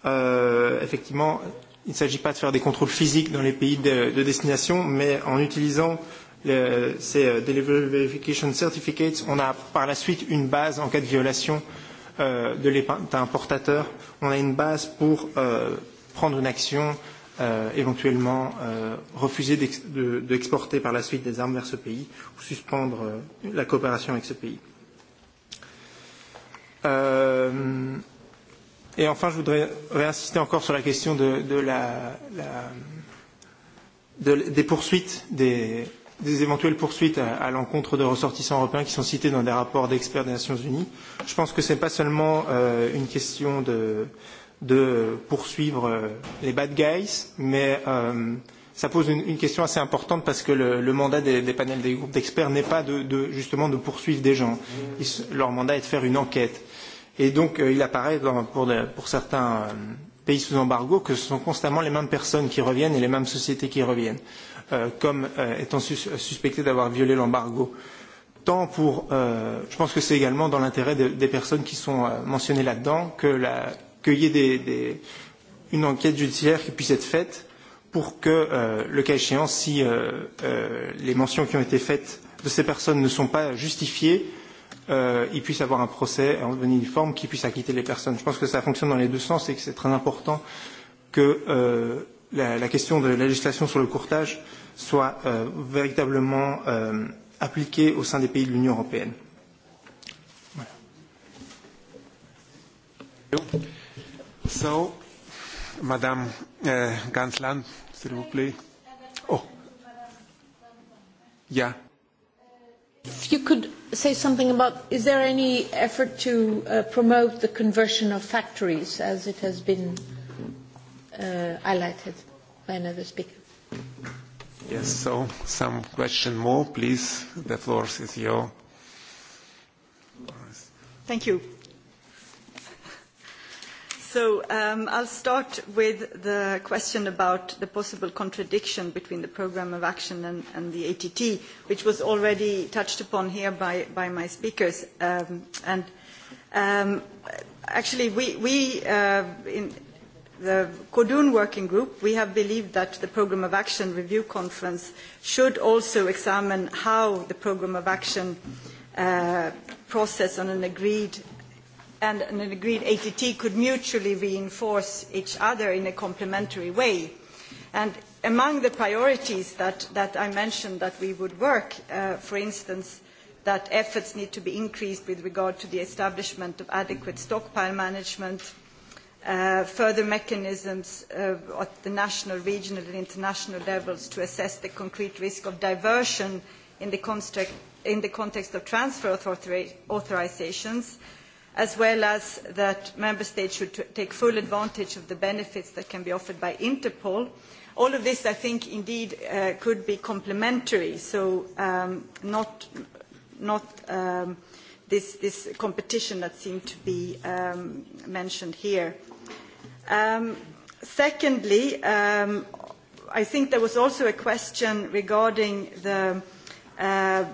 euh, effectivement, il ne s'agit pas de faire des contrôles physiques dans les pays de, de destination, mais en utilisant le, ces euh, Delivery Verification Certificates, on a par la suite une base en cas de violation euh, d'un portateur. On a une base pour euh, prendre une action, euh, éventuellement euh, refuser d'exporter de, par la suite des armes vers ce pays ou suspendre euh, la coopération avec ce pays. Euh, Et enfin, je voudrais réinsister encore sur la question de, de la, la, de, des poursuites, des, des éventuelles poursuites à, à l'encontre de ressortissants européens qui sont cités dans des rapports d'experts des Nations Unies. Je pense que ce n'est pas seulement euh, une question de, de poursuivre euh, les bad guys, mais euh, ça pose une, une question assez importante parce que le, le mandat des, des panels des groupes d'experts n'est pas de, de, justement de poursuivre des gens. Ils, leur mandat est de faire une enquête. Et donc, euh, il apparaît dans, pour, de, pour certains euh, pays sous embargo que ce sont constamment les mêmes personnes qui reviennent et les mêmes sociétés qui reviennent, euh, comme euh, étant sus euh, suspectées d'avoir violé l'embargo. Tant pour, euh, je pense que c'est également dans l'intérêt de, des personnes qui sont euh, mentionnées là-dedans que la, qu'il y ait des, des, une enquête judiciaire qui puisse être faite pour que, euh, le cas échéant, si euh, euh, les mentions qui ont été faites de ces personnes ne sont pas justifiées, euh, il puisse avoir un procès en uniforme qui puisse acquitter les personnes. Je pense que ça fonctionne dans les deux sens et que c'est très important que euh, la, la question de la législation sur le courtage soit euh, véritablement euh, appliquée au sein des pays de l'Union européenne. Voilà. So, Madame euh, Gansland, s'il vous plaît. Oh, yeah. If you could say something about, is there any effort to uh, promote the conversion of factories as it has been uh, highlighted by another speaker? Yes, so some question more, please. The floor is yours. Thank you. So um, I'll start with the question about the possible contradiction between the Programme of Action and, and the ATT, which was already touched upon here by, by my speakers. Um, and um, actually, we, we uh, in the Codun Working Group, we have believed that the Programme of Action Review Conference should also examine how the Programme of Action uh, process on an agreed and an agreed ATT could mutually reinforce each other in a complementary way. And among the priorities that, that I mentioned that we would work, uh, for instance, that efforts need to be increased with regard to the establishment of adequate stockpile management, uh, further mechanisms uh, at the national, regional and international levels to assess the concrete risk of diversion in the, construct, in the context of transfer authori authorizations, uh, as well as that member states should take full advantage of the benefits that can be offered by interpol. all of this i think indeed uh, could be complementary so um, not, not um, this, this competition that seemed to be um, mentioned here. Um, secondly, um, I think there was also a question regarding the uh,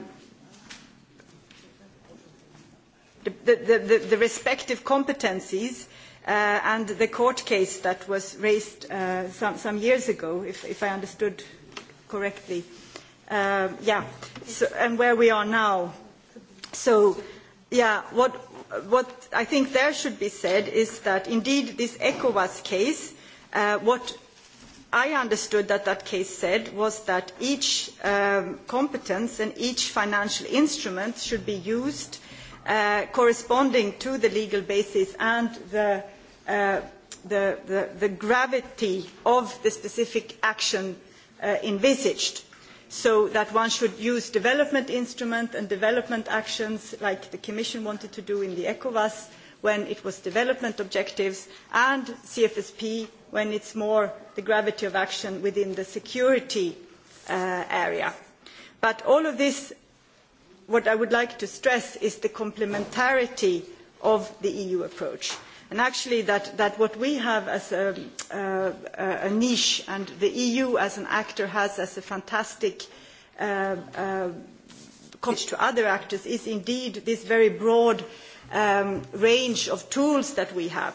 the, the, the, the respective competencies uh, and the court case that was raised uh, some, some years ago, if, if I understood correctly. Uh, yeah, so, and where we are now. So, yeah, what, what I think there should be said is that indeed this ECOWAS case, uh, what I understood that that case said was that each um, competence and each financial instrument should be used uh, corresponding to the legal basis and the, uh, the, the, the gravity of the specific action uh, envisaged so that one should use development instruments and development actions like the Commission wanted to do in the ECOWAS when it was development objectives and CFSP when it's more the gravity of action within the security uh, area. But all of this what I would like to stress is the complementarity of the EU approach. And actually that, that what we have as a, uh, a niche and the EU as an actor has as a fantastic uh, uh, contribution to other actors is indeed this very broad um, range of tools that we have.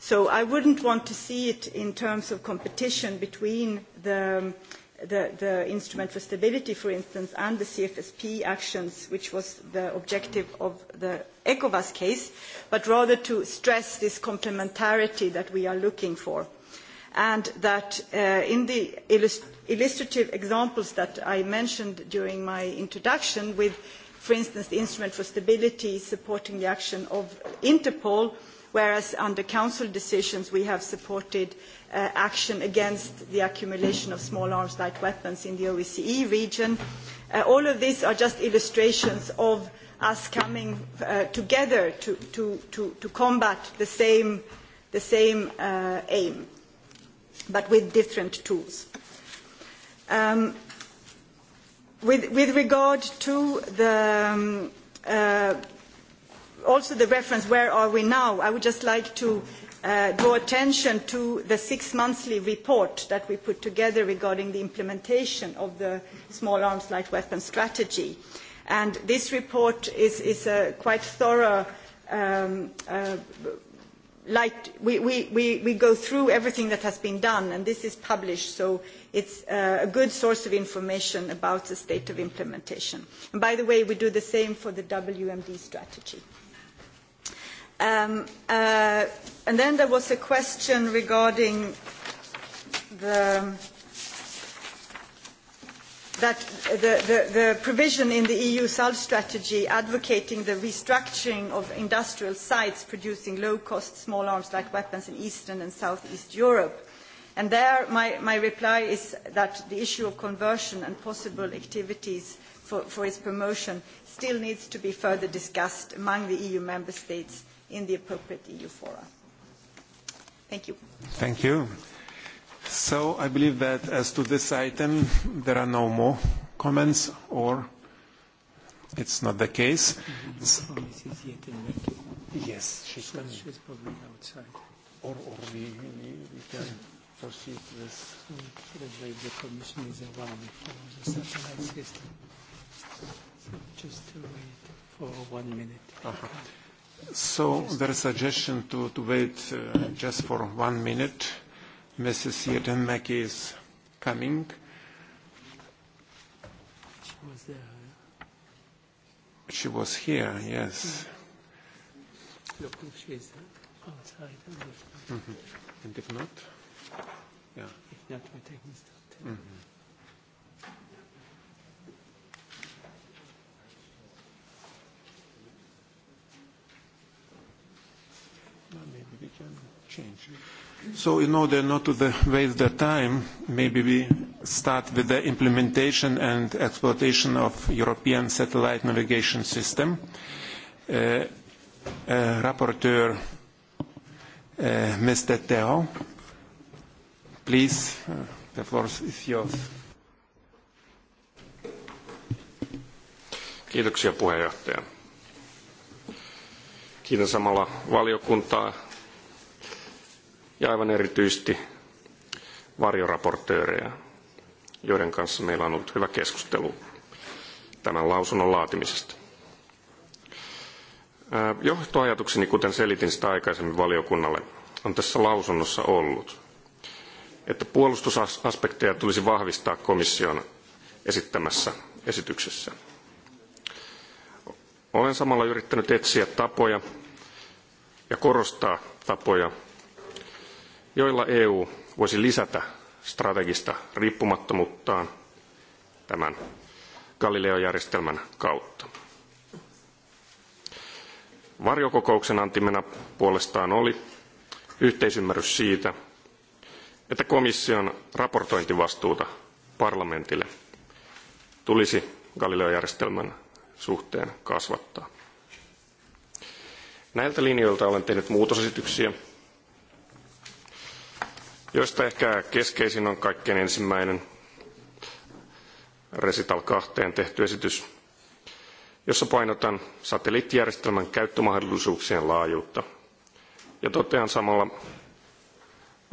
So I wouldn't want to see it in terms of competition between the um, the, the instrument for stability, for instance, and the CFSP actions, which was the objective of the ECOWAS case, but rather to stress this complementarity that we are looking for. And that uh, in the illust illustrative examples that I mentioned during my introduction, with, for instance, the instrument for stability supporting the action of Interpol, uh, whereas under council decisions we have supported uh, action against the accumulation of small arms light weapons in the OECE e region. Uh, all of these are just illustrations of us coming uh, together to, to, to, to combat the same, the same uh, aim, but with different tools. Um, with, with regard to the um, uh, also the reference, where are we now? I would just like to uh, draw attention to the six-monthly report that we put together regarding the implementation of the small arms light weapons strategy. And this report is, is a quite thorough um, uh, light, we, we, we, we go through everything that has been done, and this is published, so it's uh, a good source of information about the state of implementation. And by the way, we do the same for the WMD strategy. Um, uh, and then there was a question regarding the that the, the, the provision in the EU SAL strategy advocating the restructuring of industrial sites producing low-cost small arms like weapons in Eastern and Southeast Europe. And there my, my reply is that the issue of conversion and possible activities for, for its promotion still needs to be further discussed among the EU member states in the appropriate EU fora. Thank you. Thank you. So I believe that as to this item, there are no more comments, or it's not the case. It's, yes, she's coming. She's probably outside. Or, or we, we, we can proceed with... Probably the commission is around for the satellite system. So just to wait for one minute. Uh-huh. So there is suggestion to, to wait uh, just for one minute. Mrs. Yedemeki is coming. She was there. Huh? She was here, yes. Hmm. Look if she is outside. Mm-hmm. And if not? Yeah. If not, we take Mr. Mm-hmm. change. So in order not to waste the time, maybe we start with the implementation and exploitation of European Satellite Navigation System. Uh, uh, rapporteur, uh, Mr. Teo, please, uh, the floor is yours. Kiitoksia puheenjohtaja. Kiitän samalla valiokuntaa ja aivan erityisesti varjoraportööreja, joiden kanssa meillä on ollut hyvä keskustelu tämän lausunnon laatimisesta. Johtoajatukseni, kuten selitin sitä aikaisemmin valiokunnalle, on tässä lausunnossa ollut, että puolustusaspekteja tulisi vahvistaa komission esittämässä esityksessä. Olen samalla yrittänyt etsiä tapoja ja korostaa tapoja, joilla EU voisi lisätä strategista riippumattomuuttaan tämän Galileo-järjestelmän kautta. Varjokokouksen antimena puolestaan oli yhteisymmärrys siitä, että komission raportointivastuuta parlamentille tulisi Galileo-järjestelmän suhteen kasvattaa. Näiltä linjoilta olen tehnyt muutosesityksiä joista ehkä keskeisin on kaikkein ensimmäinen Resital 2 tehty esitys, jossa painotan satelliittijärjestelmän käyttömahdollisuuksien laajuutta. Ja totean samalla,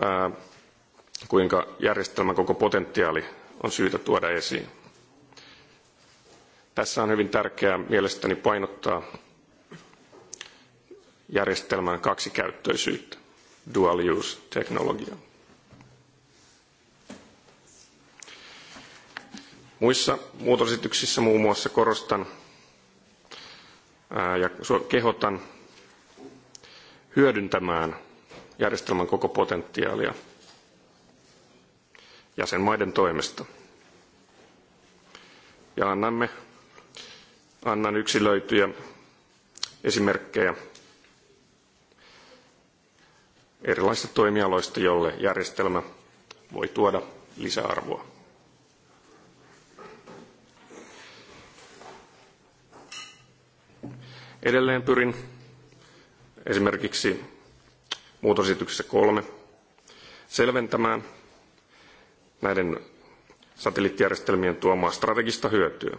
ää, kuinka järjestelmän koko potentiaali on syytä tuoda esiin. Tässä on hyvin tärkeää mielestäni painottaa järjestelmän kaksikäyttöisyyttä, dual use teknologiaa. Muissa muutosesityksissä muun muassa korostan ja kehotan hyödyntämään järjestelmän koko potentiaalia jäsenmaiden toimesta. Ja annamme, annan yksilöityjä esimerkkejä erilaisista toimialoista, jolle järjestelmä voi tuoda lisäarvoa. Edelleen pyrin esimerkiksi muutosesityksessä kolme selventämään näiden satelliittijärjestelmien tuomaa strategista hyötyä,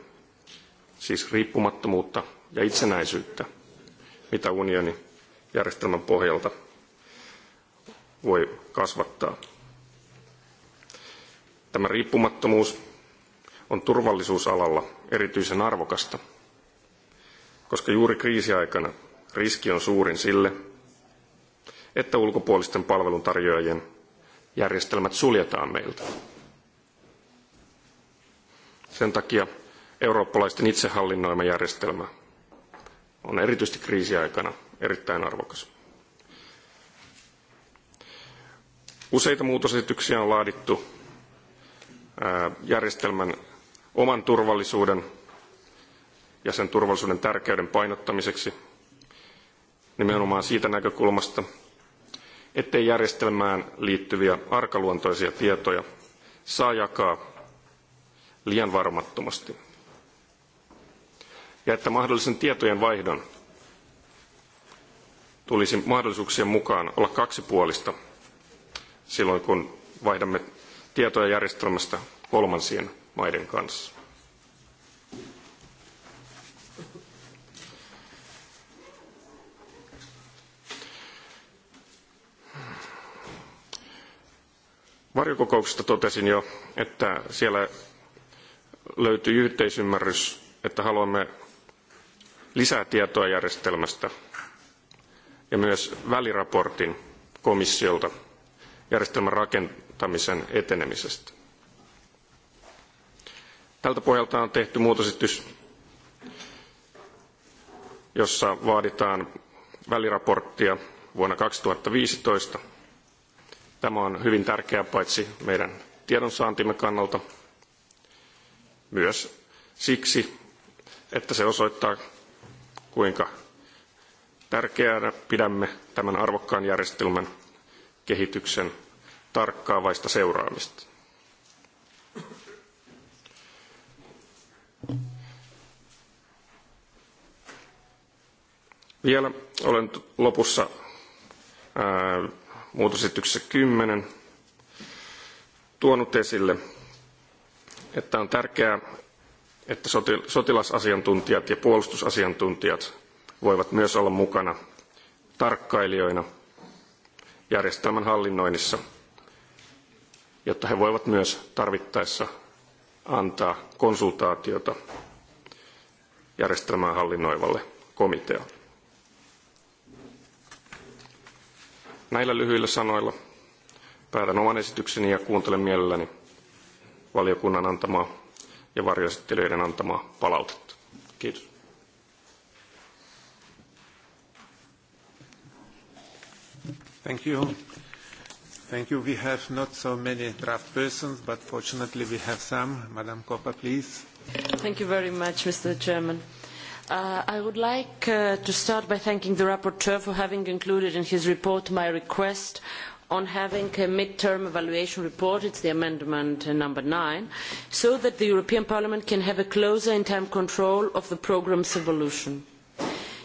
siis riippumattomuutta ja itsenäisyyttä, mitä unioni järjestelmän pohjalta voi kasvattaa. Tämä riippumattomuus on turvallisuusalalla erityisen arvokasta – koska juuri kriisiaikana riski on suurin sille, että ulkopuolisten palveluntarjoajien järjestelmät suljetaan meiltä. Sen takia eurooppalaisten itsehallinnoima järjestelmä on erityisesti kriisiaikana erittäin arvokas. Useita muutosesityksiä on laadittu järjestelmän oman turvallisuuden ja sen turvallisuuden tärkeyden painottamiseksi nimenomaan siitä näkökulmasta, ettei järjestelmään liittyviä arkaluontoisia tietoja saa jakaa liian varmattomasti ja että mahdollisen tietojen vaihdon tulisi mahdollisuuksien mukaan olla kaksipuolista silloin, kun vaihdamme tietoja järjestelmästä kolmansien maiden kanssa. varjokokouksesta totesin jo, että siellä löytyy yhteisymmärrys, että haluamme lisää tietoa järjestelmästä ja myös väliraportin komissiolta järjestelmän rakentamisen etenemisestä. Tältä pohjalta on tehty muutosesitys, jossa vaaditaan väliraporttia vuonna 2015 – Tämä on hyvin tärkeää paitsi meidän tiedonsaantimme kannalta, myös siksi, että se osoittaa, kuinka tärkeänä pidämme tämän arvokkaan järjestelmän kehityksen tarkkaavaista seuraamista. Vielä olen lopussa ää, muutosesityksessä 10 tuonut esille, että on tärkeää, että sotilasasiantuntijat ja puolustusasiantuntijat voivat myös olla mukana tarkkailijoina järjestelmän hallinnoinnissa, jotta he voivat myös tarvittaessa antaa konsultaatiota järjestelmää hallinnoivalle komitealle. Näillä lyhyillä sanoilla päätän oman esitykseni ja kuuntelen mielelläni valiokunnan antamaa ja varjoesittelijöiden antamaa palautetta. Kiitos. Thank you. Thank you. We have not so many draft persons, but fortunately we have some. Madam Coppa, please. Thank you very much, Mr. Chairman. Uh, I would like uh, to start by thanking the rapporteur for having included in his report my request on having a mid-term evaluation report, it's the amendment uh, number nine, so that the European Parliament can have a closer in-time control of the programme's evolution.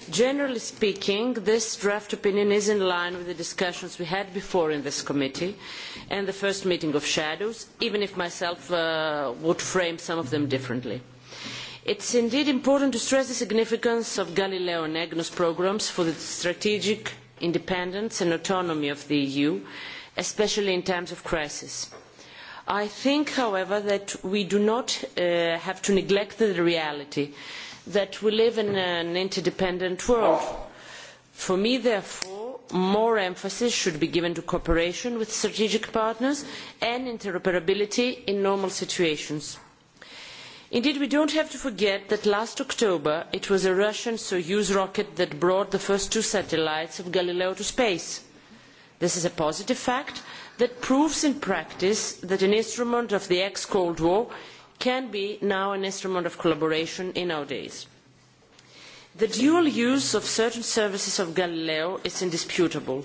Generally speaking, this draft opinion is in line with the discussions we had before in this committee and the first meeting of shadows, even if myself uh, would frame some of them differently. It is indeed important to stress the significance of Galileo and EGNOS programmes for the strategic independence and autonomy of the EU, especially in times of crisis. I think, however, that we do not uh, have to neglect the reality that we live in an interdependent world. For me, therefore, more emphasis should be given to cooperation with strategic partners and interoperability in normal situations. Indeed, we don't have to forget that last October it was a Russian Soyuz rocket that brought the first two satellites of Galileo to space. This is a positive fact that proves in practice that an instrument of the ex-Cold War can be now an instrument of collaboration in our days. The dual use of certain services of Galileo is indisputable.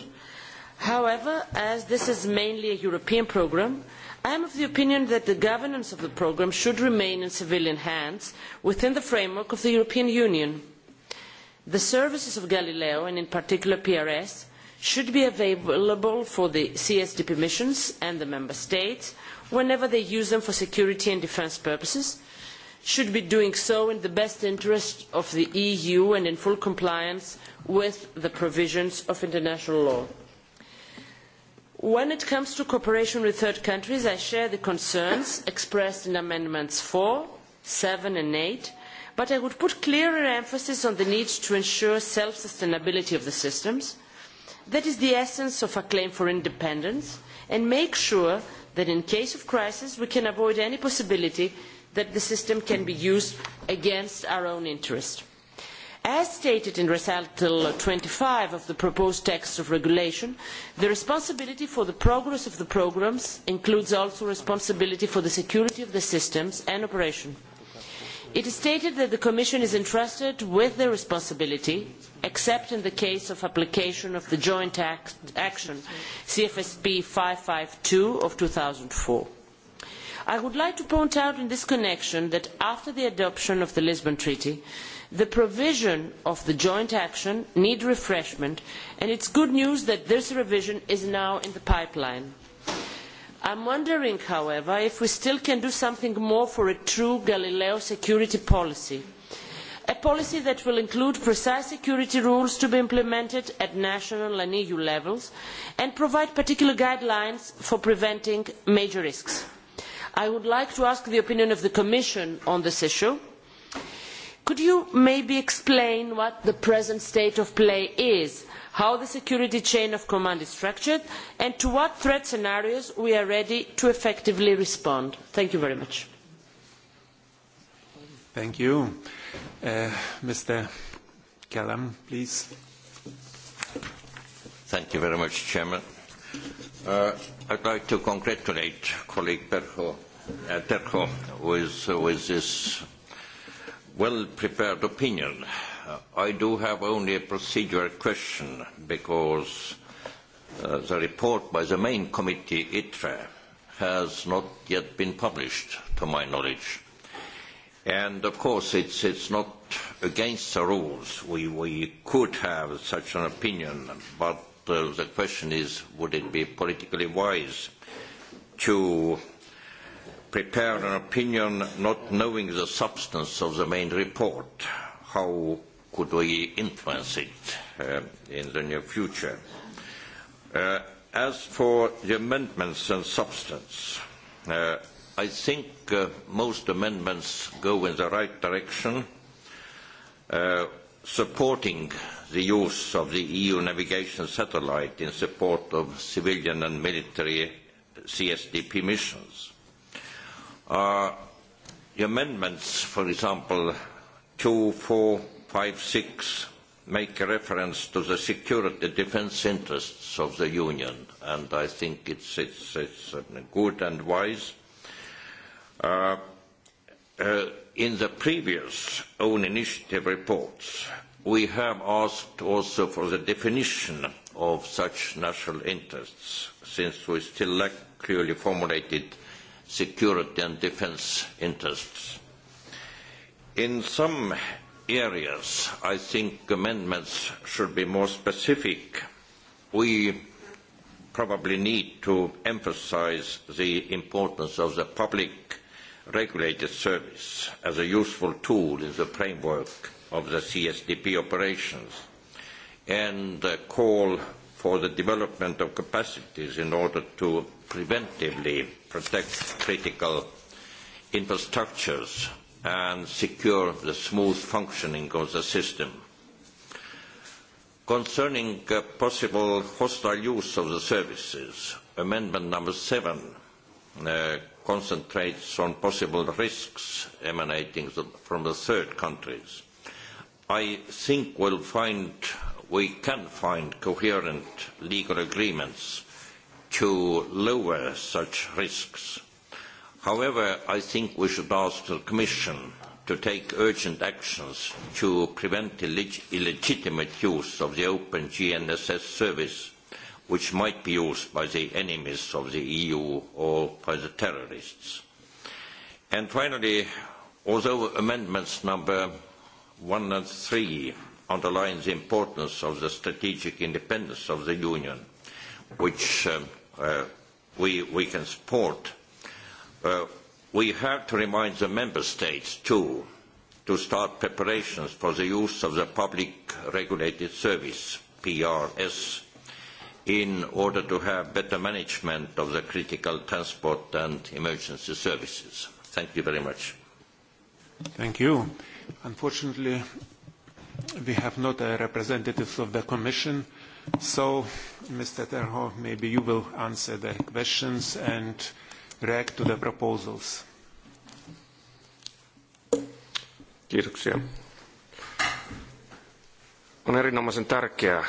However, as this is mainly a European programme, I am of the opinion that the governance of the programme should remain in civilian hands within the framework of the European Union. The services of Galileo, and in particular PRS, should be available for the CSDP missions and the Member States whenever they use them for security and defence purposes, should be doing so in the best interest of the EU and in full compliance with the provisions of international law when it comes to cooperation with third countries i share the concerns expressed in amendments four seven and eight but i would put clearer emphasis on the need to ensure self sustainability of the systems that is the essence of a claim for independence and make sure that in case of crisis we can avoid any possibility that the system can be used against our own interest. As stated in recital 25 of the proposed text of regulation, the responsibility for the progress of the programs includes also responsibility for the security of the systems and operation. It is stated that the Commission is entrusted with the responsibility, except in the case of application of the Joint Act, Action CFSP 552 of 2004. I would like to point out in this connection that after the adoption of the Lisbon Treaty, the provision of the joint action needs refreshment and it is good news that this revision is now in the pipeline. i am wondering however if we still can do something more for a true galileo security policy a policy that will include precise security rules to be implemented at national and eu levels and provide particular guidelines for preventing major risks. i would like to ask the opinion of the commission on this issue could you maybe explain what the present state of play is how the security chain of command is structured and to what threat scenarios we are ready to effectively respond? thank you very much. thank you. Uh, mr. Callum, please. Thank you very much, Chairman. Uh, I'd like to congratulate colleague Berho, uh, Terho with, uh, with this well-prepared opinion. Uh, I do have only a procedural question because uh, the report by the main committee, ITRE, has not yet been published, to my knowledge. And of course, it's, it's not against the rules. We, we could have such an opinion, but uh, the question is, would it be politically wise to uh, prepared an opinion not knowing the substance of the main report. How could we influence it uh, in the near future? Uh, as for the amendments and substance, uh, I think uh, most amendments go in the right direction, uh, supporting the use of the EU navigation satellite in support of civilian and military CSDP missions are uh, the amendments, for example, 2, 4, 5, 6, make a reference to the security defense interests of the Union, and I think it's, it's, it's good and wise. Uh, uh, in the previous own initiative reports, we have asked also for the definition of such national interests, since we still lack clearly formulated security and defense interests. In some areas, I think amendments should be more specific. We probably need to emphasize the importance of the public regulated service as a useful tool in the framework of the CSDP operations and call for the development of capacities in order to preventively protect critical infrastructures and secure the smooth functioning of the system. Concerning uh, possible hostile use of the services, amendment number seven uh, concentrates on possible risks emanating the, from the third countries. I think we'll find, we can find coherent legal agreements to lower such risks. However, I think we should ask the Commission to take urgent actions to prevent illeg illegitimate use of the open GNSS service, which might be used by the enemies of the EU or by the terrorists. And finally, although amendments number 1 and 3 underline the importance of the strategic independence of the Union, which um, uh, we, we can support, uh, we have to remind the member states too to start preparations for the use of the public regulated service, PRS, in order to have better management of the critical transport and emergency services. Thank you very much. Thank you. Unfortunately, we have not uh, representatives of the Commission So, Mr. Terho, maybe you will answer the questions and react to the proposals. Kiitoksia. On erinomaisen tärkeää,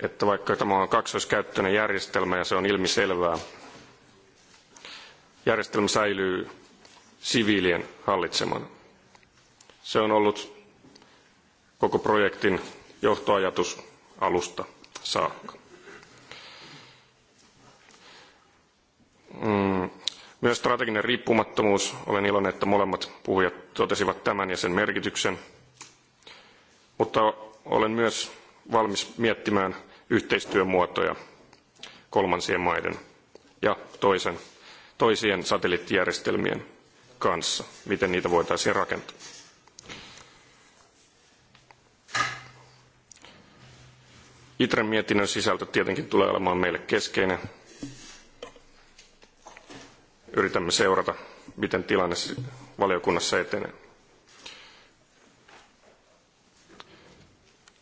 että vaikka tämä on kaksoiskäyttöinen järjestelmä ja se on ilmiselvää, järjestelmä säilyy siviilien hallitsemana. Se on ollut koko projektin johtoajatus alusta saakka. Mm. Myös strateginen riippumattomuus. Olen iloinen, että molemmat puhujat totesivat tämän ja sen merkityksen. Mutta olen myös valmis miettimään yhteistyömuotoja kolmansien maiden ja toisen, toisien satelliittijärjestelmien kanssa, miten niitä voitaisiin rakentaa. Itren mietinnön sisältö tietenkin tulee olemaan meille keskeinen. Yritämme seurata, miten tilanne valiokunnassa etenee.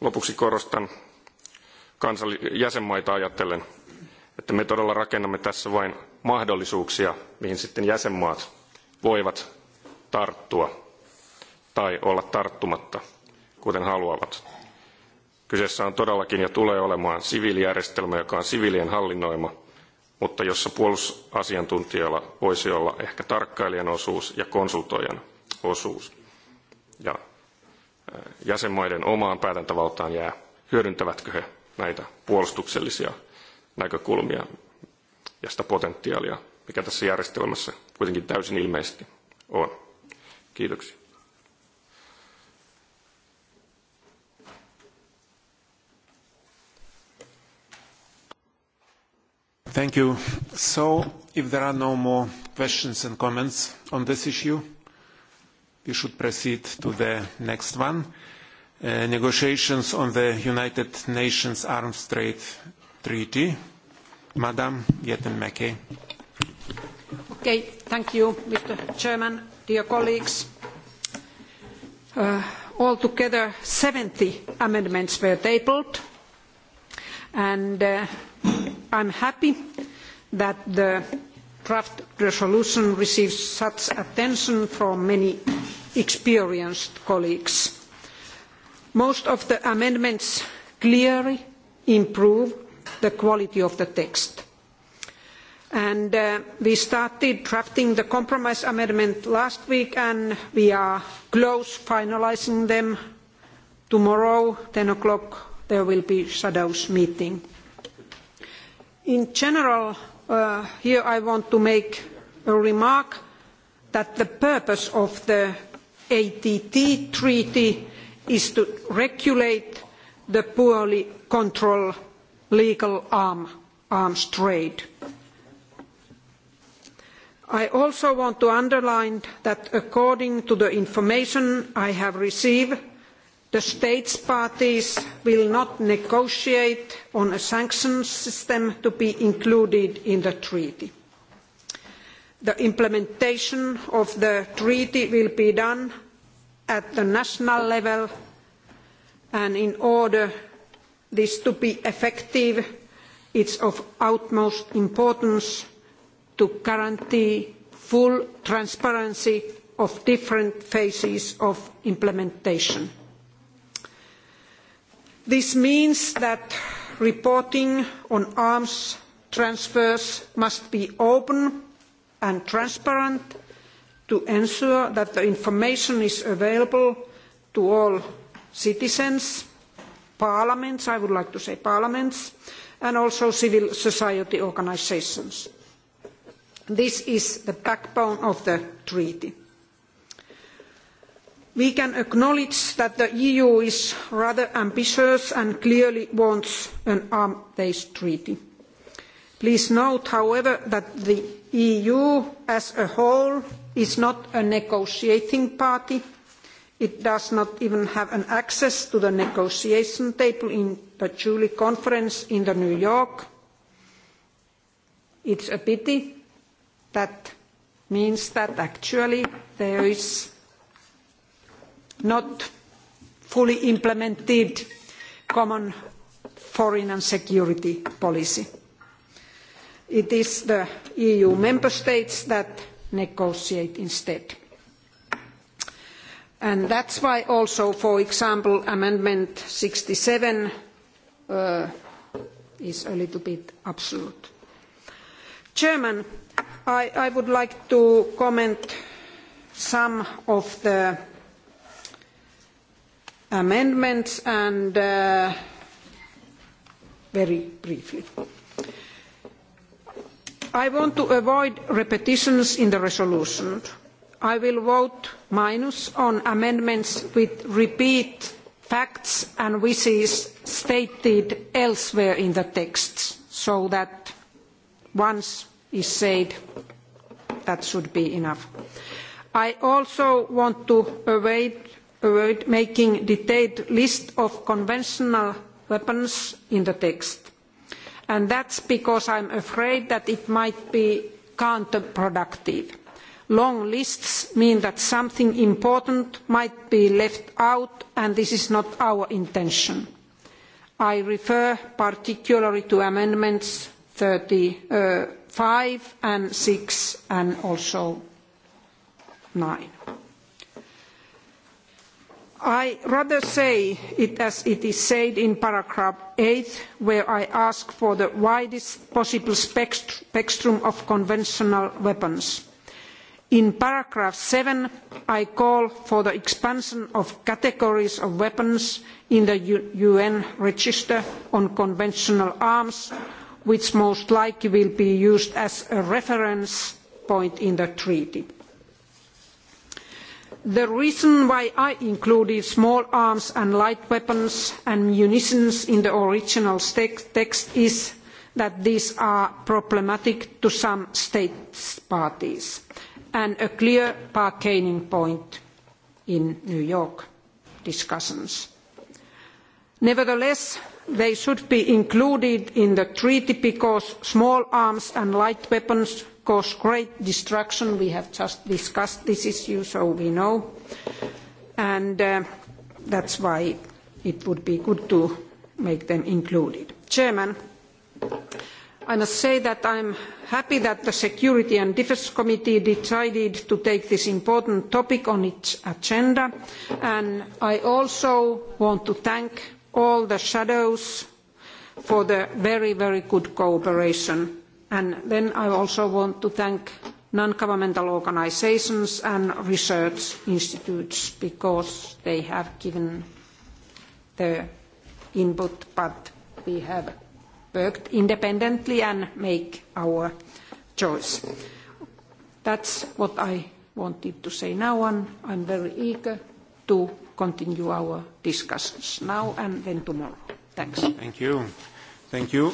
Lopuksi korostan kansali- jäsenmaita ajatellen, että me todella rakennamme tässä vain mahdollisuuksia, mihin sitten jäsenmaat voivat tarttua tai olla tarttumatta, kuten haluavat. Kyseessä on todellakin ja tulee olemaan siviilijärjestelmä, joka on siviilien hallinnoima, mutta jossa puolustusasiantuntijoilla voisi olla ehkä tarkkailijan osuus ja konsultoijan osuus. Ja äh, jäsenmaiden omaan päätäntävaltaan jää, hyödyntävätkö he näitä puolustuksellisia näkökulmia ja sitä potentiaalia, mikä tässä järjestelmässä kuitenkin täysin ilmeisesti on. Kiitoksia. Thank you. So, if there are no more questions and comments on this issue, we should proceed to the next one. Uh, negotiations on the United Nations Arms Trade Treaty. Madam Yetin-Mackey. Okay. Thank you, Mr. Chairman, dear colleagues. Uh, altogether, 70 amendments were tabled, and uh, I am happy that the draft resolution receives such attention from many experienced colleagues. Most of the amendments clearly improve the quality of the text. And uh, we started drafting the compromise amendment last week and we are close finalizing them tomorrow, 10 o'clock, there will be shadows meeting in general uh, here i want to make a remark that the purpose of the att treaty is to regulate the poorly controlled legal arm, arms trade. i also want to underline that according to the information i have received the states parties will not negotiate on a sanctions system to be included in the treaty. the implementation of the treaty will be done at the national level and in order for this to be effective it is of utmost importance to guarantee full transparency of different phases of implementation this means that reporting on arms transfers must be open and transparent to ensure that the information is available to all citizens parliaments i would like to say parliaments and also civil society organisations. this is the backbone of the treaty we can acknowledge that the eu is rather ambitious and clearly wants an arms based treaty. please note however that the eu as a whole is not a negotiating party it does not even have access to the negotiation table in the july conference in new york. it is a pity. that means that actually there is not fully implemented common foreign and security policy. It is the EU member states that negotiate instead. And that's why also, for example, Amendment 67 uh, is a little bit absurd. Chairman, I, I would like to comment some of the amendments and uh, very briefly. I want to avoid repetitions in the resolution. I will vote minus on amendments with repeat facts and wishes stated elsewhere in the texts so that once is said that should be enough. I also want to avoid making detailed list of conventional weapons in the text. And that's because I'm afraid that it might be counterproductive. Long lists mean that something important might be left out and this is not our intention. I refer particularly to amendments 35 uh, and 6 and also 9. I rather say it as it is said in paragraph 8, where I ask for the widest possible spectrum of conventional weapons. In paragraph 7, I call for the expansion of categories of weapons in the U UN Register on Conventional Arms, which most likely will be used as a reference point in the treaty the reason why I included small arms and light weapons and munitions in the original text is that these are problematic to some states parties and a clear bargaining point in New York discussions. Nevertheless, they should be included in the treaty because small arms and light weapons cause great destruction. We have just discussed this issue, so we know. And uh, that's why it would be good to make them included. Chairman, I must say that I'm happy that the Security and Defence Committee decided to take this important topic on its agenda. And I also want to thank all the shadows for the very, very good cooperation And then I also want to thank non-governmental organizations and research institutes because they have given their input, but we have worked independently and make our choice. That's what I wanted to say now, and I'm very eager to continue our discussions now and then tomorrow. Thanks. Thank you. Thank you.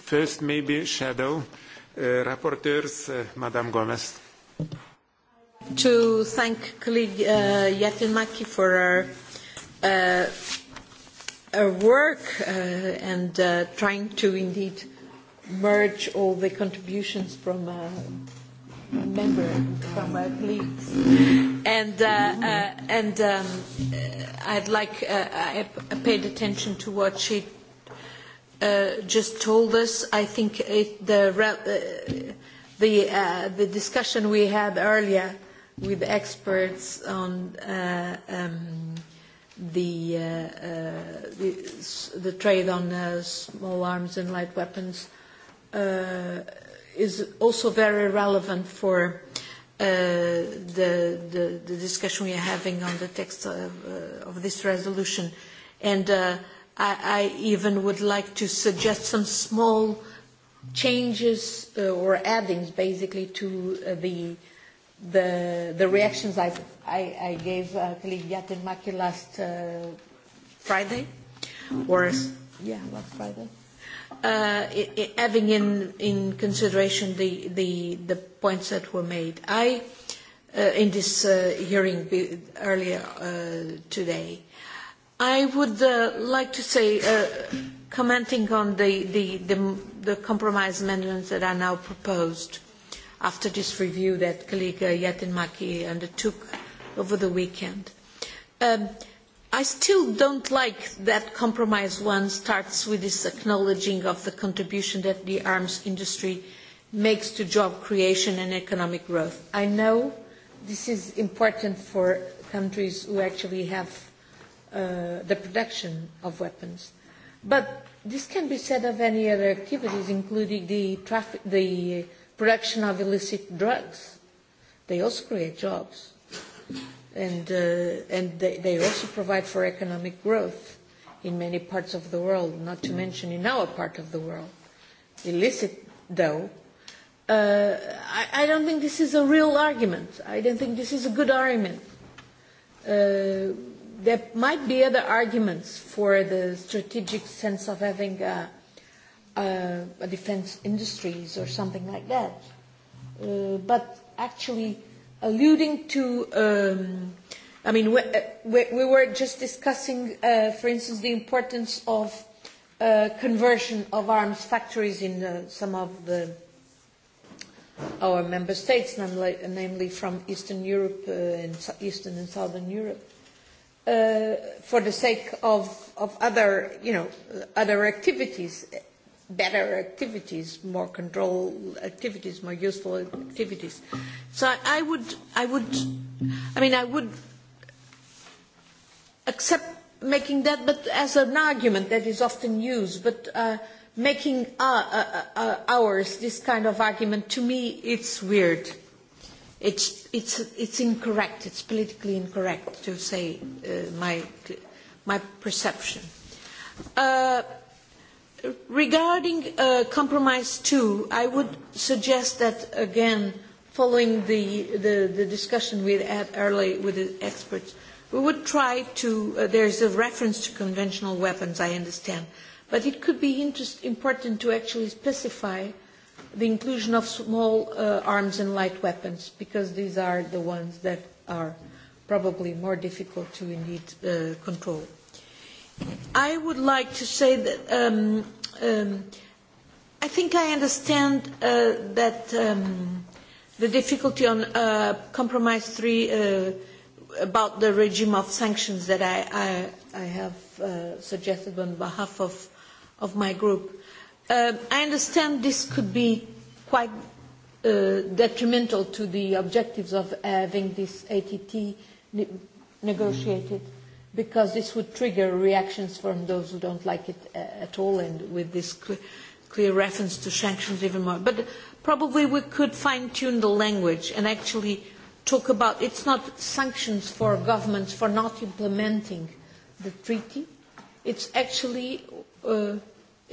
First, maybe shadow uh, rapporteurs, uh, Madame Gomez. To thank colleague uh, Yatinmaki for her, uh, her work uh, and uh, trying to indeed merge all the contributions from uh, member from uh, colleagues. And, uh, uh, and um, uh, I'd like, uh, I paid attention to what she uh, just told us, I think it, the, uh, the, uh, the discussion we had earlier with experts on uh, um, the, uh, uh, the, the trade on uh, small arms and light weapons uh, is also very relevant for uh, the, the, the discussion we are having on the text of, uh, of this resolution. And uh, I, I even would like to suggest some small changes uh, or addings, basically, to uh, the, the, the reactions I, I, I gave uh, colleague Yatin Maki last uh, Friday, or, yeah, last Friday. Uh, it, it, having in, in consideration the, the, the points that were made. I, uh, in this uh, hearing be, earlier uh, today, uh, I would uh, like to say, uh, commenting on the, the, the, the compromise amendments that are now proposed after this review that colleague uh, Yatinmaki undertook over the weekend. Um, I still don't like that compromise one starts with this acknowledging of the contribution that the arms industry makes to job creation and economic growth. I know this is important for countries who actually have uh, the production of weapons. But this can be said of any other activities, including the, traffic, the production of illicit drugs. They also create jobs, and, uh, and they, they also provide for economic growth in many parts of the world, not to mention in our part of the world. Illicit, though, uh, I, I don't think this is a real argument. I don't think this is a good argument. Uh, there might be other arguments for the strategic sense of having a, a, a defense industries or something like that. Uh, but actually, alluding to, um, I mean, we, uh, we, we were just discussing, uh, for instance, the importance of uh, conversion of arms factories in uh, some of the our member states, namely, namely from Eastern Europe uh, and Eastern and Southern Europe uh, for the sake of, of other, you know, other activities, better activities, more control activities, more useful activities. So I would, I would, I mean, I would accept making that, but as an argument that is often used, but uh, making uh, uh, uh, ours this kind of argument, to me, it's weird. Uh, It's, it's, it's incorrect, it's politically incorrect to say uh, my, my perception. Uh, regarding uh, compromise two, I would suggest that again, following the, the, the discussion we had earlier with the experts, we would try to, uh, there's a reference to conventional weapons, I understand, but it could be interest, important to actually specify uh, the inclusion of small uh, arms and light weapons, because these are the ones that are probably more difficult to indeed uh, control. I would like to say that um, um, I think I understand uh, that um, the difficulty on uh, Compromise 3 uh, about the regime of sanctions that I, I, I have uh, suggested on behalf of, of my group. Uh, Um, I understand this could be quite uh, detrimental to the objectives of having this ATT ne negotiated because this would trigger reactions from those who don't like it uh, at all and with this cl clear reference to sanctions even more. But probably we could fine-tune the language and actually talk about it's not sanctions for governments for not implementing the treaty. It's actually... Uh,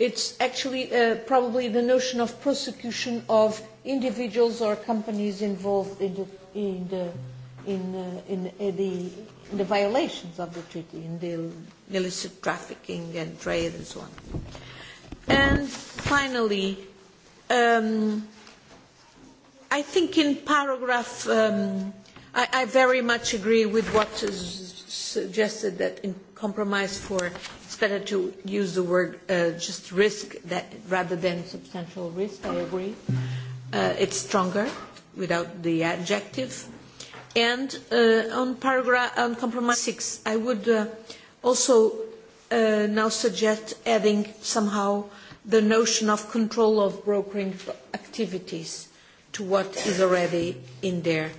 It's actually uh, probably the notion of prosecution of individuals or companies involved in the, in the, in, uh, in, uh, the, in the violations of the treaty, in the illicit trafficking and trade and so on. And finally, um, I think in paragraph, um, I, I very much agree with what is suggested that in compromise for better to use the word uh, just risk that rather than substantial risk. I agree. Uh, it's stronger without the adjective. And uh, on paragraph on compromise six, I would uh, also uh, now suggest adding somehow the notion of control of brokering activities to what is already in there.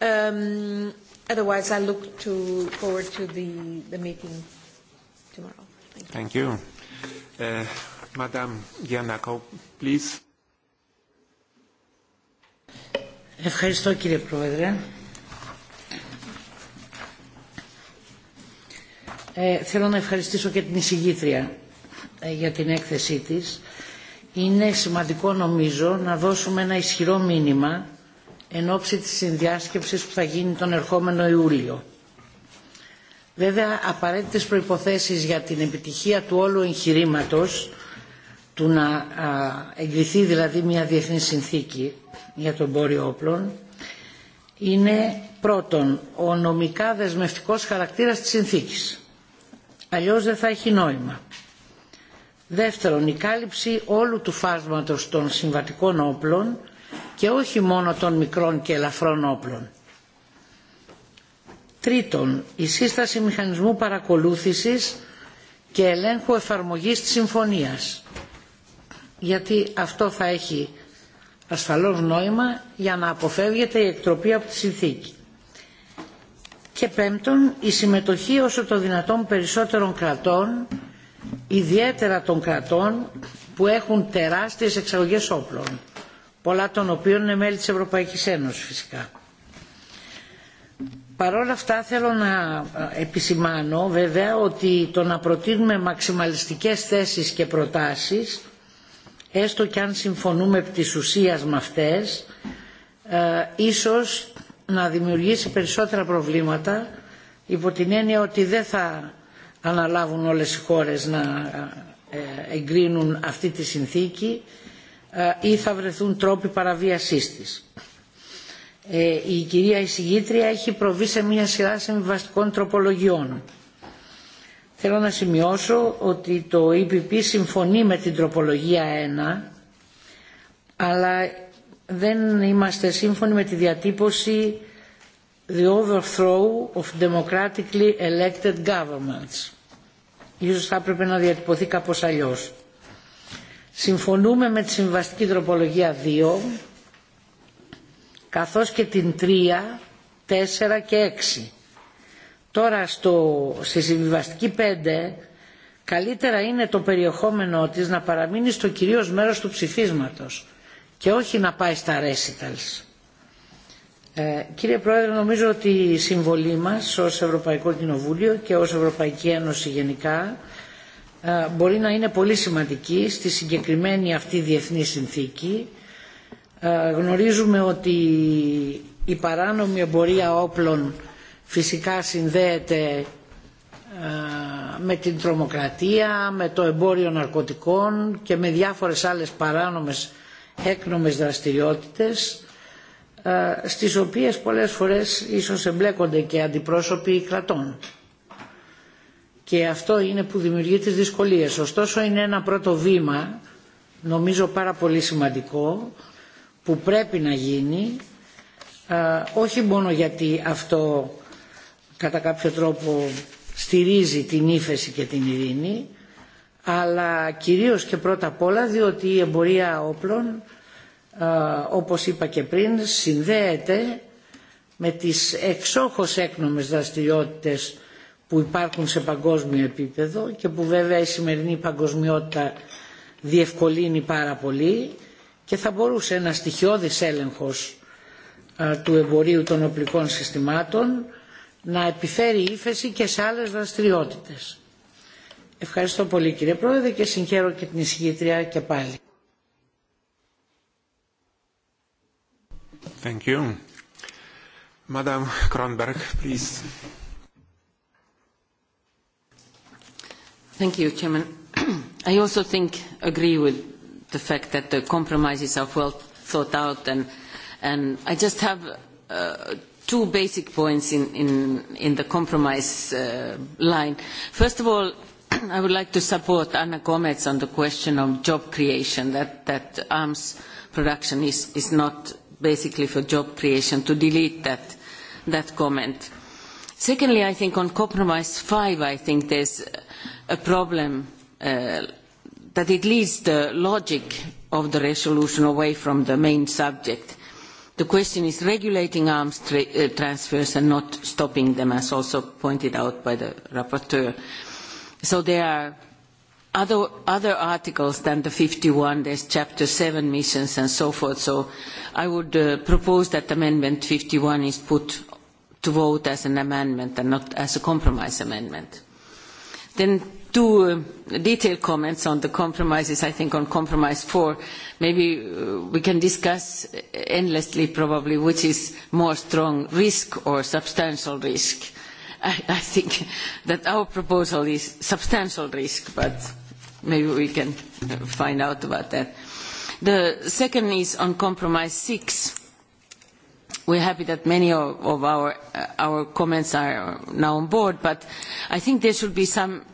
Um, otherwise, I look to, forward to the, the meeting tomorrow. Thank you. Thank you. Uh, Madame Giannakou, please. Ευχαριστώ κύριε Πρόεδρε. Ε, θέλω να ευχαριστήσω και την εισηγήτρια ε, για την έκθεσή της. Είναι σημαντικό νομίζω να δώσουμε ένα ισχυρό μήνυμα εν ώψη της συνδιάσκεψης που θα γίνει τον ερχόμενο Ιούλιο Βέβαια, απαραίτητες προϋποθέσεις για την επιτυχία του όλου εγχειρήματος, του να εγκριθεί δηλαδή μια διεθνή συνθήκη για το εμπόριο όπλων, είναι πρώτον ο νομικά δεσμευτικός χαρακτήρας της συνθήκης. Αλλιώς δεν θα έχει νόημα. Δεύτερον, η κάλυψη όλου του φάσματος των συμβατικών όπλων και όχι μόνο των μικρών και ελαφρών όπλων Τρίτον, η σύσταση μηχανισμού παρακολούθησης και ελέγχου εφαρμογής της συμφωνίας. Γιατί αυτό θα έχει ασφαλώς νόημα για να αποφεύγεται η εκτροπή από τη συνθήκη. Και πέμπτον, η συμμετοχή όσο το δυνατόν περισσότερων κρατών, ιδιαίτερα των κρατών που έχουν τεράστιες εξαγωγές όπλων, πολλά των οποίων είναι μέλη της Ευρωπαϊκής Ένωσης φυσικά. Παρόλα αυτά θέλω να επισημάνω βέβαια ότι το να προτείνουμε μαξιμαλιστικές θέσεις και προτάσεις έστω και αν συμφωνούμε επί της ουσίας με αυτές ε, ίσως να δημιουργήσει περισσότερα προβλήματα υπό την έννοια ότι δεν θα αναλάβουν όλες οι χώρες να εγκρίνουν αυτή τη συνθήκη ή θα βρεθούν τρόποι παραβίασής της η κυρία εισηγήτρια έχει προβεί σε μια σειρά συμβαστικών τροπολογιών. Θέλω να σημειώσω ότι το EPP συμφωνεί με την τροπολογία 1, αλλά δεν είμαστε σύμφωνοι με τη διατύπωση the overthrow of democratically elected governments. Ίσως θα έπρεπε να διατυπωθεί κάπως αλλιώς. Συμφωνούμε με τη συμβαστική τροπολογία 2, καθώς και την 3, 4 και 6. Τώρα στο, στη συμβιβαστική 5 καλύτερα είναι το περιεχόμενό της να παραμείνει στο κυρίως μέρος του ψηφίσματος και όχι να πάει στα recitals. Ε, κύριε Πρόεδρε, νομίζω ότι η συμβολή μας ως Ευρωπαϊκό Κοινοβούλιο και ως Ευρωπαϊκή Ένωση γενικά ε, μπορεί να είναι πολύ σημαντική στη συγκεκριμένη αυτή διεθνή συνθήκη γνωρίζουμε ότι η παράνομη εμπορία όπλων φυσικά συνδέεται με την τρομοκρατία, με το εμπόριο ναρκωτικών και με διάφορες άλλες παράνομες έκνομες δραστηριότητες στις οποίες πολλές φορές ίσως εμπλέκονται και αντιπρόσωποι κρατών. Και αυτό είναι που δημιουργεί τις δυσκολίες. Ωστόσο είναι ένα πρώτο βήμα, νομίζω πάρα πολύ σημαντικό, που πρέπει να γίνει όχι μόνο γιατί αυτό κατά κάποιο τρόπο στηρίζει την ύφεση και την ειρήνη αλλά κυρίως και πρώτα απ' όλα διότι η εμπορία όπλων όπως είπα και πριν συνδέεται με τις εξόχως έκνομες δραστηριότητες που υπάρχουν σε παγκόσμιο επίπεδο και που βέβαια η σημερινή παγκοσμιότητα διευκολύνει πάρα πολύ και θα μπορούσε ένα στοιχειώδης έλεγχος α, του εμπορίου των οπλικών συστημάτων να επιφέρει ύφεση και σε άλλες δραστηριότητες. Ευχαριστώ πολύ κύριε Πρόεδρε και συγχαίρω και την εισηγήτρια και πάλι. Thank you. Madam Kronberg, please. Thank you, Chairman. <clears throat> I also think, agree with the fact that the compromises are well thought out. And, and I just have uh, two basic points in, in, in the compromise uh, line. First of all, <clears throat> I would like to support Anna Gomez on the question of job creation, that, that arms production is, is not basically for job creation, to delete that, that comment. Secondly, I think on compromise five, I think there's a problem uh, that it leads the logic of the resolution away from the main subject. The question is regulating arms tra uh, transfers and not stopping them, as also pointed out by the rapporteur. So there are other, other articles than the 51, there's chapter 7 missions and so forth, so I would uh, propose that amendment 51 is put to vote as an amendment and not as a compromise amendment. Then two uh, detailed comments on the compromises. I think on compromise four, maybe uh, we can discuss endlessly probably which is more strong risk or substantial risk. <laughs> I, I think that our proposal is substantial risk, but maybe we can uh, find out about that. The second is on compromise six. We're happy that many of, of our, uh, our comments are now on board, but I think there should be some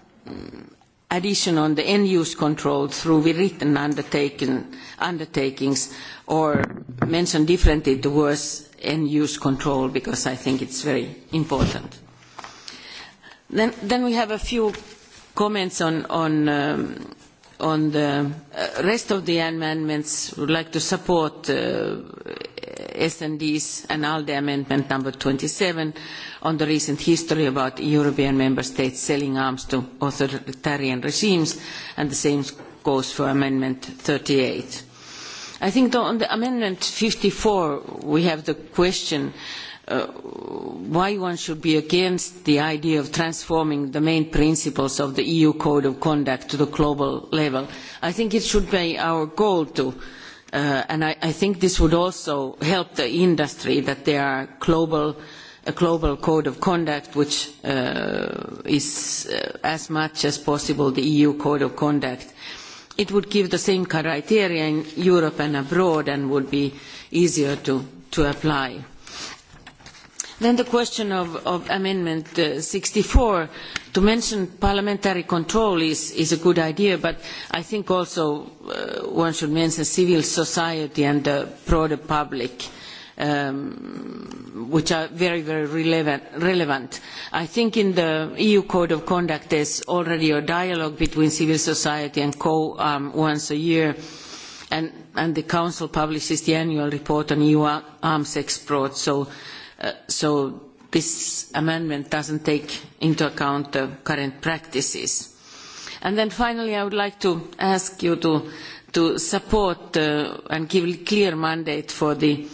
addition on the end-use control through written undertakings or mention differently the words end-use control because I think it's very important. Then, then we have a few comments on, on um, on the uh, rest of the amendments, would like to support uh, S&D's and ALDE amendment number 27 on the recent history about European member states selling arms to authoritarian regimes, and the same goes for amendment 38. I think on the amendment 54, we have the question uh, uh, why one should be against the idea of transforming the main principles of the EU Code of Conduct to the global level. I think it should be our goal to, uh, and I, I think this would also help the industry that there are global, a global code of conduct which uh, is uh, as much as possible the EU Code of Conduct it would give the same criteria in Europe and abroad and would be easier to, to apply. Then the question of, of Amendment uh, 64, to mention parliamentary control is, is a good idea, but I think also uh, one should mention civil society and the broader public, um, which are very, very relevant, relevant. I think in the EU Code of Conduct there's already a dialogue between civil society and CO um, once a year, and, and the Council publishes the annual report on EU arms exports, so Uh, so this amendment doesn't take into account the current practices. And then finally, I would like to ask you to, to support uh, and give a clear mandate for the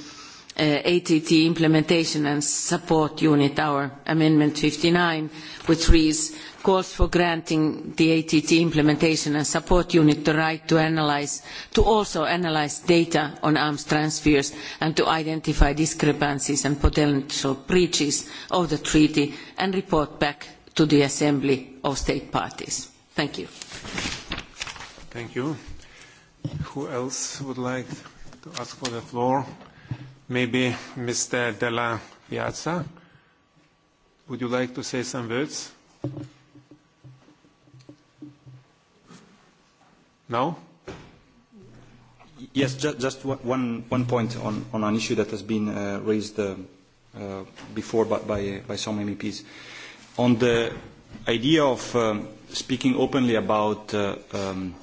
uh, ATT implementation and support unit, our amendment 59, which reads, calls for granting the att implementation and support unit the right to analyze to also analyze data on arms transfers and to identify discrepancies and potential breaches of the treaty and report back to the assembly of state parties thank you thank you who else would like to ask for the floor maybe mr della piazza would you like to say some words? Thank you. No? Yes, ju just one, one point on, on an issue that has been uh, raised uh, uh, before by, by, by some MEPs. On the idea of um, speaking openly about uh, um,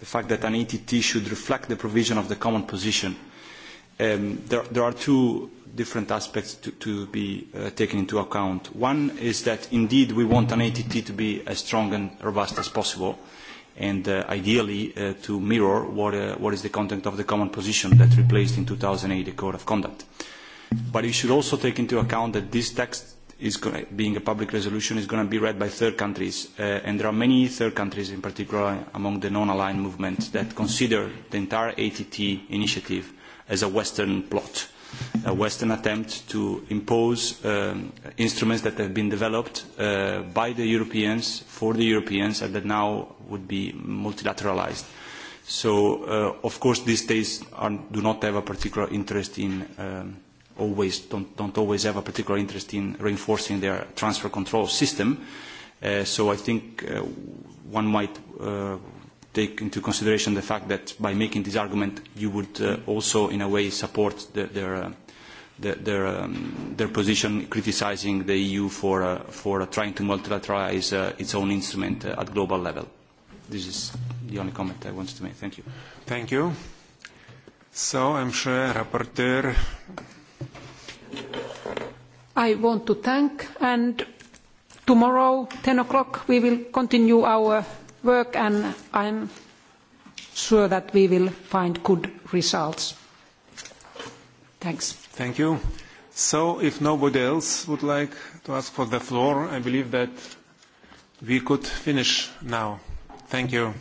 the fact that an ATT should reflect the provision of the common position, um, there, there are two different aspects to, to be uh, taken into account. One is that indeed we want an ATT to be as strong and robust as possible. Uh, and uh, ideally uh, to mirror what, uh, what is the content of the common position that replaced in 2008 the Code of Conduct. But you should also take into account that this text, is gonna, being a public resolution, is going to be read by third countries, uh, and there are many third countries, in particular among the non-aligned movements, that consider the entire ATT initiative as a Western plot. Uh, a Western attempt to impose um, instruments that have been developed uh, by the Europeans, for the Europeans, and that now would be multilateralized. So, uh, of course, these states are, do not have a particular interest in um, always don't, don't always have a particular interest in reinforcing their transfer control system. Uh, so I think uh, one might uh, take into consideration the fact that by making this argument, you would uh, also, in a way, support the, their, uh, the, their, um, their position criticizing the EU for, uh, for uh, trying to multilateralize uh, its own instrument uh, at global level. This is the only comment I wanted to make. Thank you. Thank you. So I'm sure Rapporteur... I want to thank and tomorrow, 10 o'clock, we will continue our work and I'm sure that we will find good results. Thanks. Thank you. So if nobody else would like to ask for the floor, I believe that we could finish now. Thank you.